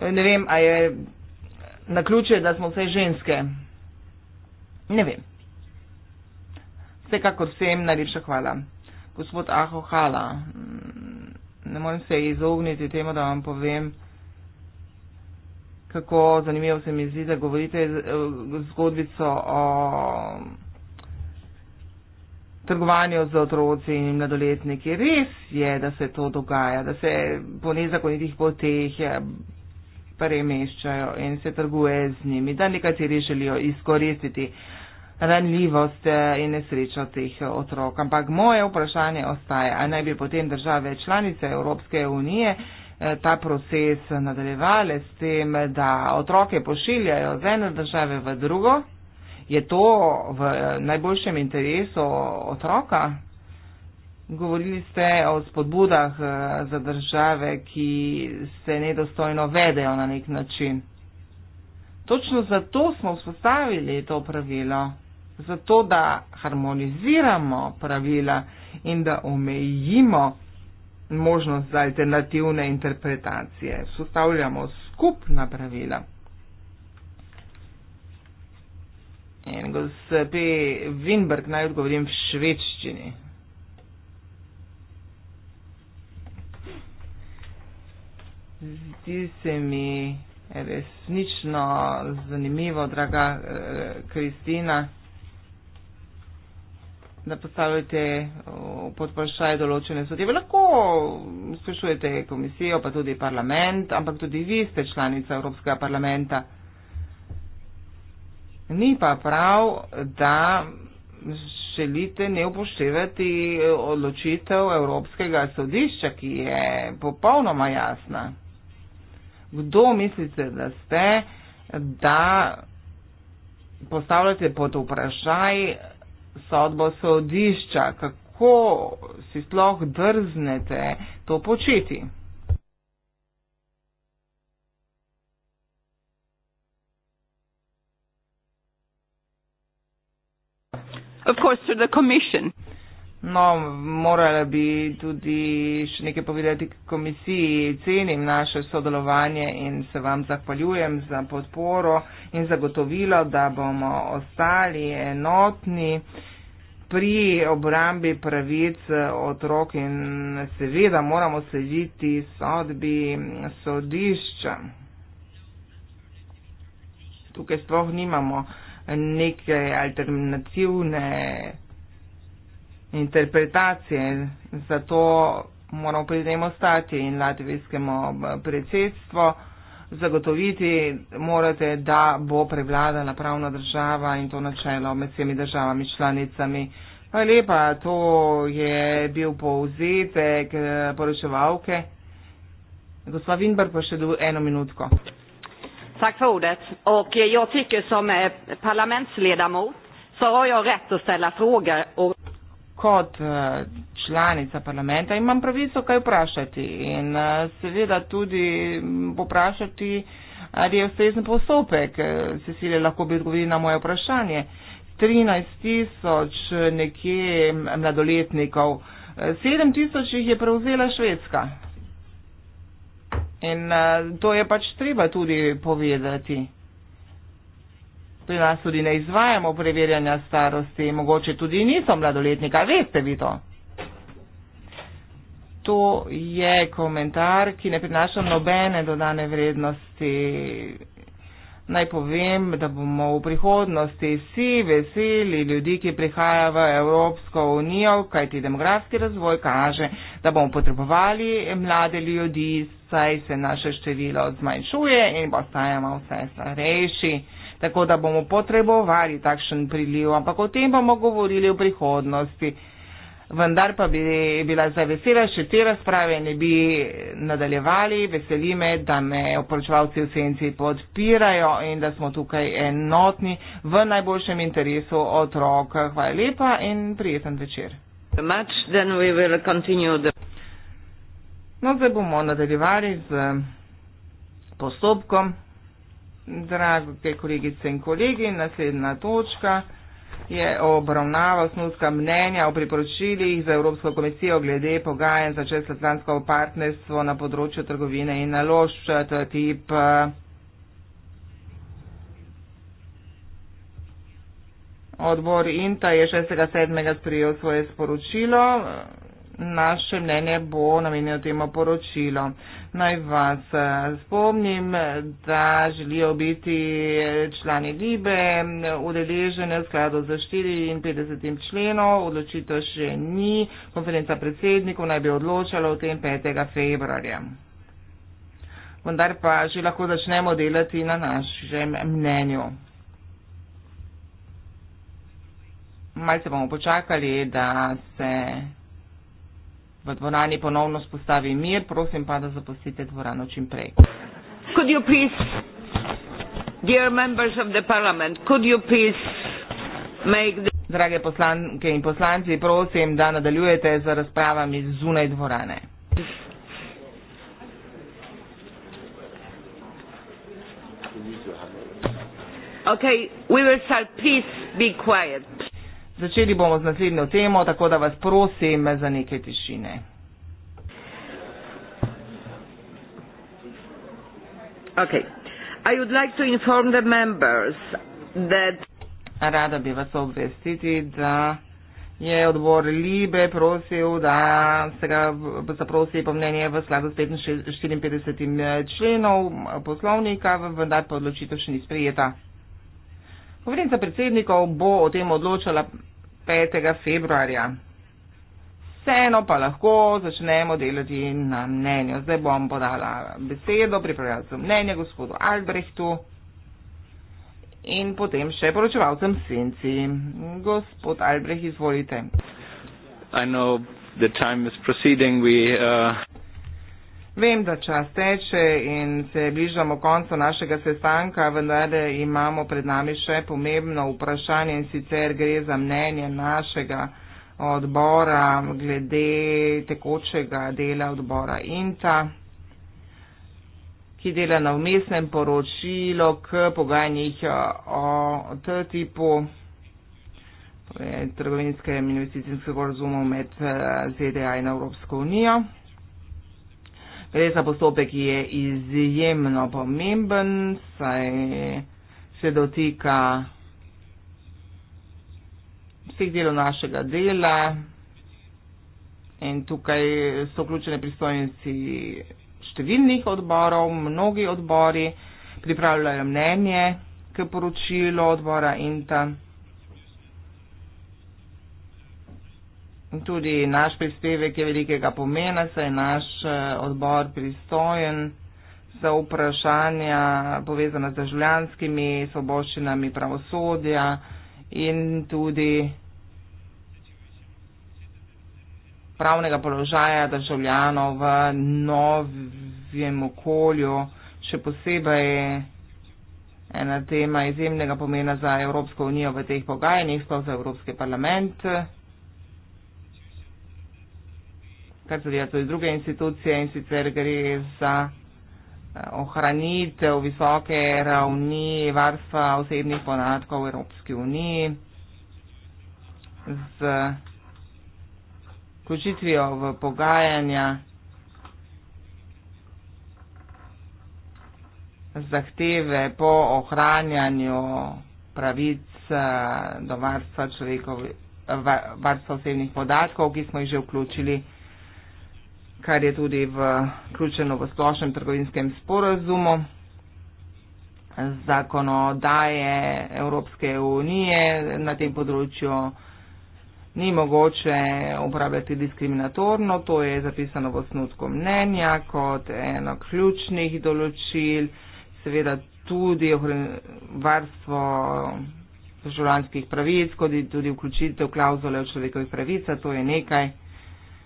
Eh, ne vem, a je naključje, da smo vse ženske. Ne vem. Vsekakor vsem najlepša hvala. Gospod Aho Hala, mm, ne morem se izogniti temu, da vam povem, kako zanimivo se mi zdi, da govorite zgodbico o trgovanju z otroci in mladoletniki. Res je, da se to dogaja, da se po nezakonitih poteh eh, premeščajo in se trguje z njimi, da nekateri želijo izkoristiti. Uh, ranljivost eh, in nesrečo teh eh, otrok. Ampak moje vprašanje ostaje, a naj bi potem države članice Evropske unije eh, ta proces nadaljevale s tem, da otroke pošiljajo z ene države v drugo? Je to v najboljšem interesu otroka? Govorili ste o spodbudah za države, ki se nedostojno vedejo na nek način. Točno zato smo vzpostavili to pravilo zato da harmoniziramo pravila in da omejimo možnost za alternativne interpretacije. Sustavljamo skupna pravila. In gospe Winberg, naj odgovorim v švedščini. Zdi se mi resnično zanimivo, draga eh, Kristina. Eh, da postavljate eh, pod vprašanje določene zadeve. Lahko sprašujete komisijo, pa tudi parlament, ampak tudi vi ste članica Evropskega parlamenta. Ni pa prav, da želite ne upoštevati eh, odločitev Evropskega sodišča, ki je popolnoma jasna. Kdo mislite, da ste, da postavljate pod vprašanje sodbo sodišča, kako si sploh drznete to početi? Of course, to the commission. No, morala bi tudi še nekaj povedati komisiji. Cenim naše sodelovanje in se vam zahvaljujem za podporo in zagotovilo, da bomo ostali enotni pri obrambi pravic otrok in seveda moramo slediti sodbi sodišča. Tukaj sploh nimamo neke alternativne interpretacije. Zato moramo pri tem ostati in latvijskemu eh, predsedstvu zagotoviti morate, da bo prevladala pravna država in to načelo med vsemi državami članicami. Hvala lepa, to je bil povzetek eh, poročevalke. Gospa Vinbar, pa še eno minutko. Tak for ordet. Og eh, jeg tykker som parlamentsledamot, så har jeg rett å stelle spørsmål kot eh, članica parlamenta imam pravico kaj vprašati in eh, seveda tudi mm, poprašati, ali je ustrezen postopek. Cecilija lahko bi odgovorila na moje vprašanje. 13 tisoč eh, nekje mladoletnikov, 7 tisoč jih je prevzela Švedska. In to je pač treba tudi povedati. Pri nas tudi ne izvajamo preverjanja starosti, mogoče tudi niso mladoletnika, veste vi to. To je komentar, ki ne prinaša nobene dodane vrednosti. Naj povem, da bomo v prihodnosti vsi veseli ljudi, ki prihajajo v Evropsko unijo, kajti demografski razvoj kaže, da bomo potrebovali mlade ljudi, saj se naše število zmanjšuje in postajamo vse starejši tako da bomo potrebovali takšen priliv, ampak o tem bomo govorili v prihodnosti. Vendar pa bi bila zdaj vesela, če te razprave ne bi nadaljevali. Veseli me, da me oporočevalci v senci podpirajo in da smo tukaj enotni v najboljšem interesu otrok. Hvala lepa in prijeten večer. No, zdaj bomo nadaljevali z postopkom. Drage kolegice in kolegi, naslednja točka je obravnava osnovska mnenja o priporočilih za Evropsko komisijo glede pogajanj za čezatlantsko partnerstvo na področju trgovine in naložb. To je tip eh, odbor INTA je 6.7. sprijel svoje sporočilo naše mnenje bo namenjeno temu poročilo. Naj vas eh, spomnim, da želijo biti člani Libe udeležene v skladu za 54. členom, odločitev še ni, konferenca predsednikov naj bi odločala o tem 5. februarja. Vendar pa že lahko začnemo delati na našem mnenju. Malce bomo počakali, da se v dvorani ponovno spostavi mir, prosim pa, da zapustite dvorano čim prej. Could you please, dear members of the parliament, could you please make the... Drage poslanke in poslanci, prosim, da nadaljujete z razpravami zunaj dvorane. Okay, we will start. Please be quiet. Začeli bomo z naslednjo temo, tako da vas prosim za nekaj tišine. Rada bi vas obvestiti, da je odbor Libe prosil, da se ga zaprosi po mnenje v skladu s 54 eh, členov eh, poslovnika, vendar pa odločitev še ni sprejeta. Konferenca predsednikov bo o tem odločala 5. februarja. Vseeno pa lahko začnemo delati na mnenju. Zdaj bom podala besedo, pripravljala sem mnenje gospodu Albrehtu in potem še poročevalcem Sinci. Gospod Albreht, izvolite. I know the time is proceeding. We, uh... Vem, da čas teče in se bližamo koncu našega sestanka, vendar imamo pred nami še pomembno vprašanje in sicer gre za mnenje našega odbora glede tekočega dela odbora INTA, ki dela na umestnem poročilo k pogajanjih o T-tipu trgovinskem investicijskem sporazumu med eh, ZDA in Evropsko unijo. Gre za postopek, ki je izjemno pomemben, saj se dotika vseh delov našega dela in tukaj so vključene pristojnici številnih odborov, mnogi odbori pripravljajo mnenje k poročilu odbora Inta. tudi naš prispevek je velikega pomena, saj je naš eh, odbor pristojen za vprašanja povezana z državljanskimi svoboščinami pravosodja in tudi pravnega položaja državljanov v novem okolju, še posebej ena tema izjemnega pomena za Evropsko unijo v teh pogajanjih, sploh za Evropski parlament kar zadeva tudi druge institucije in sicer gre za eh, ohranitev visoke ravni varstva osebnih podatkov v Evropski uniji z vključitvijo v pogajanja zahteve po ohranjanju pravic eh, do varstva, človekov, varstva osebnih podatkov, ki smo jih že vključili kar je tudi vključeno v, v splošnem trgovinskem sporazumu. Zakonodaje Evropske unije na tem področju ni mogoče uporabljati diskriminatorno, to je zapisano v osnutku mnenja kot eno ključnih določil, seveda tudi varstvo državljanskih pravic, kot tudi vključitev klauzule o človekovih pravicah, to je nekaj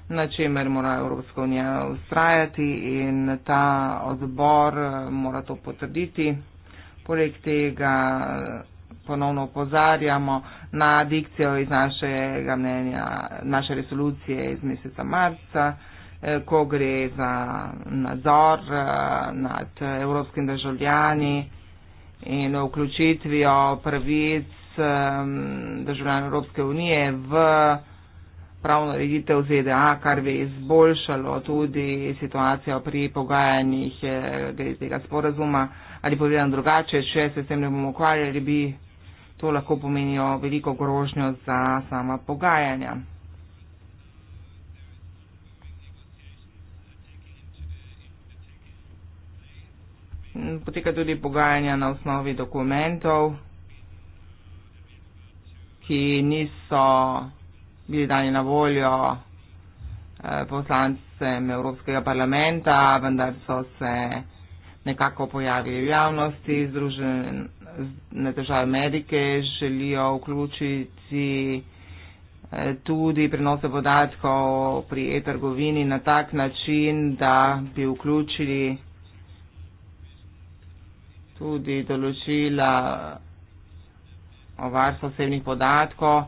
na čemer mora Evropska unija ustrajati in ta odbor eh, mora to potrditi. Poleg tega eh, ponovno opozarjamo na dikcijo iz našega mnenja, naše resolucije iz meseca marca, eh, ko gre za nadzor nad evropskim državljani in vključitvijo pravic državljanov Evropske unije v pravno reditev ZDA, kar bi izboljšalo tudi situacijo pri pogajanjih eh, glede tega sporazuma. Ali povedano drugače, če se s tem ne bomo ukvarjali, bi to lahko pomenilo veliko grožnjo za sama pogajanja. Poteka tudi pogajanja na osnovi dokumentov, ki niso bili dani na voljo eh, poslancem Evropskega parlamenta, vendar so se nekako pojavili v javnosti, Združene države Amerike želijo vključiti eh, tudi prenose podatkov pri e-trgovini na tak način, da bi vključili tudi določila o varstvu osebnih podatkov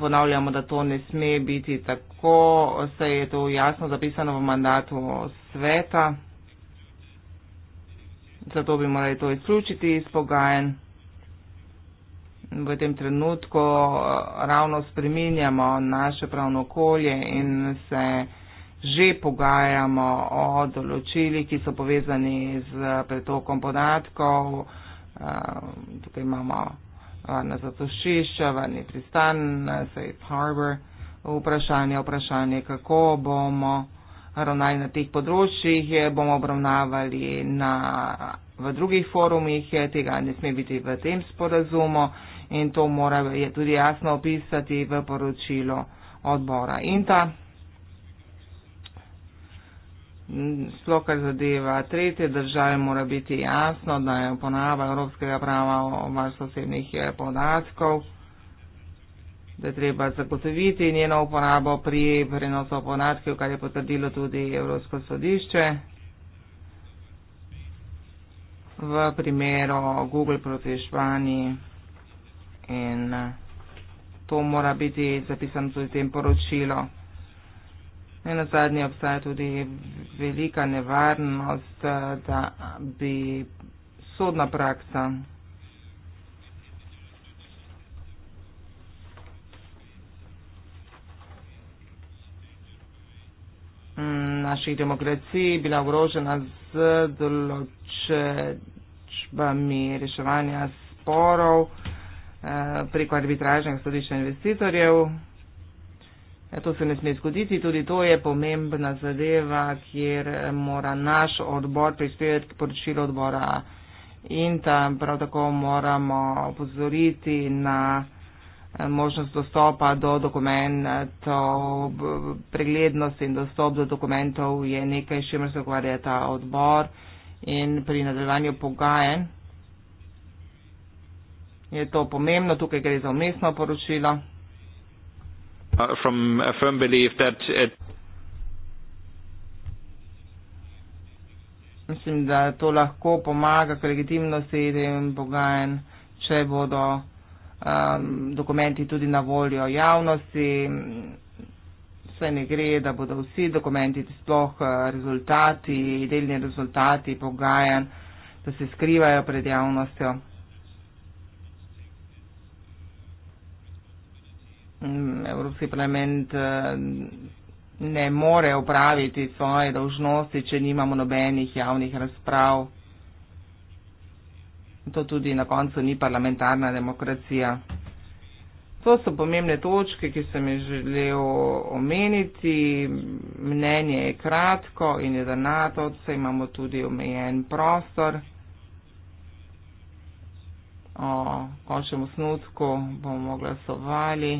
ponavljamo, da to ne sme biti tako, saj je to jasno zapisano v mandatu sveta. Zato bi morali to izključiti iz pogajanj. V tem trenutku eh, ravno spreminjamo naše pravno okolje in se že pogajamo o določili, ki so povezani z pretokom podatkov. Eh, tukaj imamo na zatočišča, varni pristan, na safe harbor. Vprašanje, vprašanje, kako bomo ravnali na teh področjih, bomo obravnavali na, v drugih forumih, tega ne sme biti v tem sporazumu in to mora je tudi jasno opisati v poročilo odbora. In ta Slo, kar zadeva tretje države, mora biti jasno, da je ponava Evropskega prava o varstvu osebnih eh, podatkov, da je treba zagotoviti njeno uporabo pri prenosu podatkov, kar je potrdilo tudi Evropsko sodišče v primeru Google proti Španiji. In eh, to mora biti zapisano tudi v tem poročilu. In na zadnje obstaja tudi velika nevarnost, eh, da bi sodna praksa naših demokracij bila ogrožena z določbami reševanja sporov eh, preko arbitražnega sodišča investitorjev. E, to se ne sme zgoditi, tudi to je pomembna zadeva, kjer mora naš odbor prispevati k poročilu odbora in tam prav tako moramo opozoriti na eh, možnost dostopa do dokumentov, preglednost in dostop do dokumentov je nekaj, s čimer se ukvarja ta odbor in pri nadaljevanju pogajen je to pomembno, tukaj gre za umestno poročilo uh, from a firm belief that it 'sim da to lahko pomaga k legitimnosti tem pogajen, če bodo um, dokumenti tudi na voljo javnosti. Vse ne gre, da bodo vsi dokumenti, sploh uh, rezultati, delni rezultati pogajanj, da se skrivajo pred javnostjo. Evropski parlament eh, ne more upraviti svoje dožnosti, če nimamo nobenih javnih razprav. To tudi na koncu ni parlamentarna demokracija. To so pomembne točke, ki sem jih želel omeniti. Mnenje je kratko in je za NATO, vse imamo tudi omejen prostor. O končnem osnutku bomo glasovali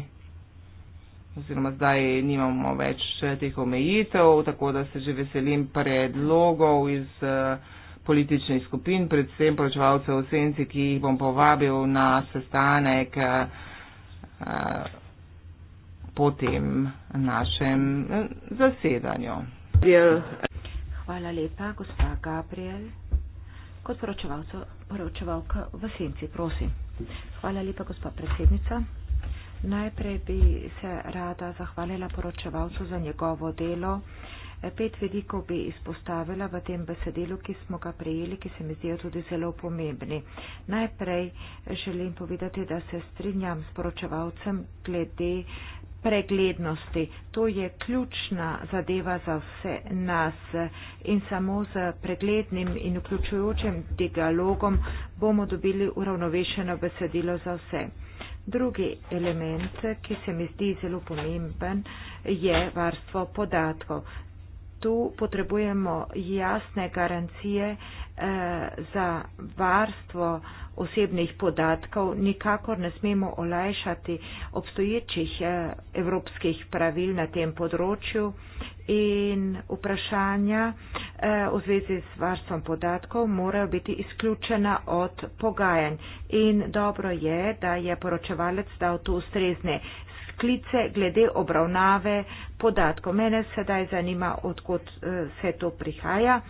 oziroma zdaj nimamo več teh omejitev, tako da se že veselim predlogov iz eh, političnih skupin, predvsem pročevalcev v senci, ki jih bom povabil na sestanek eh, eh, po tem našem zasedanju. Hvala lepa, gospa Gabriel. Kot poročevalka v senci, prosim. Hvala lepa, gospa predsednica. Najprej bi se rada zahvalila poročevalcu za njegovo delo. Pet vedikov bi izpostavila v tem besedilu, ki smo ga prejeli, ki se mi zdijo tudi zelo pomembni. Najprej želim povedati, da se strinjam s poročevalcem glede preglednosti. To je ključna zadeva za vse nas in samo z preglednim in vključujočim dialogom bomo dobili uravnovešeno besedilo za vse. Drugi element, ki se mi zdi zelo pomemben, je varstvo podatkov tu potrebujemo jasne garancije eh, za varstvo osebnih podatkov. Nikakor ne smemo olajšati obstoječih eh, evropskih pravil na tem področju in vprašanja eh, v zvezi z varstvom podatkov morajo biti izključena od pogajanj. In dobro je, da je poročevalec dal tu ustrezne sklice glede obravnave podatkov. Mene sedaj zanima, odkot eh, se to prihaja.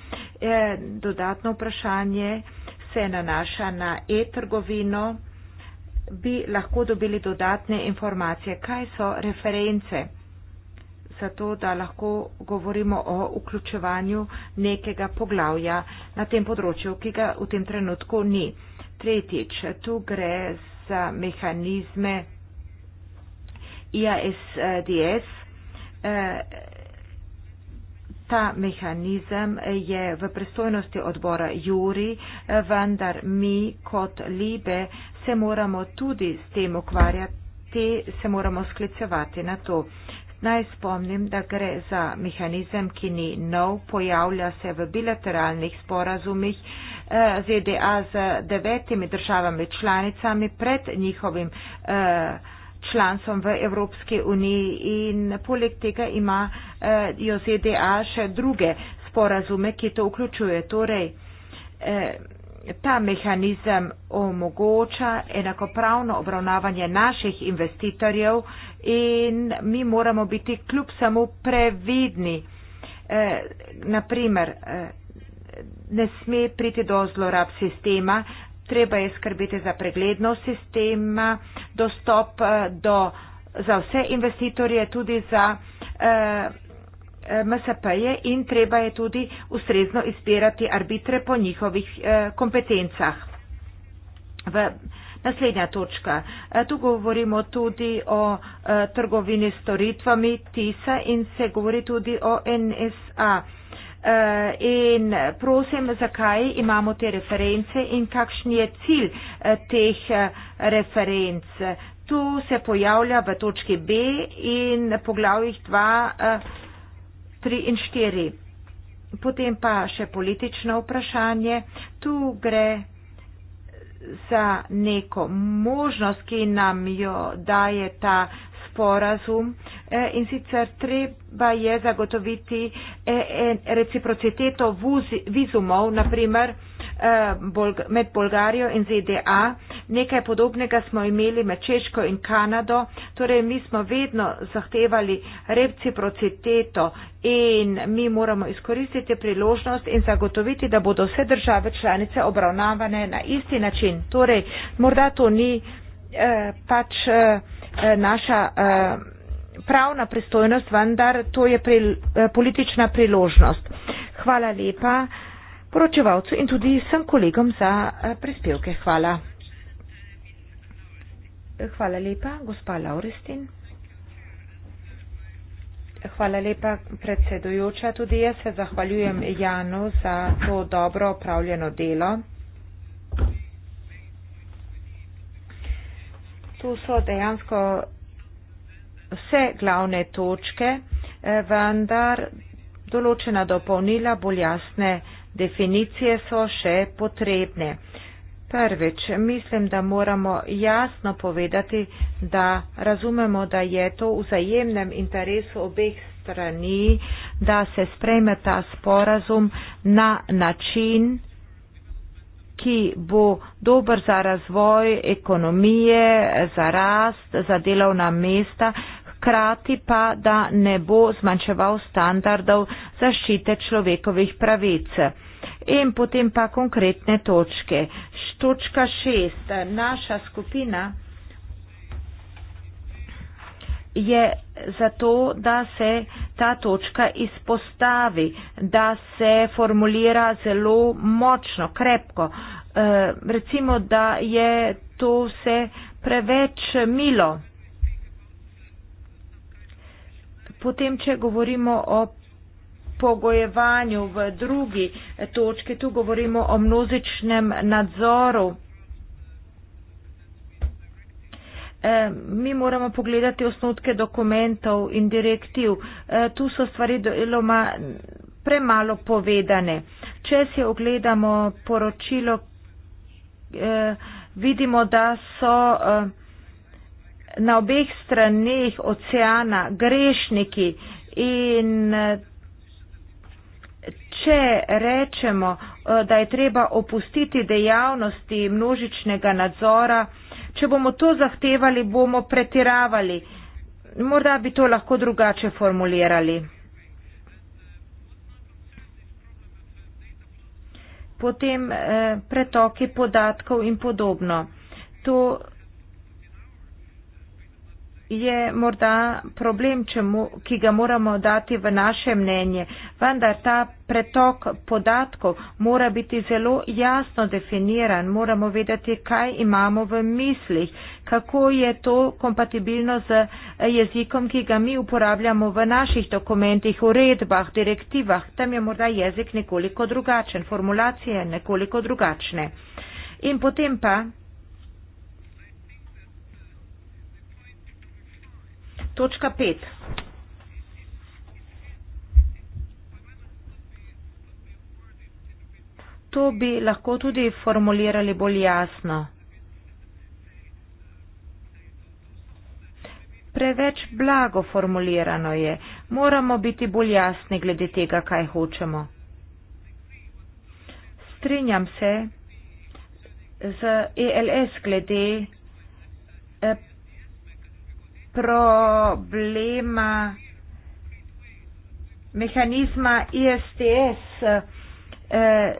Eh, dodatno vprašanje se nanaša na e-trgovino. Bi lahko dobili dodatne informacije, kaj so reference, zato da lahko govorimo o vključevanju nekega poglavja na tem področju, ki ga v tem trenutku ni. Tretjič, tu gre za mehanizme, ISDS, eh, ta mehanizem je v pristojnosti odbora Juri, eh, vendar mi kot Libe se moramo tudi s tem ukvarjati, se moramo sklicevati na to. Naj spomnim, da gre za mehanizem, ki ni nov, pojavlja se v bilateralnih sporazumih eh, ZDA z devetimi državami članicami pred njihovim eh, članstvom v Evropski uniji in poleg tega ima eh, jo ZDA še druge sporazume, ki to vključuje. Torej, eh, ta mehanizem omogoča enakopravno obravnavanje naših investitorjev in mi moramo biti kljub samo previdni. Eh, naprimer, eh, ne sme priti do zlorab sistema, treba je skrbeti za preglednost sistema, dostop eh, do, za vse investitorje, tudi za eh, eh MSP-je in treba je tudi ustrezno izbirati arbitre po njihovih eh, kompetencah. V naslednja točka. Eh, tu govorimo tudi o trgovini storitvami TISA in se govori tudi o NSA. Eh, Eh, in prosim, zakaj imamo te reference in kakšen je cilj eh, teh eh, referenc. To se pojavlja v točki B in poglavjih 2, 3 in 4. Potem pa še politično vprašanje. Tu gre za neko možnost, ki nam jo daje ta sporazum e, in sicer treba je zagotoviti e, e, reciprociteto vizumov, naprimer med Bolgarijo in ZDA. Nekaj podobnega smo imeli med Češko in Kanado, torej mi smo vedno zahtevali reciprociteto in mi moramo izkoristiti priložnost in zagotoviti, da bodo vse države članice obravnavane na isti način. Torej, morda to ni eh, pač. Eh, Eh, naša eh, pravna pristojnost, vendar to je pri, eh, politična priložnost. Hvala lepa poročevalcu in tudi vsem kolegom za prispevke. Hvala. Hvala lepa, gospa Lauristin. Hvala lepa, predsedujoča. Tudi jaz se zahvaljujem Janu za to dobro opravljeno delo. tu so dejansko vse glavne točke, eh, vendar določena dopolnila, bolj jasne definicije so še potrebne. Prvič, mislim, da moramo jasno povedati, da razumemo, da je to v zajemnem interesu obeh strani, da se sprejme ta sporazum na način, ki bo dober za razvoj ekonomije, za rast, za delovna mesta, hkrati pa, da ne bo zmanjševal standardov zaščite človekovih pravic. In potem pa konkretne točke. Točka šest. Naša skupina je zato, da se ta točka izpostavi, da se formulira zelo močno, krepko. E, recimo, da je to vse preveč milo. Potem, če govorimo o pogojevanju v drugi točki, tu govorimo o množičnem nadzoru. Eh, mi moramo pogledati osnotke dokumentov in direktiv. Eh, tu so stvari deloma premalo povedane. Če si ogledamo poročilo, eh, vidimo, da so na obeh straneh oceana grešniki in Če rečemo, da je treba opustiti dejavnosti množičnega nadzora, če bomo to zahtevali, bomo pretiravali. Morda bi to lahko drugače formulirali. Potem eh, pretoki podatkov in podobno. To je morda problem, čemu, ki ga moramo dati v naše mnenje, vendar ta pretok podatkov mora biti zelo jasno definiran, moramo vedeti, kaj imamo v mislih, kako je to kompatibilno z jezikom, ki ga mi uporabljamo v naših dokumentih, uredbah, direktivah, tam je morda jezik nekoliko drugačen, formulacije nekoliko drugačne. In potem pa Točka pet. To bi lahko tudi formulirali bolj jasno. Preveč blago formulirano je. Moramo biti bolj jasni glede tega, kaj hočemo. Strinjam se z ELS glede eh, problema mehanizma ISTS. Eh,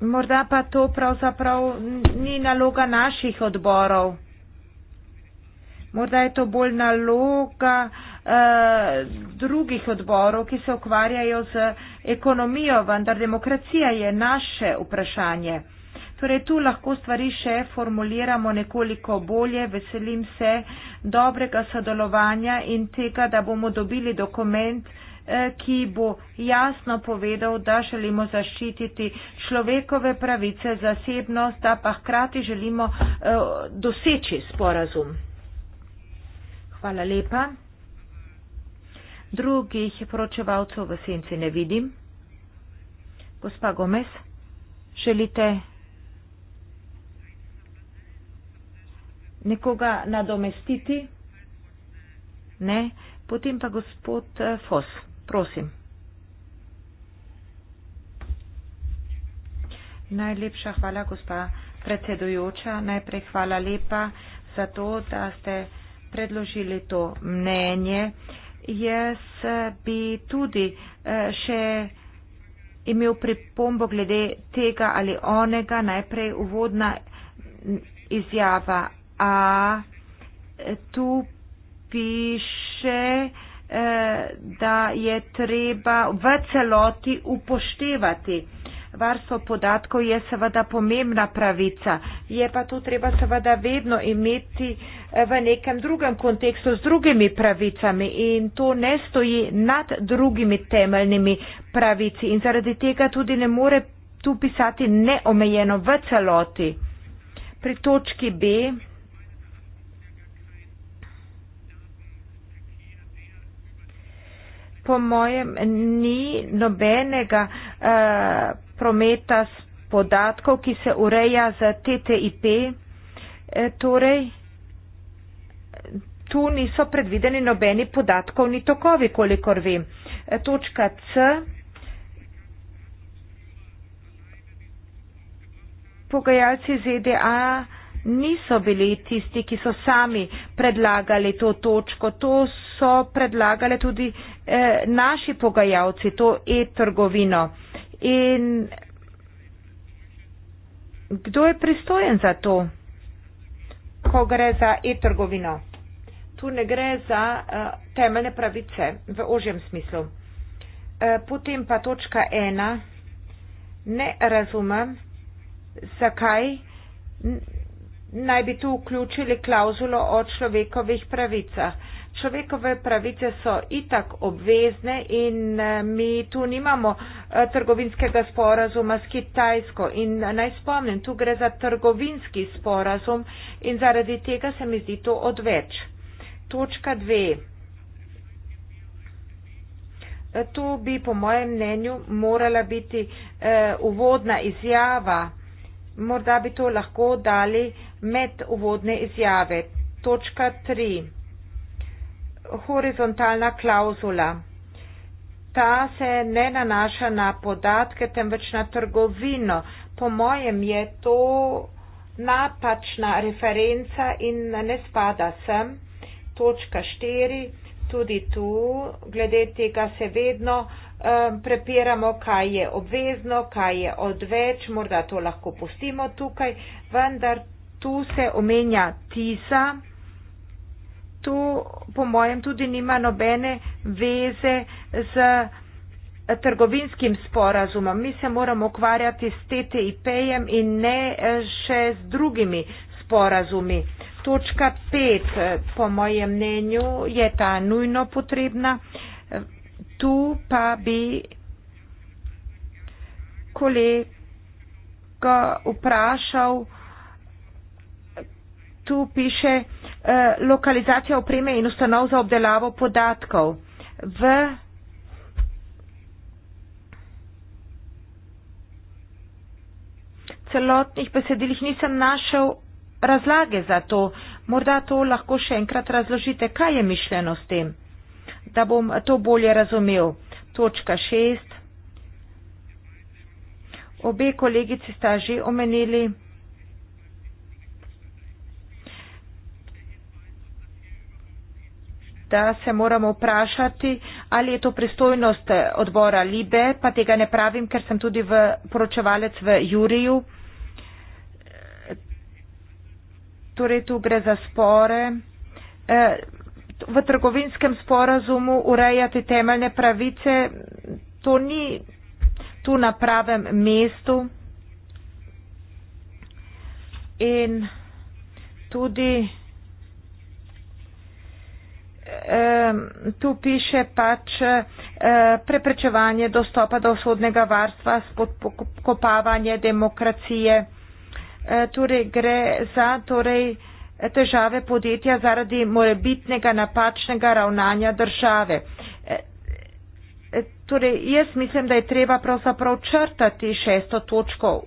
morda pa to pravzaprav ni naloga naših odborov. Morda je to bolj naloga eh, drugih odborov, ki se ukvarjajo z ekonomijo, vendar demokracija je naše vprašanje. Torej, tu lahko stvari še formuliramo nekoliko bolje. Veselim se dobrega sodelovanja in tega, da bomo dobili dokument, eh, ki bo jasno povedal, da želimo zaščititi človekove pravice, zasebnost, da pa hkrati želimo eh, doseči sporazum. Hvala lepa. Drugih poročevalcev v senci ne vidim. Gospa Gomez, želite? nekoga nadomestiti? Ne. Potem pa gospod eh, Fos, prosim. Najlepša hvala, gospa predsedujoča. Najprej hvala lepa za to, da ste predložili to mnenje. Jaz eh, bi tudi eh, še imel pripombo glede tega ali onega. Najprej uvodna izjava A e, tu piše, e, da je treba v celoti upoštevati. Varstvo podatkov je seveda pomembna pravica, je pa to treba seveda vedno imeti e, v nekem drugem kontekstu z drugimi pravicami in to ne stoji nad drugimi temeljnimi pravici in zaradi tega tudi ne more tu pisati neomejeno v celoti. Pri točki B po mojem ni nobenega eh, prometa podatkov, ki se ureja za TTIP. E, eh, torej, tu niso predvideni nobeni podatkovni tokovi, kolikor vem. E, točka C. Pogajalci ZDA niso bili tisti, ki so sami predlagali to točko. To so predlagali tudi eh, naši pogajalci, to e-trgovino. In kdo je pristojen za to, ko gre za e-trgovino? Tu ne gre za eh, temeljne pravice v ožjem smislu. Eh, potem pa točka ena. Ne razumem, zakaj naj bi tu vključili klauzulo o človekovih pravicah. Človekove pravice so itak obvezne in eh, mi tu nimamo eh, trgovinskega sporazuma s Kitajsko. In naj spomnim, tu gre za trgovinski sporazum in zaradi tega se mi zdi to odveč. Točka dve. Eh, tu bi po mojem mnenju morala biti uvodna izjava morda bi to lahko dali med uvodne izjave. Točka 3. Horizontalna klauzula. Ta se ne nanaša na podatke, temveč na trgovino. Po mojem je to napačna referenca in ne spada sem. Točka 4. Tudi tu, glede tega se vedno um, prepiramo, kaj je obvezno, kaj je odveč, morda to lahko pustimo tukaj, vendar tu se omenja tisa. Tu, po mojem, tudi nima nobene veze z trgovinskim sporazumom. Mi se moramo ukvarjati s TTIP-jem in ne eh, še z drugimi sporazumi. Točka 5, eh, po mojem mnenju, je ta nujno potrebna tu pa bi kolega vprašal, tu piše eh, lokalizacija opreme in ustanov za obdelavo podatkov. V celotnih besedilih nisem našel razlage za to. Morda to lahko še enkrat razložite, kaj je mišljeno s tem da bom to bolje razumel. Točka šest. Obe kolegici sta že omenili, da se moramo vprašati, ali je to pristojnost eh, odbora Libe, pa tega ne pravim, ker sem tudi v poročevalec v Juriju. Torej, tu gre za spore. Eh, v trgovinskem sporazumu urejati temeljne pravice, to ni tu na pravem mestu. In tudi eh, tu piše pač eh, preprečevanje dostopa do osodnega varstva, spodkopavanje demokracije. Eh, torej gre za torej, eh, težave podjetja zaradi morebitnega napačnega ravnanja države. E, e, torej, jaz mislim, da je treba pravzaprav črtati šesto točko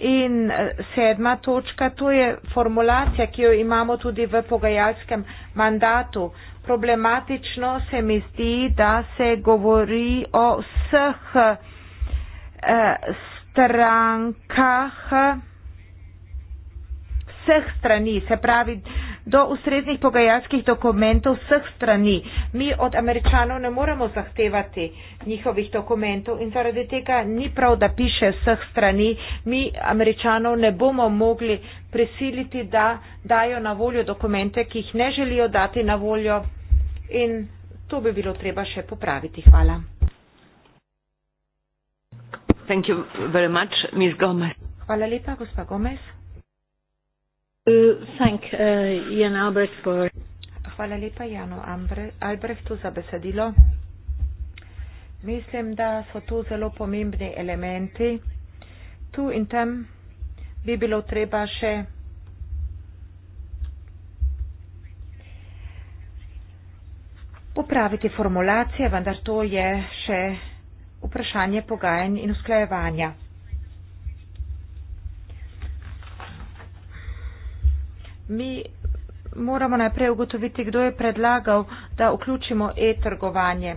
in e, sedma točka, to je formulacija, ki jo imamo tudi v pogajalskem mandatu. Problematično se mi zdi, da se govori o vseh eh, strankah. Eh, vseh strani, se pravi do ustreznih pogajalskih dokumentov vseh strani. Mi od američanov ne moremo zahtevati njihovih dokumentov in zaradi tega ni prav, da piše vseh strani. Mi američanov ne bomo mogli prisiliti, da dajo na voljo dokumente, ki jih ne želijo dati na voljo in to bi bilo treba še popraviti. Hvala. Hvala lepa, gospa Gomez. Uh, thank, uh, Jan Albrecht for... Hvala lepa Janu Ambre, Albrechtu za besedilo. Mislim, da so tu zelo pomembni elementi. Tu in tam bi bilo treba še popraviti formulacije, vendar to je še vprašanje pogajanj in usklajevanja. mi moramo najprej ugotoviti, kdo je predlagal, da vključimo e-trgovanje. E,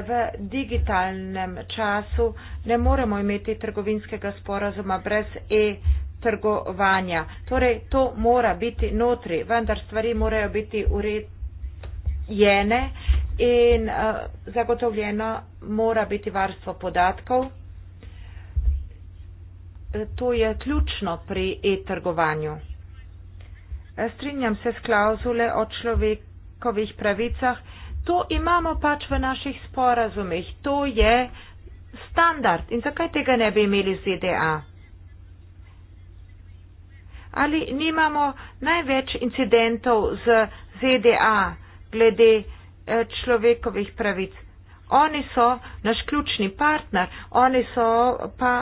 v digitalnem času ne moremo imeti trgovinskega sporazuma brez e-trgovanja. Torej, to mora biti notri, vendar stvari morajo biti urejene in uh, zagotovljeno mora biti varstvo podatkov. E, to je ključno pri e-trgovanju strinjam se s klauzule o človekovih pravicah, to imamo pač v naših sporazumih, to je standard in zakaj tega ne bi imeli v ZDA? Ali nimamo največ incidentov z ZDA glede eh, človekovih pravic? Oni so naš ključni partner, oni so pa.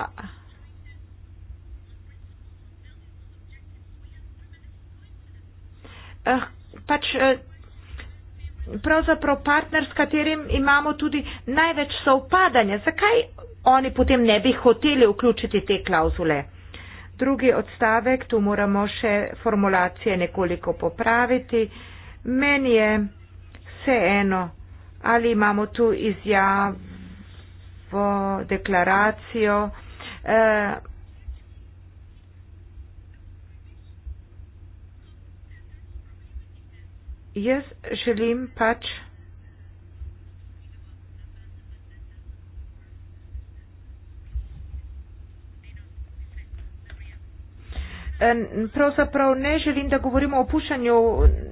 eh, pač, eh, pravzaprav partner, s katerim imamo tudi največ sovpadanja. Zakaj oni potem ne bi hoteli vključiti te klauzule? Drugi odstavek, tu moramo še formulacije nekoliko popraviti. Meni je vseeno, ali imamo tu izjavo, deklaracijo. Eh, jaz želim pač Pravzaprav ne želim, da govorimo o opuščanju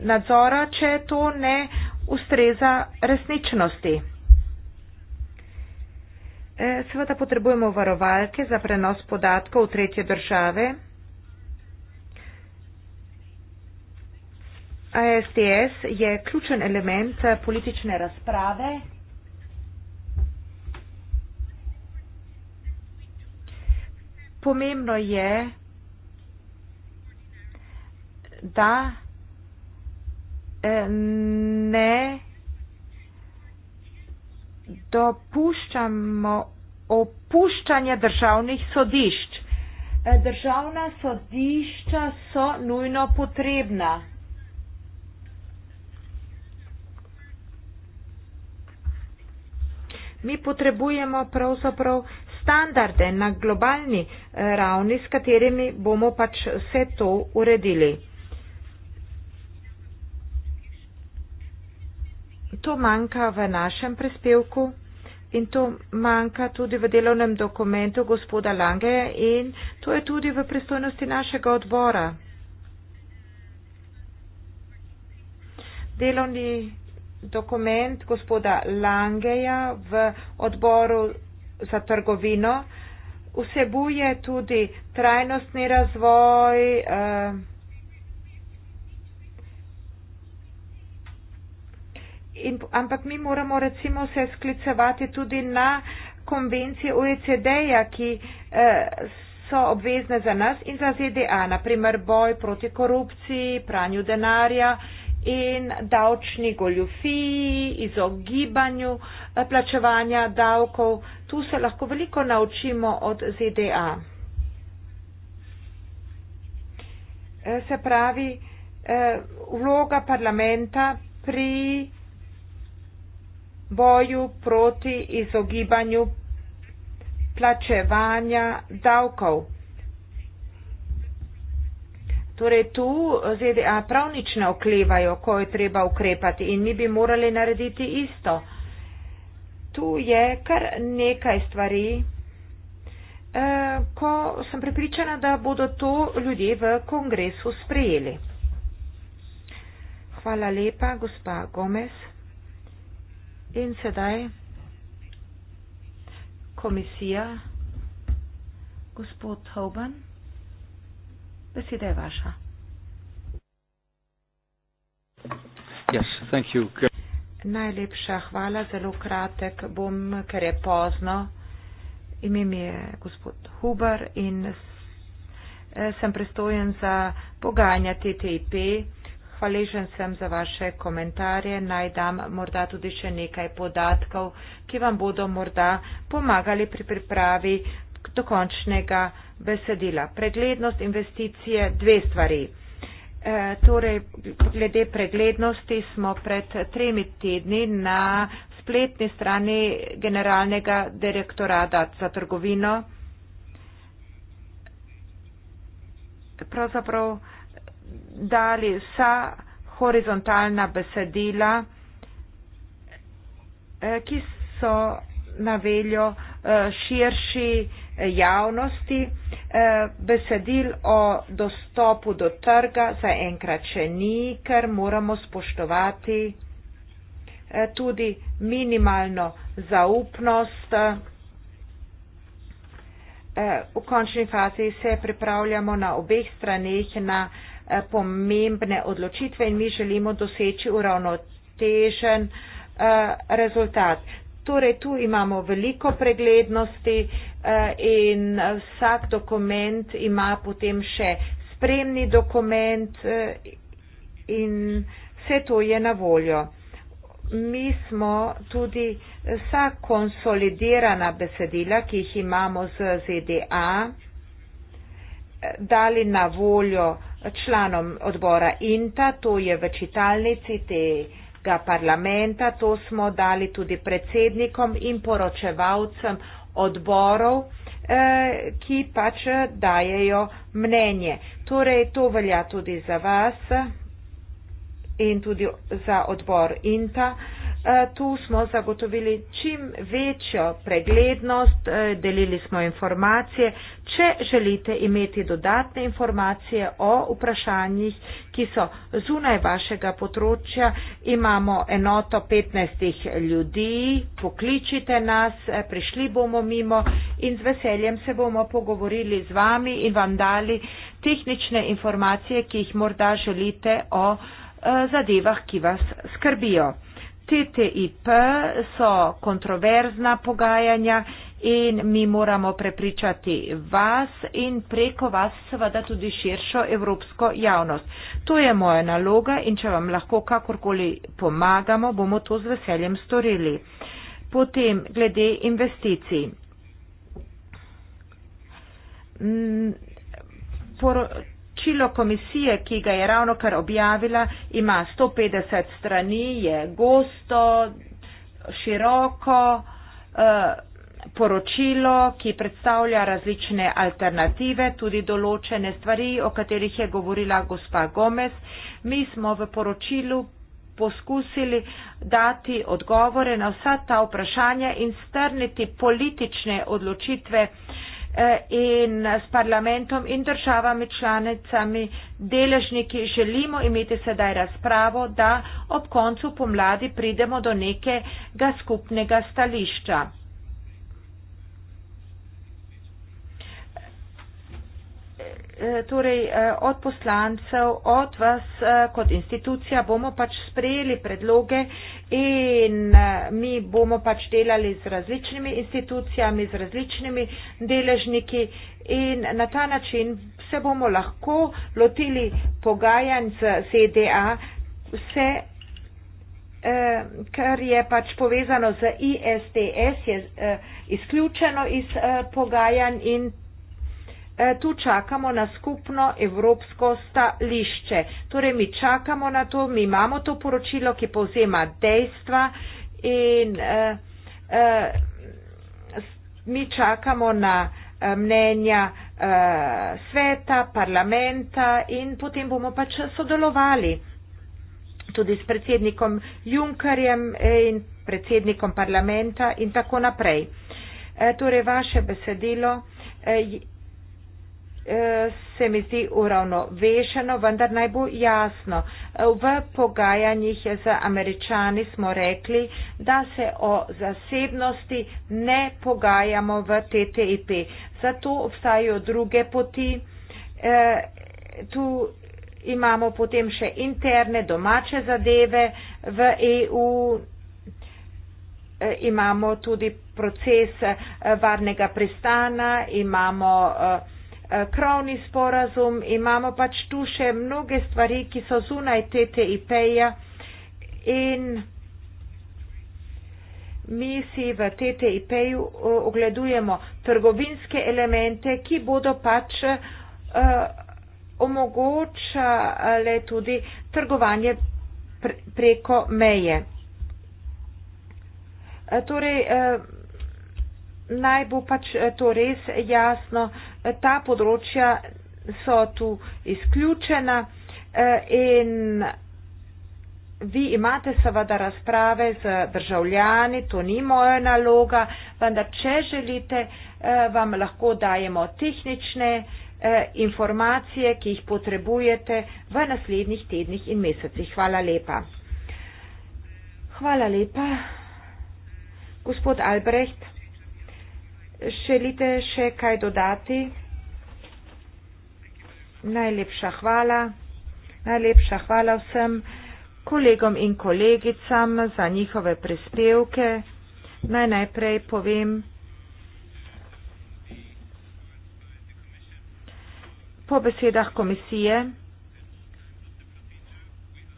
nadzora, če to ne ustreza resničnosti. E, seveda potrebujemo varovalke za prenos podatkov v tretje države. ASTS je ključen element politične razprave. Pomembno je, da eh, ne dopuščamo opuščanja državnih sodišč. Eh, državna sodišča so nujno potrebna. mi potrebujemo pravzaprav standarde na globalni eh, ravni, s katerimi bomo pač vse to uredili. To manjka v našem prispevku in to manjka tudi v delovnem dokumentu gospoda Langeja in to je tudi v pristojnosti našega odbora. Delovni dokument gospoda Langeja v odboru za trgovino vsebuje tudi trajnostni razvoj, eh, in, ampak mi moramo recimo se sklicevati tudi na konvencije OECD-ja, ki eh, so obvezne za nas in za ZDA, naprimer boj proti korupciji, pranju denarja, in davčni goljufiji, izogibanju eh, plačevanja davkov. Tu se lahko veliko naučimo od ZDA. Eh, se pravi, eh, vloga parlamenta pri boju proti izogibanju plačevanja davkov. Torej tu ZDA prav nič ne oklevajo, ko je treba ukrepati in mi bi morali narediti isto. Tu je kar nekaj stvari, eh, ko sem pripričana, da bodo to ljudje v kongresu sprejeli. Hvala lepa, gospa Gomez. In sedaj komisija, gospod Hoban. Beseda je vaša. Yes, thank you. Najlepša hvala, zelo kratek bom, ker je pozno. Ime mi je gospod Huber in sem prestojen za pogajanja TTIP. Hvaležen sem za vaše komentarje. Naj dam morda tudi še nekaj podatkov, ki vam bodo morda pomagali pri pripravi dokončnega besedila. Preglednost investicije dve stvari. E, torej, glede preglednosti smo pred tremi tedni na spletni strani Generalnega direktorata za trgovino. Pravzaprav dali vsa horizontalna besedila, e, ki so na veljo e, širši javnosti. Eh, besedil o dostopu do trga za enkrat še ni, ker moramo spoštovati eh, tudi minimalno zaupnost. Eh, v končni fazi se pripravljamo na obeh straneh na pomembne odločitve in mi želimo doseči uravnotežen rezultat. Torej, tu imamo veliko preglednosti eh, in eh, vsak dokument ima potem še spremni dokument eh, in vse to je na voljo. Mi smo tudi vsa konsolidirana besedila, ki jih imamo z ZDA, dali na voljo članom odbora INTA, to je v čitalnici te uh, Evropskega parlamenta, to smo dali tudi predsednikom in poročevalcem odborov, eh, ki pač dajejo mnenje. Torej, to velja tudi za vas in tudi za odbor INTA. Eh, tu smo zagotovili čim večjo preglednost, eh, delili smo informacije. Če želite imeti dodatne informacije o vprašanjih, ki so zunaj vašega področja, imamo enoto 15 ljudi, pokličite nas, eh, prišli bomo mimo in z veseljem se bomo pogovorili z vami in vam dali tehnične informacije, ki jih morda želite o zadevah, ki vas skrbijo. TTIP so kontroverzna pogajanja in mi moramo prepričati vas in preko vas seveda tudi širšo evropsko javnost. To je moja naloga in če vam lahko kakorkoli pomagamo, bomo to z veseljem storili. Potem glede investicij. Mm, poročilo komisije, ki ga je ravno kar objavila, ima 150 strani, je gosto, široko uh, poročilo, ki predstavlja različne alternative, tudi določene stvari, o katerih je govorila gospa Gomez. Mi smo v poročilu poskusili dati odgovore na vsa ta vprašanja in strniti politične odločitve uh, Eh, in s parlamentom in državami članicami deležniki želimo imeti sedaj razpravo, da ob koncu pomladi pridemo do nekega skupnega stališča. Eh, torej eh, od poslancev, od vas eh, kot institucija bomo pač sprejeli predloge in mi bomo pač delali z različnimi institucijami, z različnimi deležniki in na ta način se bomo lahko lotili pogajanj z ZDA, vse, kar je pač povezano z ISTS, je izključeno iz pogajanj in E, tu čakamo na skupno evropsko stališče. Torej, mi čakamo na to, mi imamo to poročilo, ki povzema dejstva in eh, eh, mi čakamo na e, mnenja eh, sveta, parlamenta in potem bomo pač sodelovali tudi s predsednikom Junkerjem in predsednikom parlamenta in tako naprej. Eh, torej, vaše besedilo. Eh, Eh, se mi zdi uravnovešeno, vendar naj bo jasno. V pogajanjih z američani smo rekli, da se o zasebnosti ne pogajamo v TTIP. Zato obstajajo druge poti. Eh, tu imamo potem še interne domače zadeve v EU. Eh, imamo tudi proces varnega pristana, imamo uh, Eh, krovni sporazum, imamo pač tu še mnoge stvari, ki so zunaj TTIP-ja in mi si v TTIP-ju eh, ogledujemo trgovinske elemente, ki bodo pač eh, omogočale tudi trgovanje preko meje. Torej, naj bo pač to res jasno, ta področja so tu izključena eh, in vi imate seveda razprave z državljani, to ni moja naloga, vendar če želite, eh, vam lahko dajemo tehnične eh, informacije, ki jih potrebujete v naslednjih tednih in mesecih. Hvala lepa. Hvala lepa. Gospod Albrecht želite še kaj dodati? Najlepša hvala. Najlepša hvala vsem kolegom in kolegicam za njihove prispevke. Naj najprej povem, po besedah komisije,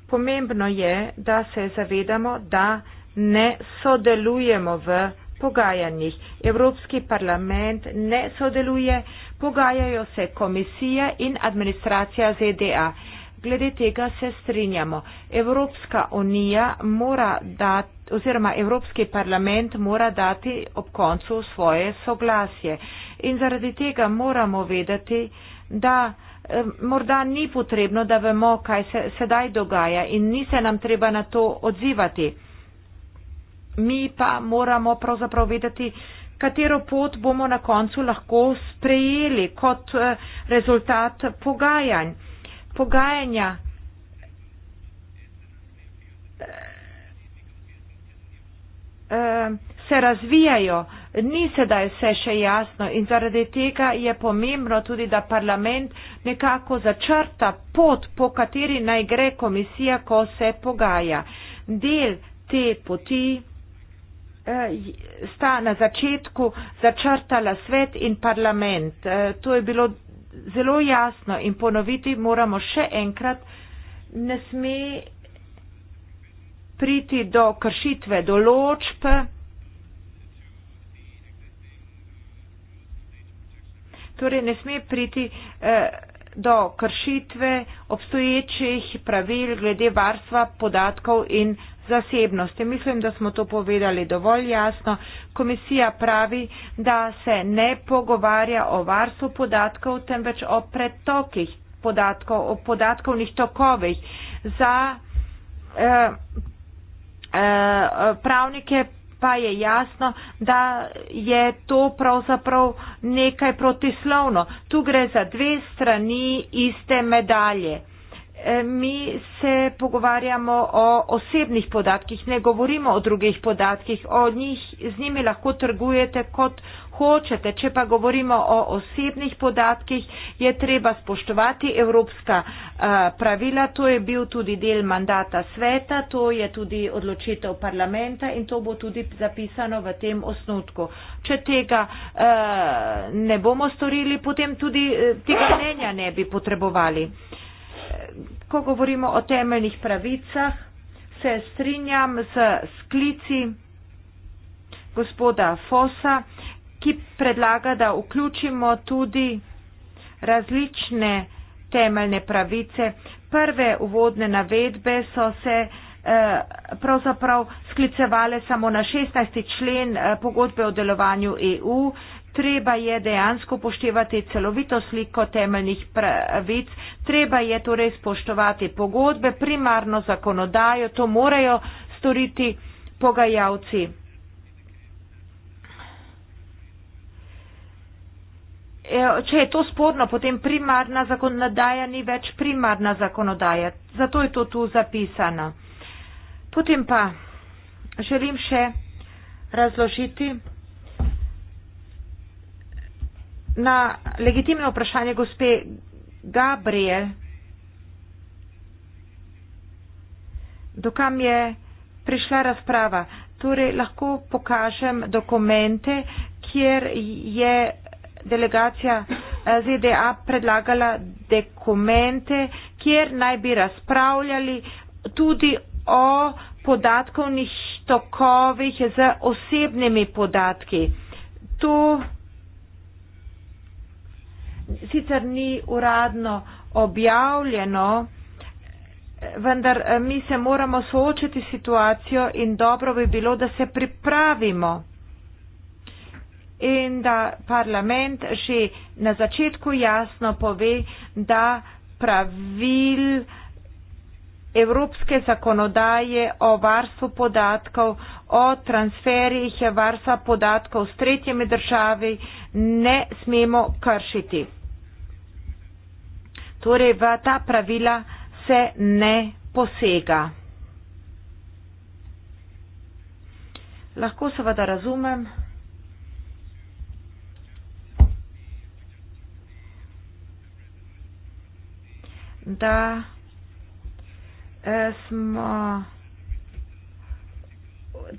pomembno je, da se zavedamo, da ne sodelujemo v pogajanjih. Evropski parlament ne sodeluje, pogajajo se komisija in administracija ZDA. Glede tega se strinjamo. Evropska unija mora dati oziroma Evropski parlament mora dati ob koncu svoje soglasje. In zaradi tega moramo vedeti, da morda ni potrebno, da vemo, kaj se sedaj dogaja in ni se nam treba na to odzivati mi pa moramo pravzaprav vedeti, katero pot bomo na koncu lahko sprejeli kot eh, rezultat pogajanj. Pogajanja eh, eh, se razvijajo, ni sedaj vse še jasno in zaradi tega je pomembno tudi, da parlament nekako začrta pot, po kateri naj gre komisija, ko se pogaja. Del te poti Eh, sta na začetku začrtala svet in parlament. Eh, to je bilo zelo jasno in ponoviti moramo še enkrat, ne sme priti do kršitve določb. Torej ne sme priti eh, do kršitve obstoječih pravil glede varstva podatkov in zasebnosti. Mislim, da smo to povedali dovolj jasno. Komisija pravi, da se ne pogovarja o varstvu podatkov, temveč o pretokih podatkov, o podatkovnih tokovih. Za eh, eh, pravnike pa je jasno, da je to pravzaprav nekaj protislovno. Tu gre za dve strani iste medalje. Eh, mi se pogovarjamo o osebnih podatkih, ne govorimo o drugih podatkih, o njih, z njimi lahko trgujete kot hočete. Če pa govorimo o osebnih podatkih, je treba spoštovati evropska a, eh, pravila, to je bil tudi del mandata sveta, to je tudi odločitev parlamenta in to bo tudi zapisano v tem osnutku. Če tega a, eh, ne bomo storili, potem tudi tega mnenja ne bi potrebovali. A, ko govorimo o temeljnih pravicah, se strinjam z sklici gospoda Fosa, ki predlaga, da vključimo tudi različne temeljne pravice. Prve uvodne navedbe so se eh, pravzaprav sklicevale samo na 16. člen eh, pogodbe o delovanju EU, treba je dejansko poštevati celovito sliko temeljnih pravic, treba je torej spoštovati pogodbe, primarno zakonodajo, to morajo storiti pogajalci. E, če je to sporno, potem primarna zakonodaja ni več primarna zakonodaja. Zato je to tu zapisano. Potem pa želim še razložiti na legitimno vprašanje gospe Gabriel, dokam je prišla razprava. Torej, lahko pokažem dokumente, kjer je delegacija eh, ZDA predlagala dokumente, kjer naj bi razpravljali tudi o podatkovnih tokovih z osebnimi podatki. To sicer ni uradno objavljeno, vendar eh, mi se moramo soočiti s situacijo in dobro bi bilo, da se pripravimo in da parlament že na začetku jasno pove, da pravil evropske zakonodaje o varstvu podatkov, o transferjih varstva podatkov s tretjimi državami ne smemo kršiti torej v ta pravila se ne posega. Lahko seveda razumem, da eh, smo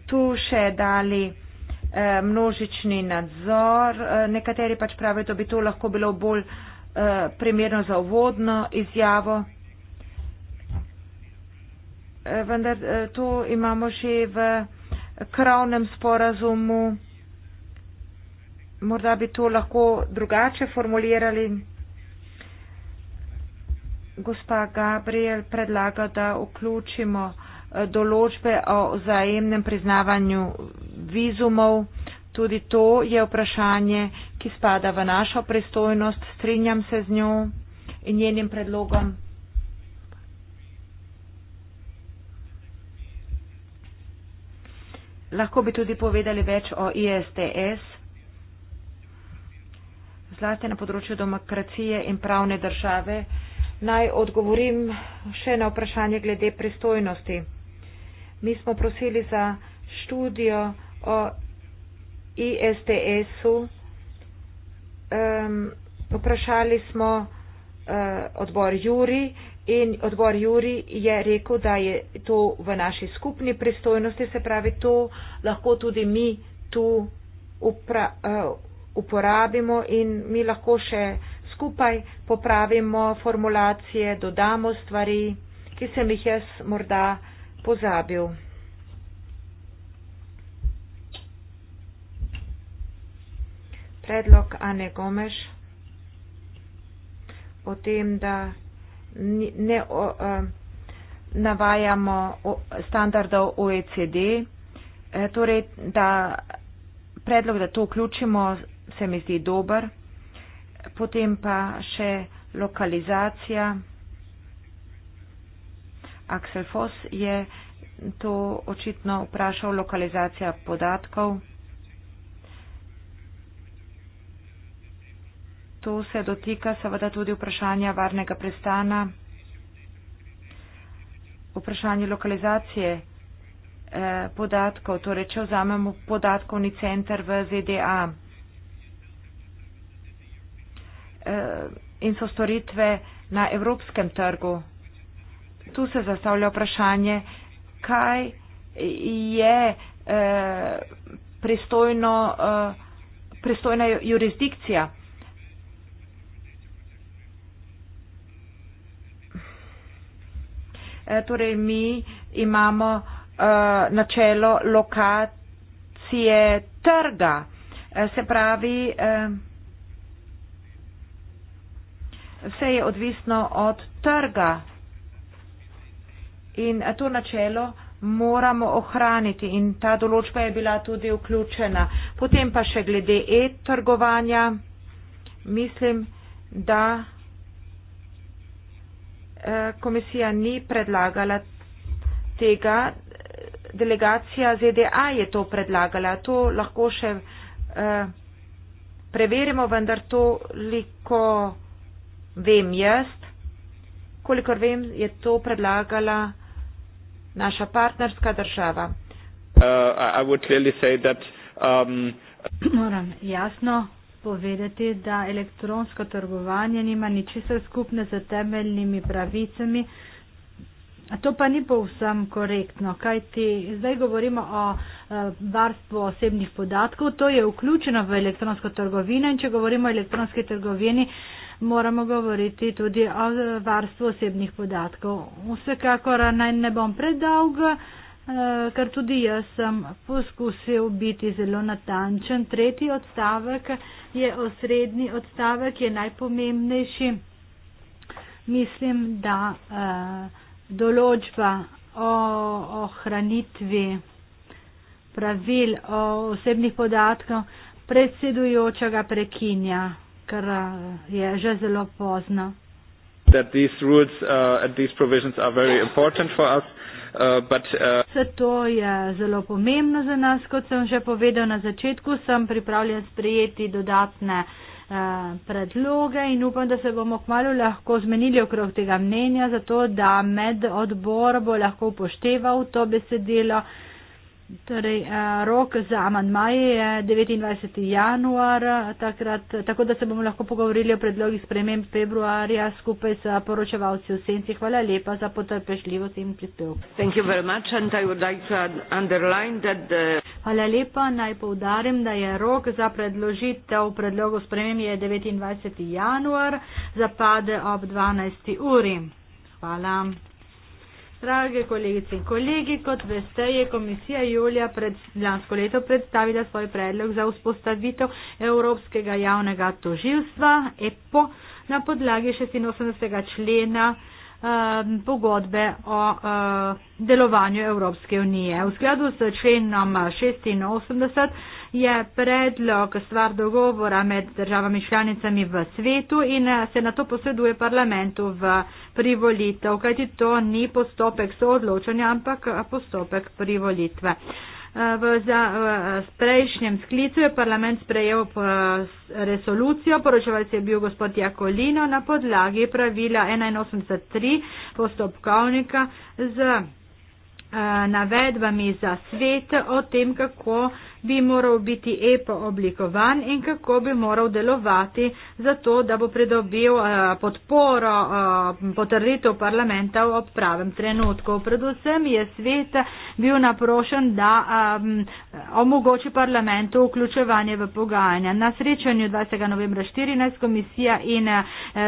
tu še dali eh, množični nadzor. Eh, nekateri pač pravijo, da bi to lahko bilo bolj Eh, primerno za uvodno izjavo. Eh, vendar eh, to imamo še v kravnem sporazumu. Morda bi to lahko drugače formulirali. Gospa Gabriel predlaga, da vključimo določbe o vzajemnem priznavanju vizumov. Tudi to je vprašanje, ki spada v našo pristojnost. Strinjam se z njo in njenim predlogom. Lahko bi tudi povedali več o ISTS, zlasti na področju demokracije in pravne države. Naj odgovorim še na vprašanje glede pristojnosti. Mi smo prosili za študijo o ISTS-u um, vprašali smo uh, odbor Juri in odbor Juri je rekel, da je to v naši skupni pristojnosti, se pravi, to lahko tudi mi tu upra, uh, uporabimo in mi lahko še skupaj popravimo formulacije, dodamo stvari, ki sem jih jaz morda pozabil. predlog Ane Gomeš o tem, da ne o, a, eh, navajamo standardov OECD, e, eh, torej, da predlog, da to vključimo, se mi zdi dober. Potem pa še lokalizacija. Axel Foss je to očitno vprašal, lokalizacija podatkov. to se dotika seveda tudi vprašanja varnega prestana, vprašanje lokalizacije eh, podatkov, torej če vzamemo podatkovni center v ZDA eh, in so storitve na evropskem trgu. Tu se zastavlja vprašanje, kaj je eh, pristojno, eh, pristojna jurisdikcija. Eh, torej mi imamo uh, načelo lokacije trga. Eh, se pravi, uh, vse je odvisno od trga. In to načelo moramo ohraniti in ta določba je bila tudi vključena. Potem pa še glede e-trgovanja, mislim, da. Eh, komisija ni predlagala tega, delegacija ZDA je to predlagala. To lahko še eh, preverimo, vendar toliko vem jaz. Kolikor vem, je to predlagala naša partnerska država. Uh, um, Moram jasno povedati, da elektronsko trgovanje nima ničesar skupne z temeljnimi pravicami. To pa ni povsem korektno, kajti zdaj govorimo o eh, varstvu osebnih podatkov, to je vključeno v elektronsko trgovino in če govorimo o elektronski trgovini, moramo govoriti tudi o varstvu osebnih podatkov. Vsekakor naj ne bom predolg. Eh, ker tudi jaz sem poskusil biti zelo natančen. Tretji odstavek je osrednji odstavek, je najpomembnejši. Mislim, da uh, določba o ohranitvi pravil o osebnih podatkov predsedujočega prekinja, ker eh, je že zelo pozno that these rules uh, and these provisions are very important for us. Uh, but, uh, Zato je zelo pomembno za nas, kot sem že povedal na začetku, sem pripravljen sprejeti dodatne uh, predloge in upam, da se bomo kmalo lahko zmenili okrog tega mnenja, zato da med odbor bo lahko upošteval to besedilo. Torej, eh, rok za amandmaje je 29. januar, takrat, tako da se bomo lahko pogovorili o predlogih sprememb februarja skupaj s poročevalci v senci. Hvala lepa za potrpežljivost in pripevk. Hvala lepa. Naj povdarim, da je rok za predložitev predlogov sprememb je 29. januar, zapade ob 12. uri. Hvala. Drage kolegice in kolegi, kot veste, je komisija julija pred, lansko leto predstavila svoj predlog za vzpostavitev Evropskega javnega toživstva EPO na podlagi 86. člena ehm, pogodbe o uh, delovanju Evropske unije. V skladu s členom 86 je predlog stvar dogovora med državami članicami v svetu in eh, se na to posreduje parlamentu v privolitev, kajti to ni postopek soodločanja, ampak eh, postopek privolitve. Eh, v, za, v prejšnjem sklicu je parlament sprejel resolucijo, poročevalc je bil gospod Jakolino na podlagi pravila 81.3 postopkovnika z navedbami za svet o tem, kako bi moral biti EPO oblikovan in kako bi moral delovati za to, da bo pridobil eh, podporo, eh, potrditev parlamenta v pravem trenutku. Predvsem je svet bil naprošen, da ehm, omogoči parlamentu vključevanje v pogajanja. Na srečanju 20. novembra 2014 komisija in eh,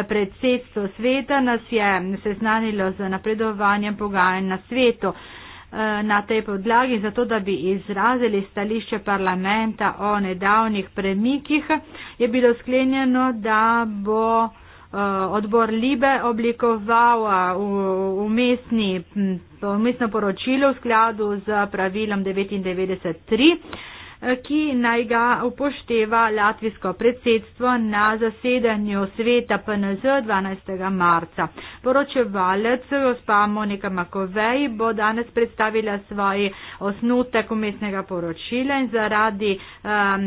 predsedstvo sveta nas je seznanilo z napredovanjem pogajanj na svetu. Eh, na tej podlagi, zato da bi izrazili stališče parlamenta o nedavnih premikih, je bilo sklenjeno, da bo eh, odbor Libe oblikoval eh, umestni, hm, umestno poročilo v skladu z pravilom 99.3 Eh, ki naj ga upošteva latvijsko predsedstvo na zasedanju sveta PNZ 12. marca. Poročevalec gospa Monika Makovej bo danes predstavila svoj osnutek umestnega poročila in zaradi, um,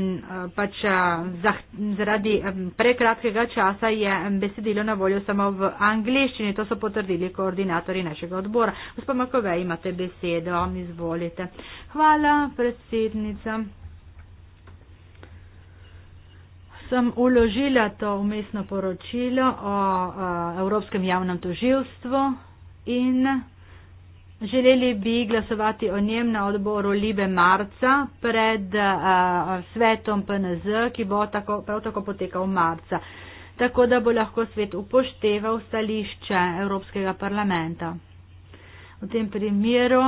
pač, eh, zah, zaradi prekratkega časa je besedilo na voljo samo v angliščini. To so potrdili koordinatori našega odbora. Gospa Makovej, imate besedo, izvolite. Hvala, predsednica. sem uložila to umestno poročilo o a, Evropskem javnem toživstvu in želeli bi glasovati o njem na odboru Libe Marca pred a, a, svetom PNZ, ki bo tako, prav tako potekal marca, tako da bo lahko svet upošteval stališče Evropskega parlamenta. V tem primeru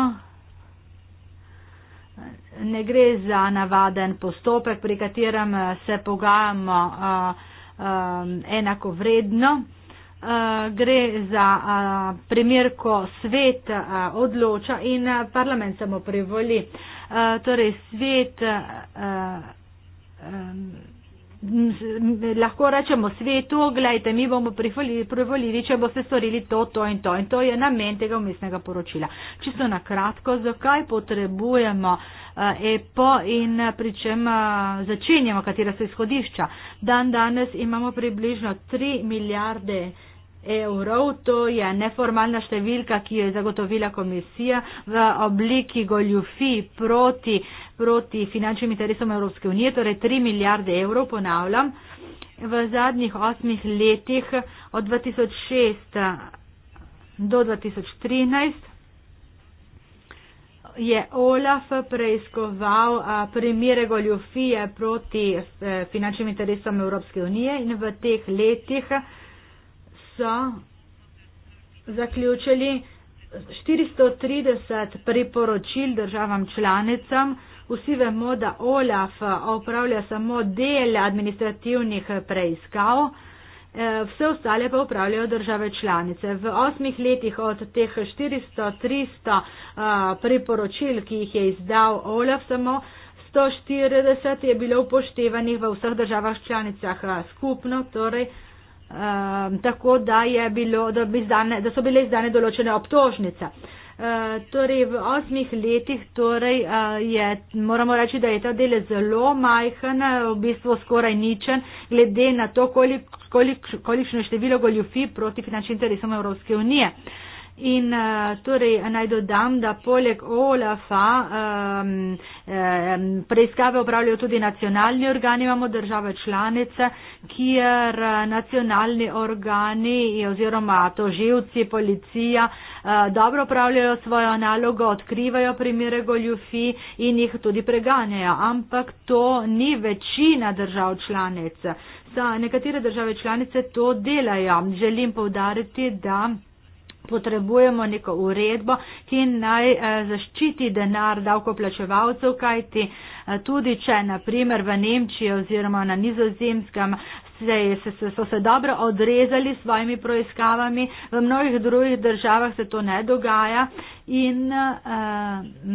ne gre za navaden postopek, pri katerem eh, se pogajamo eh, eh, enako vredno. Gre za primer, ko svet odloča in parlament samo privoli. Torej, svet lahko rečemo svetu, gledajte, mi bomo privolili, če boste storili to, to in to. In to je namen tega umestnega poročila. Čisto na kratko, zakaj potrebujemo uh, eh, EPO in eh, pri čem uh, začenjamo, katera so izhodišča. Dan danes imamo približno 3 milijarde evrov, to je neformalna številka, ki jo je zagotovila komisija v obliki goljufi proti uh, proti finančnim interesom Evropske unije, torej 3 milijarde evrov, ponavljam, v zadnjih osmih letih od 2006 do 2013 je Olaf preiskoval primere goljofije proti e, finančnim interesom Evropske unije in v teh letih so zaključili 430 priporočil državam članicam, Vsi vemo, da OLAF eh, opravlja samo del administrativnih eh, preiskav, eh, vse ostale pa upravljajo države članice. V osmih letih od teh 400-300 priporočil, ki jih je izdal OLAF, samo 140 je bilo upoštevanih v vseh državah članicah skupno, torej, tako da, je bilo, da, bi izdane, da so bile izdane določene obtožnice. Eh, torej v osmih letih torej, eh, je, moramo reči, da je ta del zelo majhen, eh, v bistvu skoraj ničen, glede na to, kolik, kolik, kolikšno število goljufi proti finančnim interesom Evropske unije. In torej naj dodam, da poleg OLAF-a um, um, preiskave upravljajo tudi nacionalni organi, imamo države članice, kjer nacionalni organi oziroma toživci, policija uh, Eh, dobro upravljajo svojo nalogo, odkrivajo primere goljufij in jih tudi preganjajo. Ampak to ni večina držav članic. Za nekatere države članice to delajo. Želim povdariti, da. Potrebujemo neko uredbo, ki naj eh, zaščiti denar davkoplačevalcev, kajti eh, tudi če naprimer v Nemčiji oziroma na nizozemskem se, se, se, so se dobro odrezali s svojimi proiskavami, v mnogih drugih državah se to ne dogaja in uh,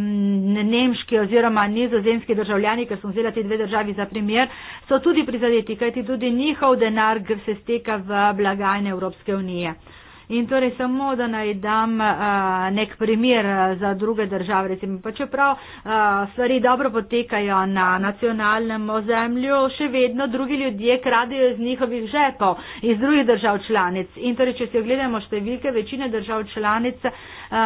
nemški oziroma nizozemski državljani, ker smo vzeli te dve državi za primer, so tudi prizadeti, kajti tudi njihov denar se steka v blagajne Evropske unije. Uh, In torej samo, da naj dam uh, nek primer eh, za druge države. Recimo, pa čeprav uh, stvari dobro potekajo na nacionalnem ozemlju, še vedno drugi ljudje kradejo iz njihovih žepov, iz drugih držav članic. In torej, če se ogledamo številke, večina držav članic uh,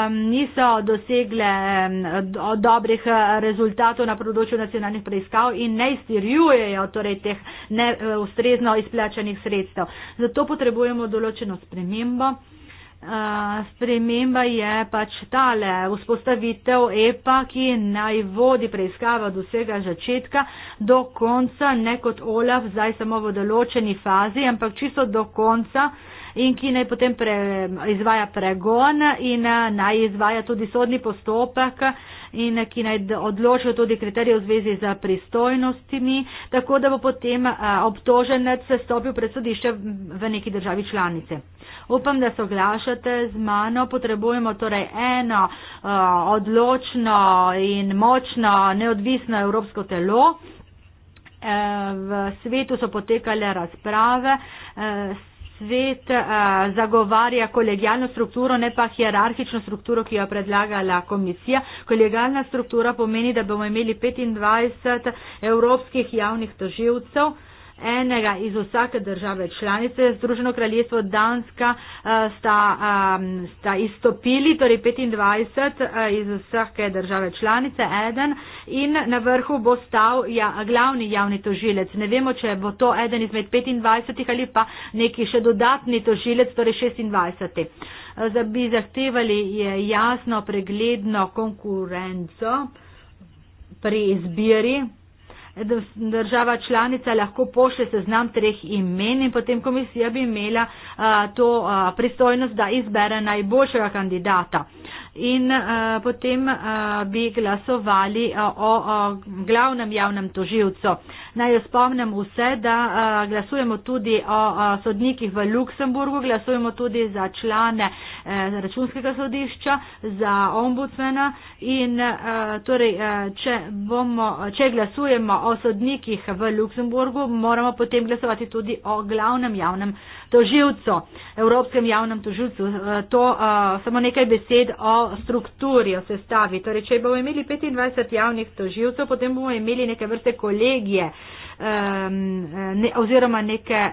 niso dosegle dobrih eh, rezultatov na področju nacionalnih preiskav in ne izterjujejo torej teh neustrezno eh, izplačanih sredstev. Zato potrebujemo določeno spremembo. Eh, sprememba je pač tale vzpostavitev EPA, ki naj vodi preiskava od vsega začetka do konca, ne kot OLAF, zdaj samo v določeni fazi, ampak čisto do konca, in ki naj potem pre, izvaja pregon in eh, naj izvaja tudi sodni postopek in eh, ki naj odločijo tudi kriterije v zvezi z pristojnostmi, tako da bo potem eh, obtoženec stopil pred sodišče v neki državi članice. Upam, da soglašate z mano, potrebujemo torej eno odločno in močno neodvisno evropsko telo. V svetu so potekale razprave, svet a, eh, zagovarja kolegijalno strukturo, ne pa hierarhično strukturo, ki jo je predlagala komisija. Kolegijalna struktura pomeni, da bomo imeli 25 evropskih javnih toživcev enega iz vsake države članice, Združeno kraljestvo Danska eh, sta, sta izstopili, torej 25 eh, iz vsake države članice, eden in na vrhu bo stal ja, glavni javni tožilec. Ne vemo, če bo to eden izmed 25 ali pa neki še dodatni tožilec, torej 26. Eh, za bi zahtevali je jasno, pregledno konkurenco pri izbiri država članica lahko pošle seznam treh imen in potem komisija bi imela uh, to uh, pristojnost, da izbere najboljšega kandidata. Uh, in uh, potem uh, bi glasovali uh, o uh, glavnem javnem toživcu. Naj jo spomnim vse, da uh, glasujemo tudi o uh, sodnikih v Luksemburgu, glasujemo tudi za člane uh, računskega sodišča, za ombudsmena in uh, torej, uh, če, bomo, če glasujemo o sodnikih v Luksemburgu, moramo potem glasovati tudi o glavnem javnem toživcu toživcu, Evropskem javnem toživcu. Eh, to eh, samo nekaj besed o strukturi, o sestavi. Torej, če bomo imeli 25 javnih toživcev, potem bomo imeli neke vrste kolegije ehm, eh, oziroma neke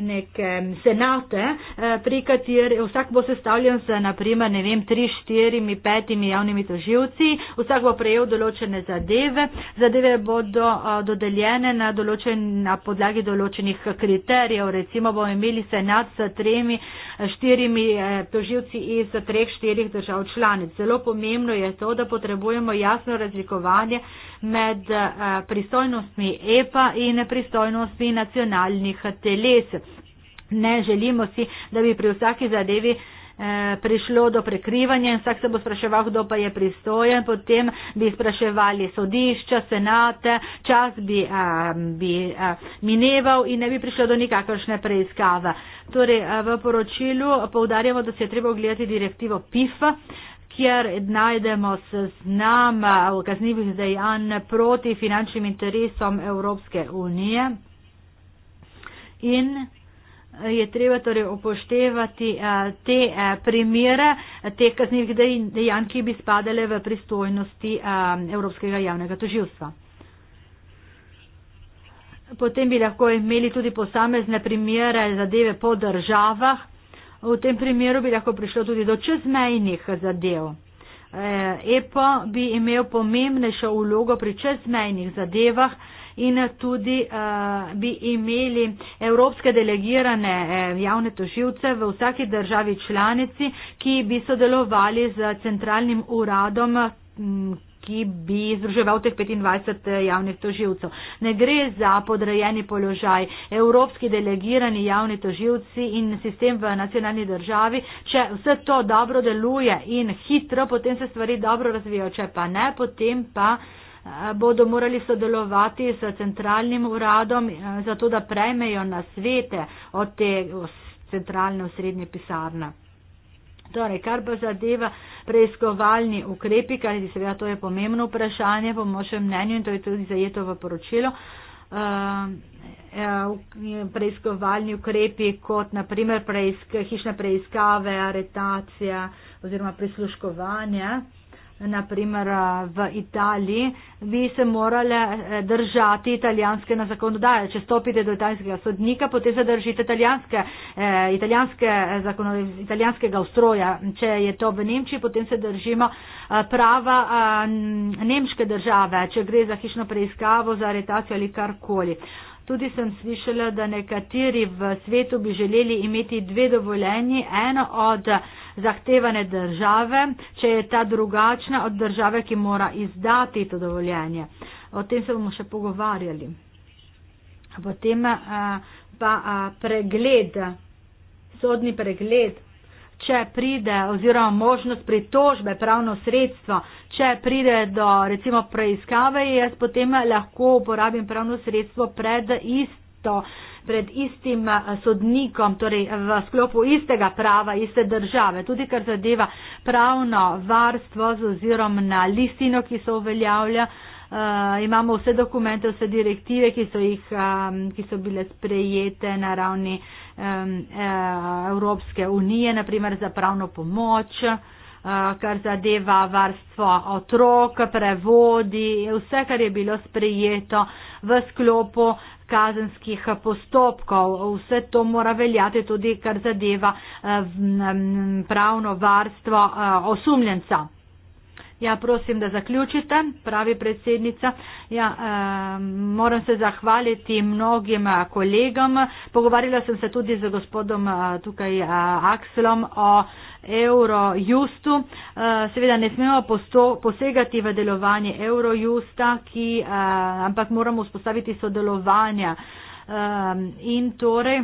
neke senate, eh, pri kateri vsak bo sestavljen z, naprimer, ne vem, tri, štirimi, petimi javnimi toživci, vsak bo prejel določene zadeve, zadeve bodo eh, dodeljene na, določen, na podlagi določenih kriterijev, recimo bomo imeli senat s tremi, eh, štirimi toživci iz treh, štirih držav članic. Zelo pomembno je to, da potrebujemo jasno razlikovanje med eh, pristojnostmi EPA in pristojnostmi nacionalnih teles. Ne želimo si, da bi pri vsaki zadevi eh, prišlo do prekrivanja in vsak se bo spraševal, kdo pa je pristojen, potem bi spraševali sodišča, senate, čas bi, a, eh, bi a, mineval in ne bi prišlo do nikakršne preiskave. Torej, v poročilu poudarjamo, da se je treba ogledati direktivo PIF. -a kjer najdemo seznam eh, kaznjivih dejanj proti finančnim interesom Evropske unije. In eh, je treba torej upoštevati eh, te primere, te kaznjivih dejanj, ki bi spadale v pristojnosti Evropskega javnega toživstva. Potem bi lahko imeli tudi posamezne primere zadeve po državah. V tem primeru bi lahko prišlo tudi do čezmejnih zadev. Eh, EPO bi imel pomembnejšo vlogo pri čezmejnih zadevah in tudi eh, bi imeli evropske delegirane eh, javne toživce v vsaki državi članici, ki bi sodelovali z centralnim uradom ki bi združeval teh 25 eh, javnih toživcev. Ne gre za podrejeni položaj. Evropski delegirani javni toživci in sistem v nacionalni državi, če vse to dobro deluje in hitro, potem se stvari dobro razvijajo, če pa ne, potem pa eh, bodo morali sodelovati s centralnim uradom, eh, zato da prejmejo nasvete od te centralne osrednje pisarne. Torej, kar pa zadeva preiskovalni ukrepi, kar je seveda to je pomembno vprašanje po mojem mnenju in to je tudi zajeto v poročilo. Uh, eh, eh, preiskovalni ukrepi kot naprimer preisk, hišne preiskave, aretacija oziroma prisluškovanje naprimer eh, v Italiji, vi se morali eh, držati italijanske na zakonodaje. Če stopite do italijanskega sodnika, potem se držite italijanske, eh, italijanske italijanskega ustroja. Če je to v Nemčiji, potem se držimo prava nemške države, če gre za hišno preiskavo, za aretacijo ali karkoli. koli. Tudi sem slišala, da nekateri v svetu bi želeli imeti dve dovoljenji, eno od zahtevane države, če je ta drugačna od države, ki mora izdati to dovoljenje. O tem se bomo še pogovarjali. Potem eh, pa eh, pregled, sodni pregled, če pride oziroma možnost pritožbe pravno sredstvo. Če pride do recimo preiskave, jaz potem lahko uporabim pravno sredstvo pred isto pred istim eh, sodnikom, torej v sklopu istega prava, iste države, tudi kar zadeva pravno varstvo z ozirom na listino, ki se uveljavlja. Uh, imamo vse dokumente, vse direktive, ki so, jih, um, ki so bile sprejete na ravni um, Evropske unije, naprimer za pravno pomoč kar zadeva varstvo otrok, prevodi, vse, kar je bilo sprejeto v sklopu kazenskih postopkov. Vse to mora veljati tudi, kar zadeva pravno varstvo osumljenca. Ja, prosim, da zaključite, pravi predsednica. Ja, moram se zahvaliti mnogim kolegom. Pogovarjala sem se tudi z gospodom tukaj Akselom o Eurojustu. Eh, seveda ne smemo posegati v delovanje Eurojusta, ki, eh, ampak moramo vzpostaviti sodelovanja. Ehm, in torej,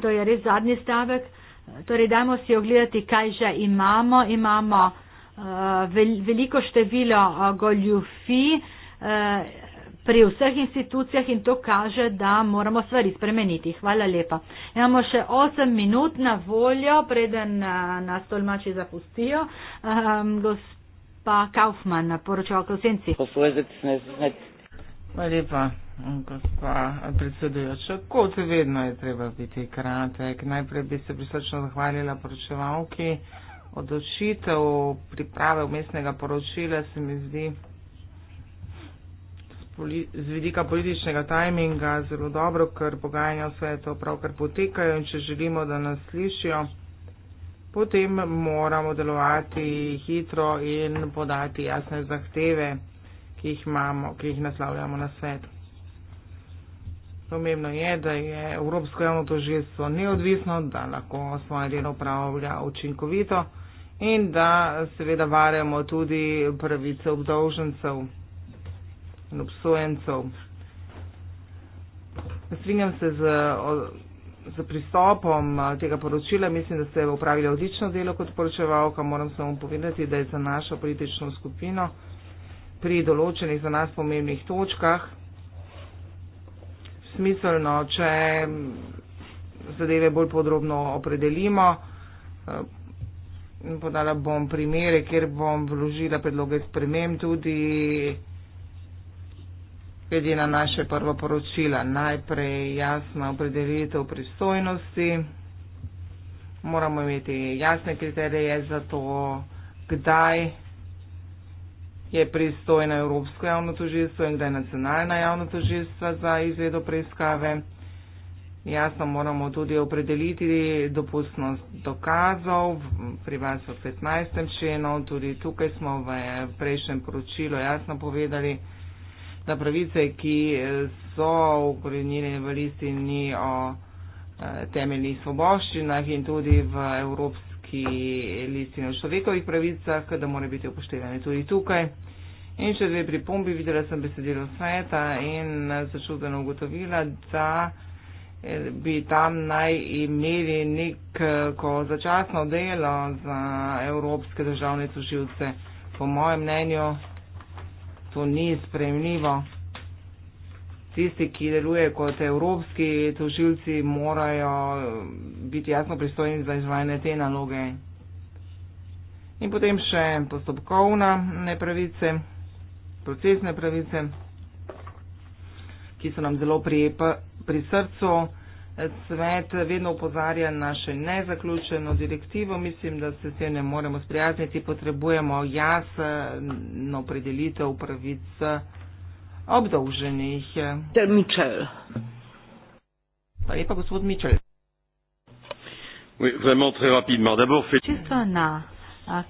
to je res zadnji stavek, torej dajmo si ogledati, kaj že imamo. Imamo eh, veliko število goljufi pri vseh institucijah in to kaže, da moramo stvari spremeniti. Hvala lepa. Imamo še 8 minut na voljo, preden eh, nas tolmači zapustijo. Um, gospa Kaufman, poročevalka v senci. Hvala lepa, gospa predsedujoča. Kot vedno je treba biti kratek. Najprej bi se prisrčno zahvalila poročevalki. Odločitev priprave umestnega poročila se mi zdi z vidika političnega tajminga zelo dobro, ker pogajanja v svetu pravkar potekajo in če želimo, da nas slišijo, potem moramo delovati hitro in podati jasne zahteve, ki jih, imamo, ki jih naslavljamo na svet. Pomembno je, da je Evropsko javno tožilstvo neodvisno, da lahko svoje delo upravlja učinkovito in da seveda varjamo tudi pravice obdolžencev in obsojencev. Strinjam se z, o, z pristopom tega poročila. Mislim, da ste upravili odlično delo kot poročevalka. Moram samo povedati, da je za našo politično skupino pri določenih za nas pomembnih točkah smiselno, če zadeve bolj podrobno opredelimo. Podala bom primere, kjer bom vložila predloge sprememb tudi glede na naše prvo poročila. Najprej jasna opredelitev pristojnosti, moramo imeti jasne kriterije za to, kdaj je pristojna Evropsko javno tožilstvo in kdaj nacionalna javno tožilstva za izvedo preiskave. Jasno moramo tudi opredeliti dopustnost dokazov pri vas v 15. členu. Tudi tukaj smo v prejšnjem poročilu jasno povedali, da pravice, ki eh, so ukorenjene v listini o eh, temeljnih svoboščinah in tudi v Evropski listini o človekovih pravicah, da mora biti upoštevane tudi tukaj. In še dve pripombi, videla sem besedilo sveta in eh, začudeno ugotovila, da bi tam naj imeli neko začasno delo za evropske državne služilce. Po mojem mnenju to ni spremljivo. Tisti, ki deluje kot evropski tožilci, morajo eh, biti jasno pristojni za izvajanje te naloge. In potem še postopkovna nepravice, procesne pravice, ki so nam zelo pri, pri srcu. Svet vedno upozarja na še nezaključeno direktivo, mislim, da se s tem ne moremo sprijazniti, potrebujemo jasno predelitev pravic obdolženih. Ter Mičel. Pa je pa gospod Mičel. Čisto na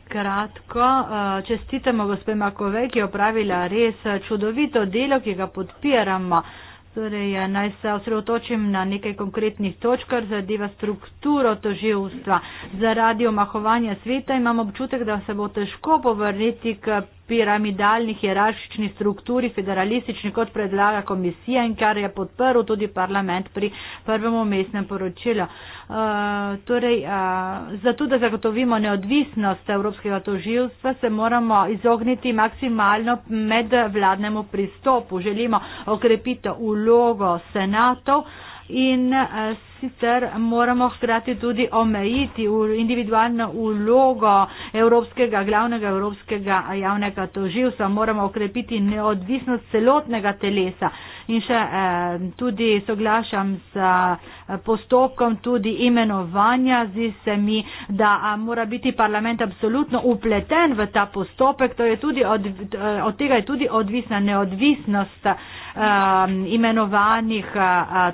kratko, čestitamo gospe Makove, ki je opravila res čudovito delo, ki ga podpiramo. Torej, ja, naj se osredotočim na nekaj konkretnih točk, kar zadeva strukturo toživstva. Zaradi omahovanja sveta imam občutek, da se bo težko povrniti k piramidalni hierarhični strukturi federalistični, kot predlaga komisija in kar je podprl tudi parlament pri prvem umestnem poročilu. Uh, torej, uh, zato, da zagotovimo neodvisnost Evropskega toživstva, se moramo izogniti maksimalno medvladnemu pristopu. Želimo okrepiti ulogo senatov. Uh, in eh, sicer moramo hkrati tudi omejiti individualno ulogo evropskega, glavnega evropskega javnega toživstva, moramo okrepiti neodvisnost celotnega telesa in še eh, tudi soglašam s eh, postopkom tudi imenovanja. Zdi se mi, da eh, mora biti parlament absolutno upleten v ta postopek. Od, od tega je tudi odvisna neodvisnost imenovanih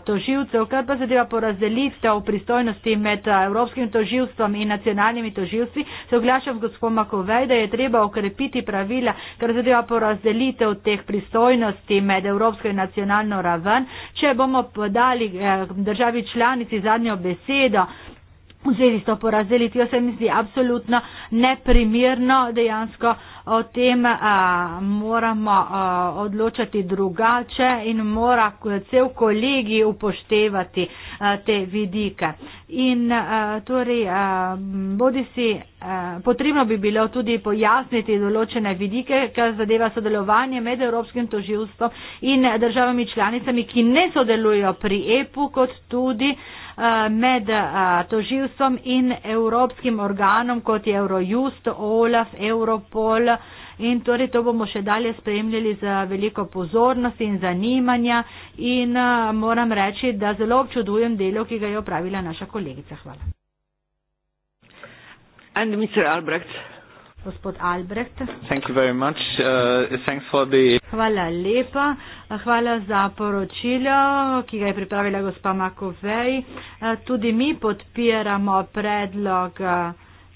toživcev, kar pa zadeva porazdelitev pristojnosti med Evropskim toživstvom in nacionalnimi toživstvi. Soglašam gospod Makovej, da je treba okrepiti pravila, kar zadeva porazdelitev teh pristojnosti med Evropsko in nacionalnimi toživstvi nacionalno raven, če bomo podali eh, državi članici zadnjo besedo, v zvezi s to porazdelitvijo se mi zdi absolutno neprimirno. Dejansko o tem a, moramo a, odločati drugače in mora cel kolegi upoštevati a, te vidike. In a, torej, a, bodi si, a, potrebno bi bilo tudi pojasniti določene vidike, kar zadeva sodelovanje med Evropskim toživstvom in državami članicami, ki ne sodelujo pri EPU kot tudi. A, Eh, med eh, toživstvom in evropskim organom, kot je Eurojust, OLAF, Europol. In torej to bomo še dalje spremljali z veliko pozornosti in zanimanja in eh, moram reči, da zelo občudujem delo, ki ga je opravila naša kolegica. Hvala. And Mr. Albrecht, Gospod Albrecht. Uh, the... Hvala lepa. Hvala za poročilo, ki ga je pripravila gospa Makovej. Uh, tudi mi podpiramo predlog uh,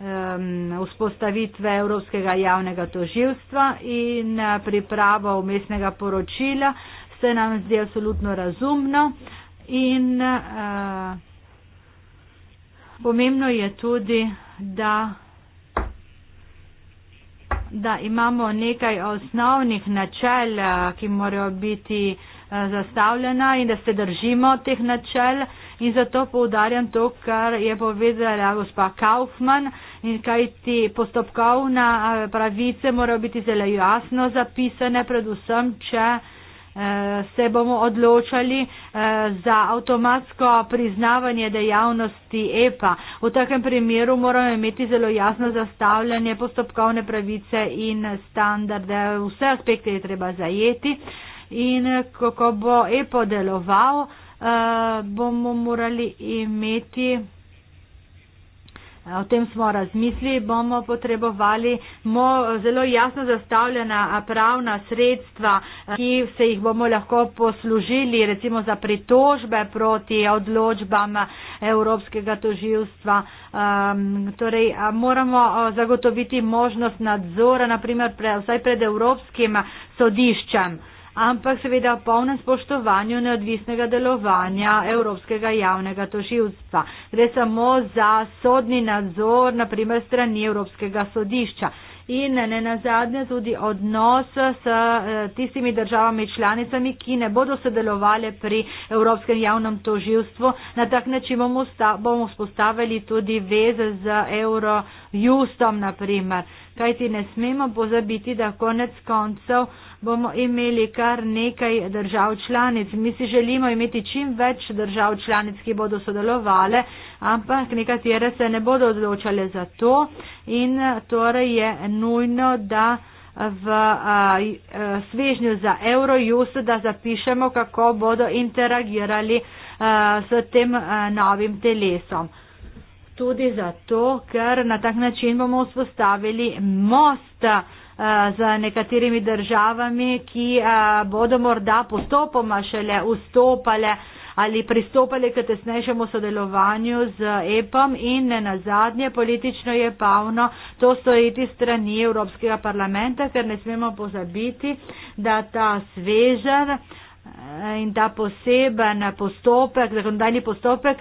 um, vzpostavitve Evropskega javnega toživstva in uh, pripravo umestnega poročila. Se nam zdi absolutno razumno in uh, pomembno je tudi, da da imamo nekaj osnovnih načel, eh, ki morajo biti eh, zastavljena in da se držimo teh načel. In zato poudarjam to, kar je povedala gospa Kaufman, in kaj ti postopkovna eh, pravice morajo biti zelo jasno zapisane, predvsem, če uh, Eh, se bomo odločali eh, za avtomatsko priznavanje dejavnosti EPA. V takem primeru moramo imeti zelo jasno zastavljanje postopkovne pravice in standarde. Vse aspekte je treba zajeti in kako eh, bo EPO deloval, bomo morali imeti. O tem smo razmislili, bomo potrebovali mo, zelo jasno zastavljena pravna sredstva, ki se jih bomo lahko poslužili, recimo za pritožbe proti odločbam Evropskega toživstva. Um, torej, moramo zagotoviti možnost nadzora, naprimer pre, vsaj pred Evropskim sodiščem ampak seveda v polnem spoštovanju neodvisnega delovanja Evropskega javnega tožilstva. Gre samo za sodni nadzor, naprimer strani Evropskega sodišča. In ne nazadnje tudi odnos s eh, tistimi državami članicami, ki ne bodo sodelovali pri Evropskem javnem toživstvu. Na tak način bomo, bomo spostavili tudi veze z Eurojustom, naprimer kajti ne smemo pozabiti, da konec koncev bomo imeli kar nekaj držav članic. Mi si želimo imeti čim več držav članic, ki bodo sodelovale, ampak nekatere se ne bodo odločale za to in torej je nujno, da v a, a, e, svežnju za Eurojust, da zapišemo, kako bodo interagirali a, s tem a, novim telesom tudi zato, ker na tak način bomo vzpostavili most eh, z nekaterimi državami, ki eh, bodo morda postopoma šele vstopale ali pristopale k tesnejšemu sodelovanju z EPOM in ne nazadnje politično je pavno to storiti strani Evropskega parlamenta, ker ne smemo pozabiti, da ta svežen in ta poseben postopek, zakonodajni postopek,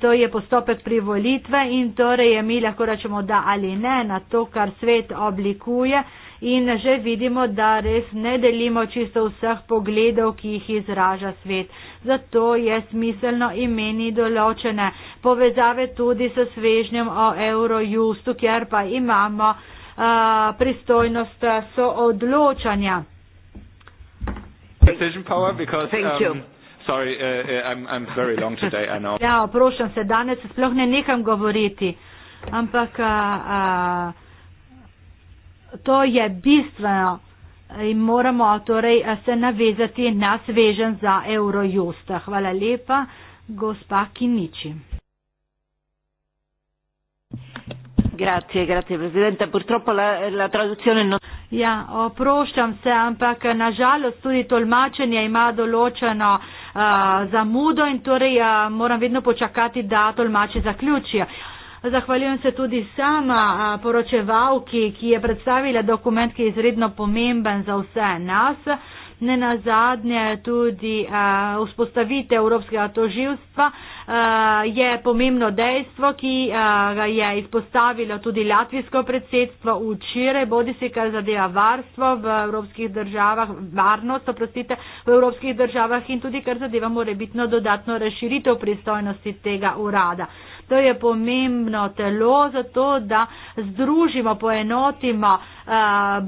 to je postopek privolitve in torej mi lahko rečemo da ali ne na to, kar svet oblikuje in že vidimo, da res ne delimo čisto vseh pogledov, ki jih izraža svet. Zato je smiselno imeni določene povezave tudi s svežnjem o Eurojustu, kjer pa imamo uh, pristojnost soodločanja precision power because thank um, you sorry uh, uh, i'm i'm very long today i know ja oprošam se danes sploh ne nekam govoriti ampak uh, uh, to je bistveno in moramo torej se navezati na svežen za Eurojust. Hvala lepa, gospa Kiniči. Grazie, grazie Presidente. Purtroppo la, la traduzione non. Ja, oproščam se, ampak nažalost tudi tolmačenje ima določeno uh, zamudo in torej uh, moram vedno počakati, da tolmači zaključijo. Zahvaljujem se tudi sama poročevalki, ki je predstavila dokument, ki je izredno pomemben za vse nas ne nazadnje tudi uh, eh, vzpostavite Evropskega toživstva uh, eh, je pomembno dejstvo, ki eh, ga uh, je izpostavilo tudi latvijsko predsedstvo včeraj, bodi si kar zadeva varstvo v evropskih državah, varnost, oprostite, v evropskih državah in tudi kar zadeva morebitno dodatno razširitev pristojnosti tega urada. Uh, To je pomembno telo zato, da združimo, poenotimo eh,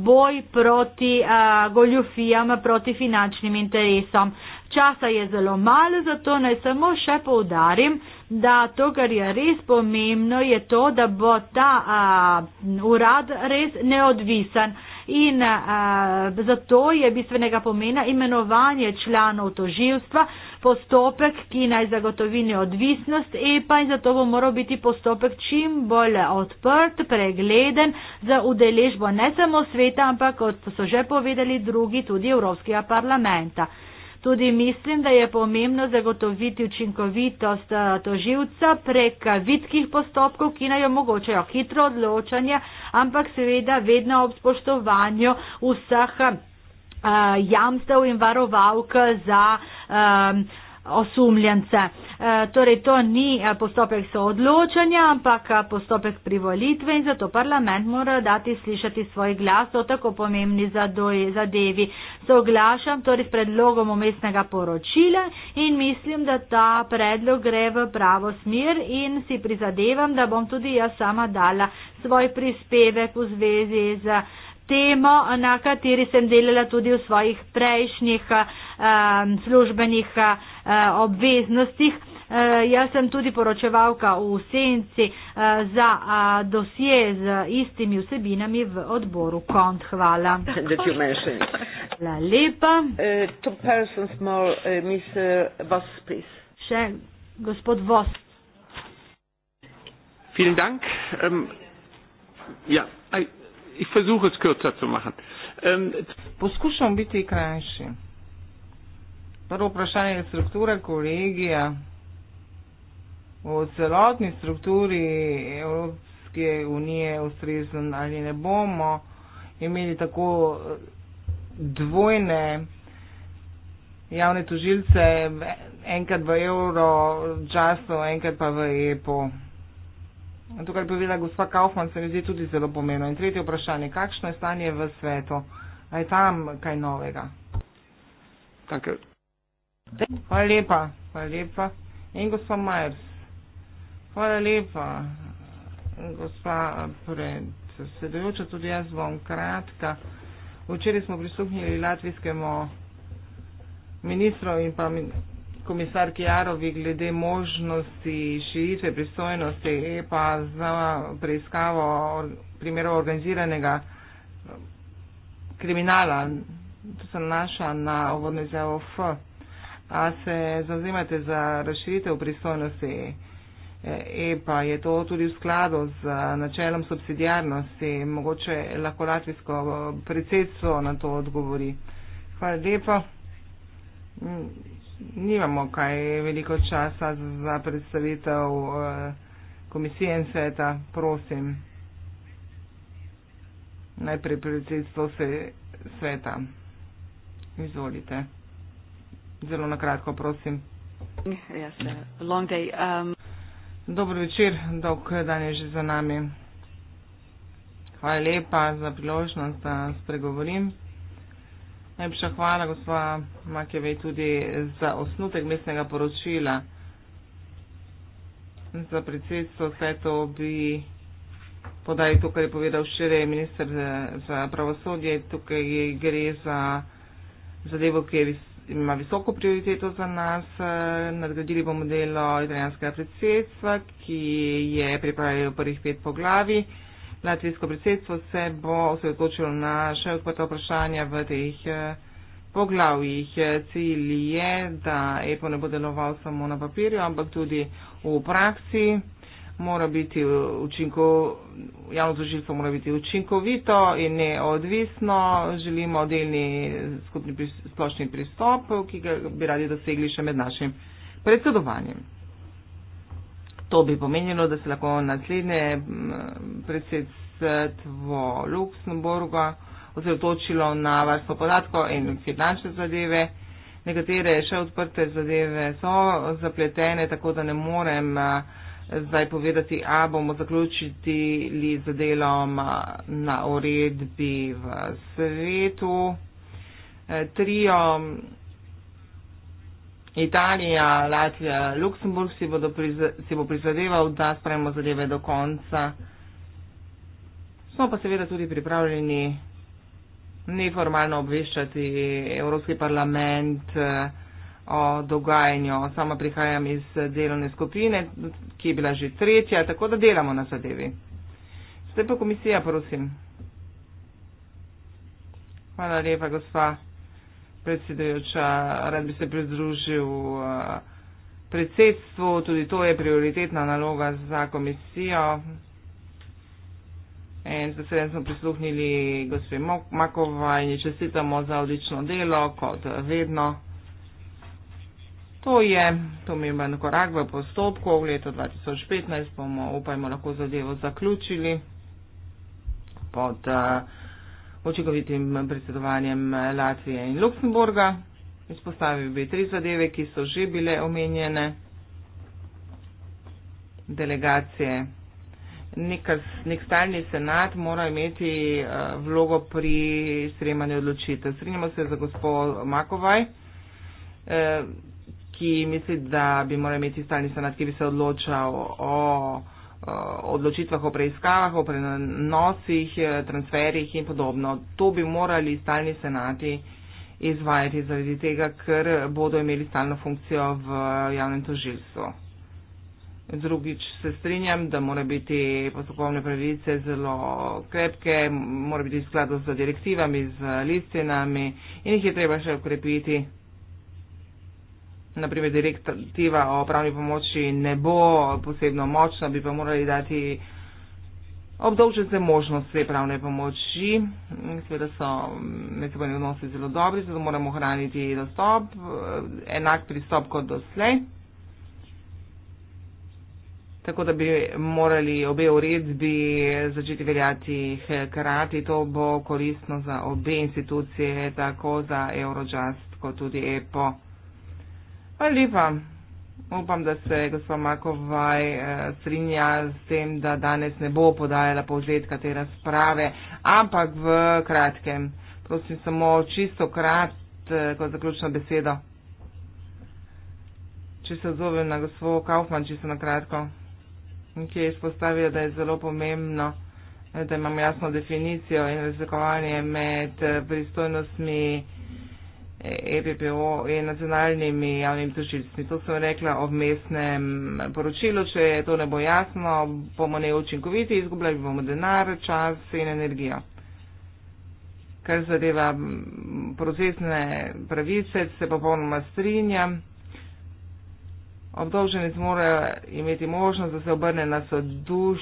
boj proti eh, goljufijam, proti finančnim interesom. Časa je zelo malo, zato naj samo še povdarim, da to, kar je res pomembno, je to, da bo ta a, eh, urad res neodvisen. In a, zato je bistvenega pomena imenovanje članov toživstva, postopek, ki naj zagotovi neodvisnost EPA in zato bo moral biti postopek čim bolj odprt, pregleden za udeležbo ne samo sveta, ampak kot so že povedali drugi, tudi Evropskega parlamenta. Tudi mislim, da je pomembno zagotoviti učinkovitost eh, toživca prek vitkih postopkov, ki naj omogočajo hitro odločanje, ampak seveda vedno ob spoštovanju vsaha uh, jamstev in varovalk za um, osumljence. E, torej, to ni eh, postopek soodločanja, ampak postopek privolitve in zato parlament mora dati slišati svoj glas o tako pomembni zadevi. Soglašam torej s predlogom umestnega poročila in mislim, da ta predlog gre v pravo smer in si prizadevam, da bom tudi jaz sama dala svoj prispevek v zvezi z uh, temo, na kateri sem delala tudi v svojih prejšnjih um, službenih um, obveznostih. Uh, jaz sem tudi poročevalka v senci uh, za uh, dosje z istimi vsebinami v odboru KONT. Hvala. Hvala lepa. Uh, more, uh, Ms, uh, Voss, Še gospod Vos. Vielen Dank. Ähm, ja ich versuche es kürzer zu machen. Ähm, bitte kreinschi. Prvo vprašanje je struktura kolegija. V celotni strukturi Evropske unije ustrezen ali ne bomo imeli tako eh, dvojne javne tožilce, enkrat v Euro, Justo, enkrat pa v EPO. In to, kar je povedala gospa Kaufman, se mi zdi tudi zelo pomeno. In tretje vprašanje, kakšno je stanje v svetu? A je tam kaj novega? Hvala lepa, hvala lepa. In gospa Majers, hvala lepa, gospa predsedujoča, tudi jaz bom kratka. Včeraj smo prisluhnili latvijskemu ministru in pa min komisar Kjarovi glede možnosti širitve pristojnosti EPA za preiskavo primerov organiziranega eh, kriminala. To se nanaša na uvodno izjavo F. A se zauzemate za razširitev pristojnosti EPA? Eh, e Je to tudi v skladu z eh, načelom subsidiarnosti? Mogoče lahko latvijsko predsedstvo na to odgovori. Hvala lepa. Mm, nimamo kaj veliko časa za predstavitev eh, komisije in sveta, prosim. Najprej predsedstvo sveta. Izvolite. Zelo nakratko, prosim. Um, Dobro večer, dolg dan je že za nami. Hvala lepa za priložnost, da spregovorim. Najlepša hvala, gospod Makjevej, tudi za osnutek mestnega poročila. Za predsedstvo vse to bi podali to, kar je povedal včeraj minister eh, za pravosodje. Tukaj gre za zadevo, ki je, ima visoko prioriteto za nas. Eh, nadgradili bomo delo italijanskega predsedstva, ki je pripravil prvih pet poglavij. Latvijsko predsedstvo se bo osredotočilo na še odprta vprašanja v teh eh, poglavjih. Cilj je, da EPO ne bo deloval samo na papirju, ampak tudi v praksi. Mora biti učinko, javno zložitvo mora biti učinkovito in neodvisno. Želimo delni skupni splošni pristop, ki ga bi radi dosegli še med našim predsedovanjem. To bi pomenilo, da se lahko naslednje predsedstvo Luksemburga osredotočilo na varstvo podatkov in finančne zadeve. Nekatere še odprte zadeve so zapletene, tako da ne morem zdaj povedati, a bomo zaključili z delom na uredbi v svetu. E, trio Italija, Latvija, Luksemburg si, prize, si bo prizadeval, da spremo zadeve do konca. Smo pa seveda tudi pripravljeni neformalno obveščati Evropski parlament eh, o dogajanju. Sama prihajam iz delovne skupine, ki je bila že tretja, tako da delamo na zadevi. Zdaj pa komisija, prosim. Hvala lepa, gospa predsedujoča, rad bi se pridružil eh, predsedstvu, tudi to je prioritetna naloga za komisijo. In z veseljem smo prisluhnili gospe Makova in ji čestitamo za odlično delo, kot vedno. To je pomemben korak v postopku. V letu 2015 bomo, upajmo, lahko zadevo zaključili pod uh, očekovitim predsedovanjem Latvije in Luksemburga. Izpostavil bi tri zadeve, ki so že bile omenjene. Delegacije. Nek, nek stalni senat mora imeti eh, vlogo pri sprejemanju odločitev. Srinjamo se za gospod Makovaj, eh, ki misli, da bi moral imeti stalni senat, ki bi se odločal o. o Eh, odločitvah o preiskavah, o prenosih, eh, transferjih in podobno. To bi morali stalni senati izvajati zaradi tega, ker bodo imeli stalno funkcijo v javnem tožilstvu. Drugič se strinjam, da mora biti postopkovne pravice zelo krepke, mora biti v skladu z direktivami, z listinami in jih je treba še ukrepiti naprimer direktiva o pravni pomoči ne bo posebno močna, bi pa morali dati obdolžence možnost te pravne pomoči. Seveda so medsebojni odnosi zelo dobri, zato moramo hraniti dostop, enak pristop kot doslej. Tako da bi morali obe uredbi začeti veljati hkrati. To bo koristno za obe institucije, tako za Eurojust kot tudi EPO. Hvala lepa. Upam, da se gospod Makovaj eh, strinja s tem, da danes ne bo podajala povzetka te razprave, ampak v kratkem. Prosim, samo čisto krat, eh, kot zaključno besedo. Če se odzovem na gospod Kaufman, čisto na kratko, ki je izpostavil, da je zelo pomembno, eh, da imam jasno definicijo in razlikovanje med pristojnostmi. EPPO e in nacionalnimi javnimi tožilstvi. To sem rekla o mestnem poročilu. Če to ne bo jasno, bomo neučinkoviti, izgubljali bomo denar, čas in energijo. Kar zadeva procesne pravice, se popolnoma strinjam. Obdolženec mora imeti možnost, da se obrne na, soduš,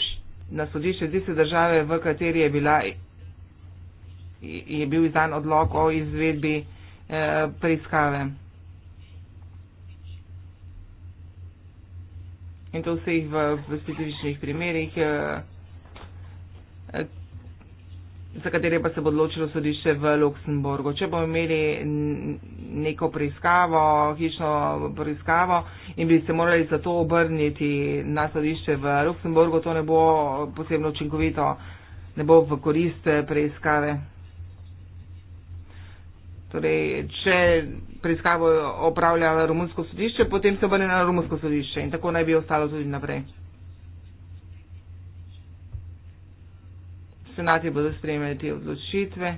na sodišče tiste države, v kateri je, bila, je bil izdan odlog o izvedbi. Eh, preiskave. In to vseh v, v specifičnih primerjih, eh, eh, za katere pa se bo odločilo sodišče v Luksemburgu. Če bomo imeli neko preiskavo, hišno preiskavo in bi se morali za to obrniti na sodišče v Luksemburgu, to ne bo posebno učinkovito, ne bo v korist preiskave. Torej, če preiskavo opravlja romunsko sodišče, potem se obrne na romunsko sodišče in tako naj bi ostalo tudi naprej. Senati bodo spremljali te odločitve,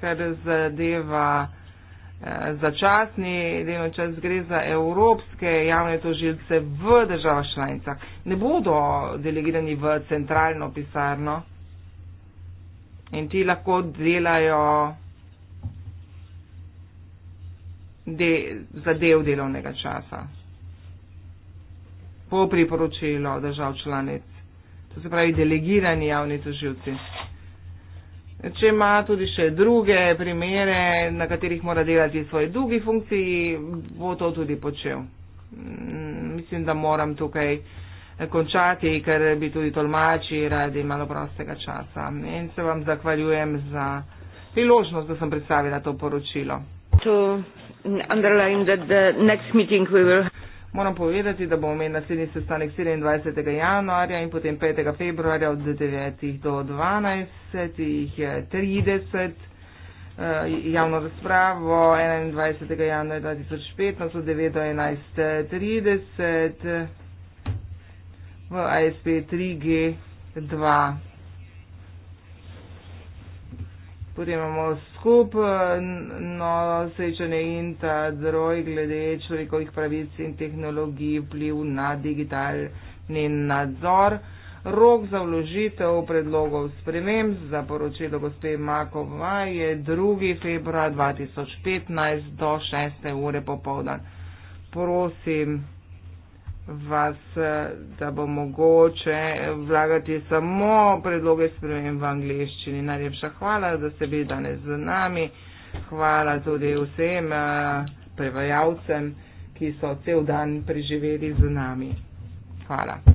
kar zadeva eh, začasni delovni čas, gre za evropske javne tožilce v državah članicah. Ne bodo delegirani v centralno pisarno in ti lahko delajo de, zadev delovnega časa. Po priporočilo držav članic. To se pravi delegirani javni tožilci. Če ima tudi še druge primere, na katerih mora delati svoje drugi funkciji, bo to tudi počel. Mm, mislim, da moram tukaj končati, ker bi tudi tolmači radi malo prostega časa. In se vam zahvaljujem za priložnost, da sem predstavila to poročilo. To Moram povedati, da bom imel naslednji sestanek 27. januarja in potem 5. februarja od 9. do 12. 30. Eh, javno razpravo 21. januarja 2015 od 9. do 11. 30. v ASP 3G 2. Potem imamo skup, no, srečanje in ta droj glede človekovih pravic in tehnologij vpliv na digitalni nadzor. Rok za vložitev predlogov sprememb za poročilo gospe Makova je 2. februar 2015 do 6. ure popovdan. Prosim vas, eh, da bo mogoče vlagati samo predloge sprememb v angliščini. Najlepša hvala, da ste bili danes z nami. Hvala tudi vsem eh, prevajalcem, ki so cel dan preživeli z nami. Hvala.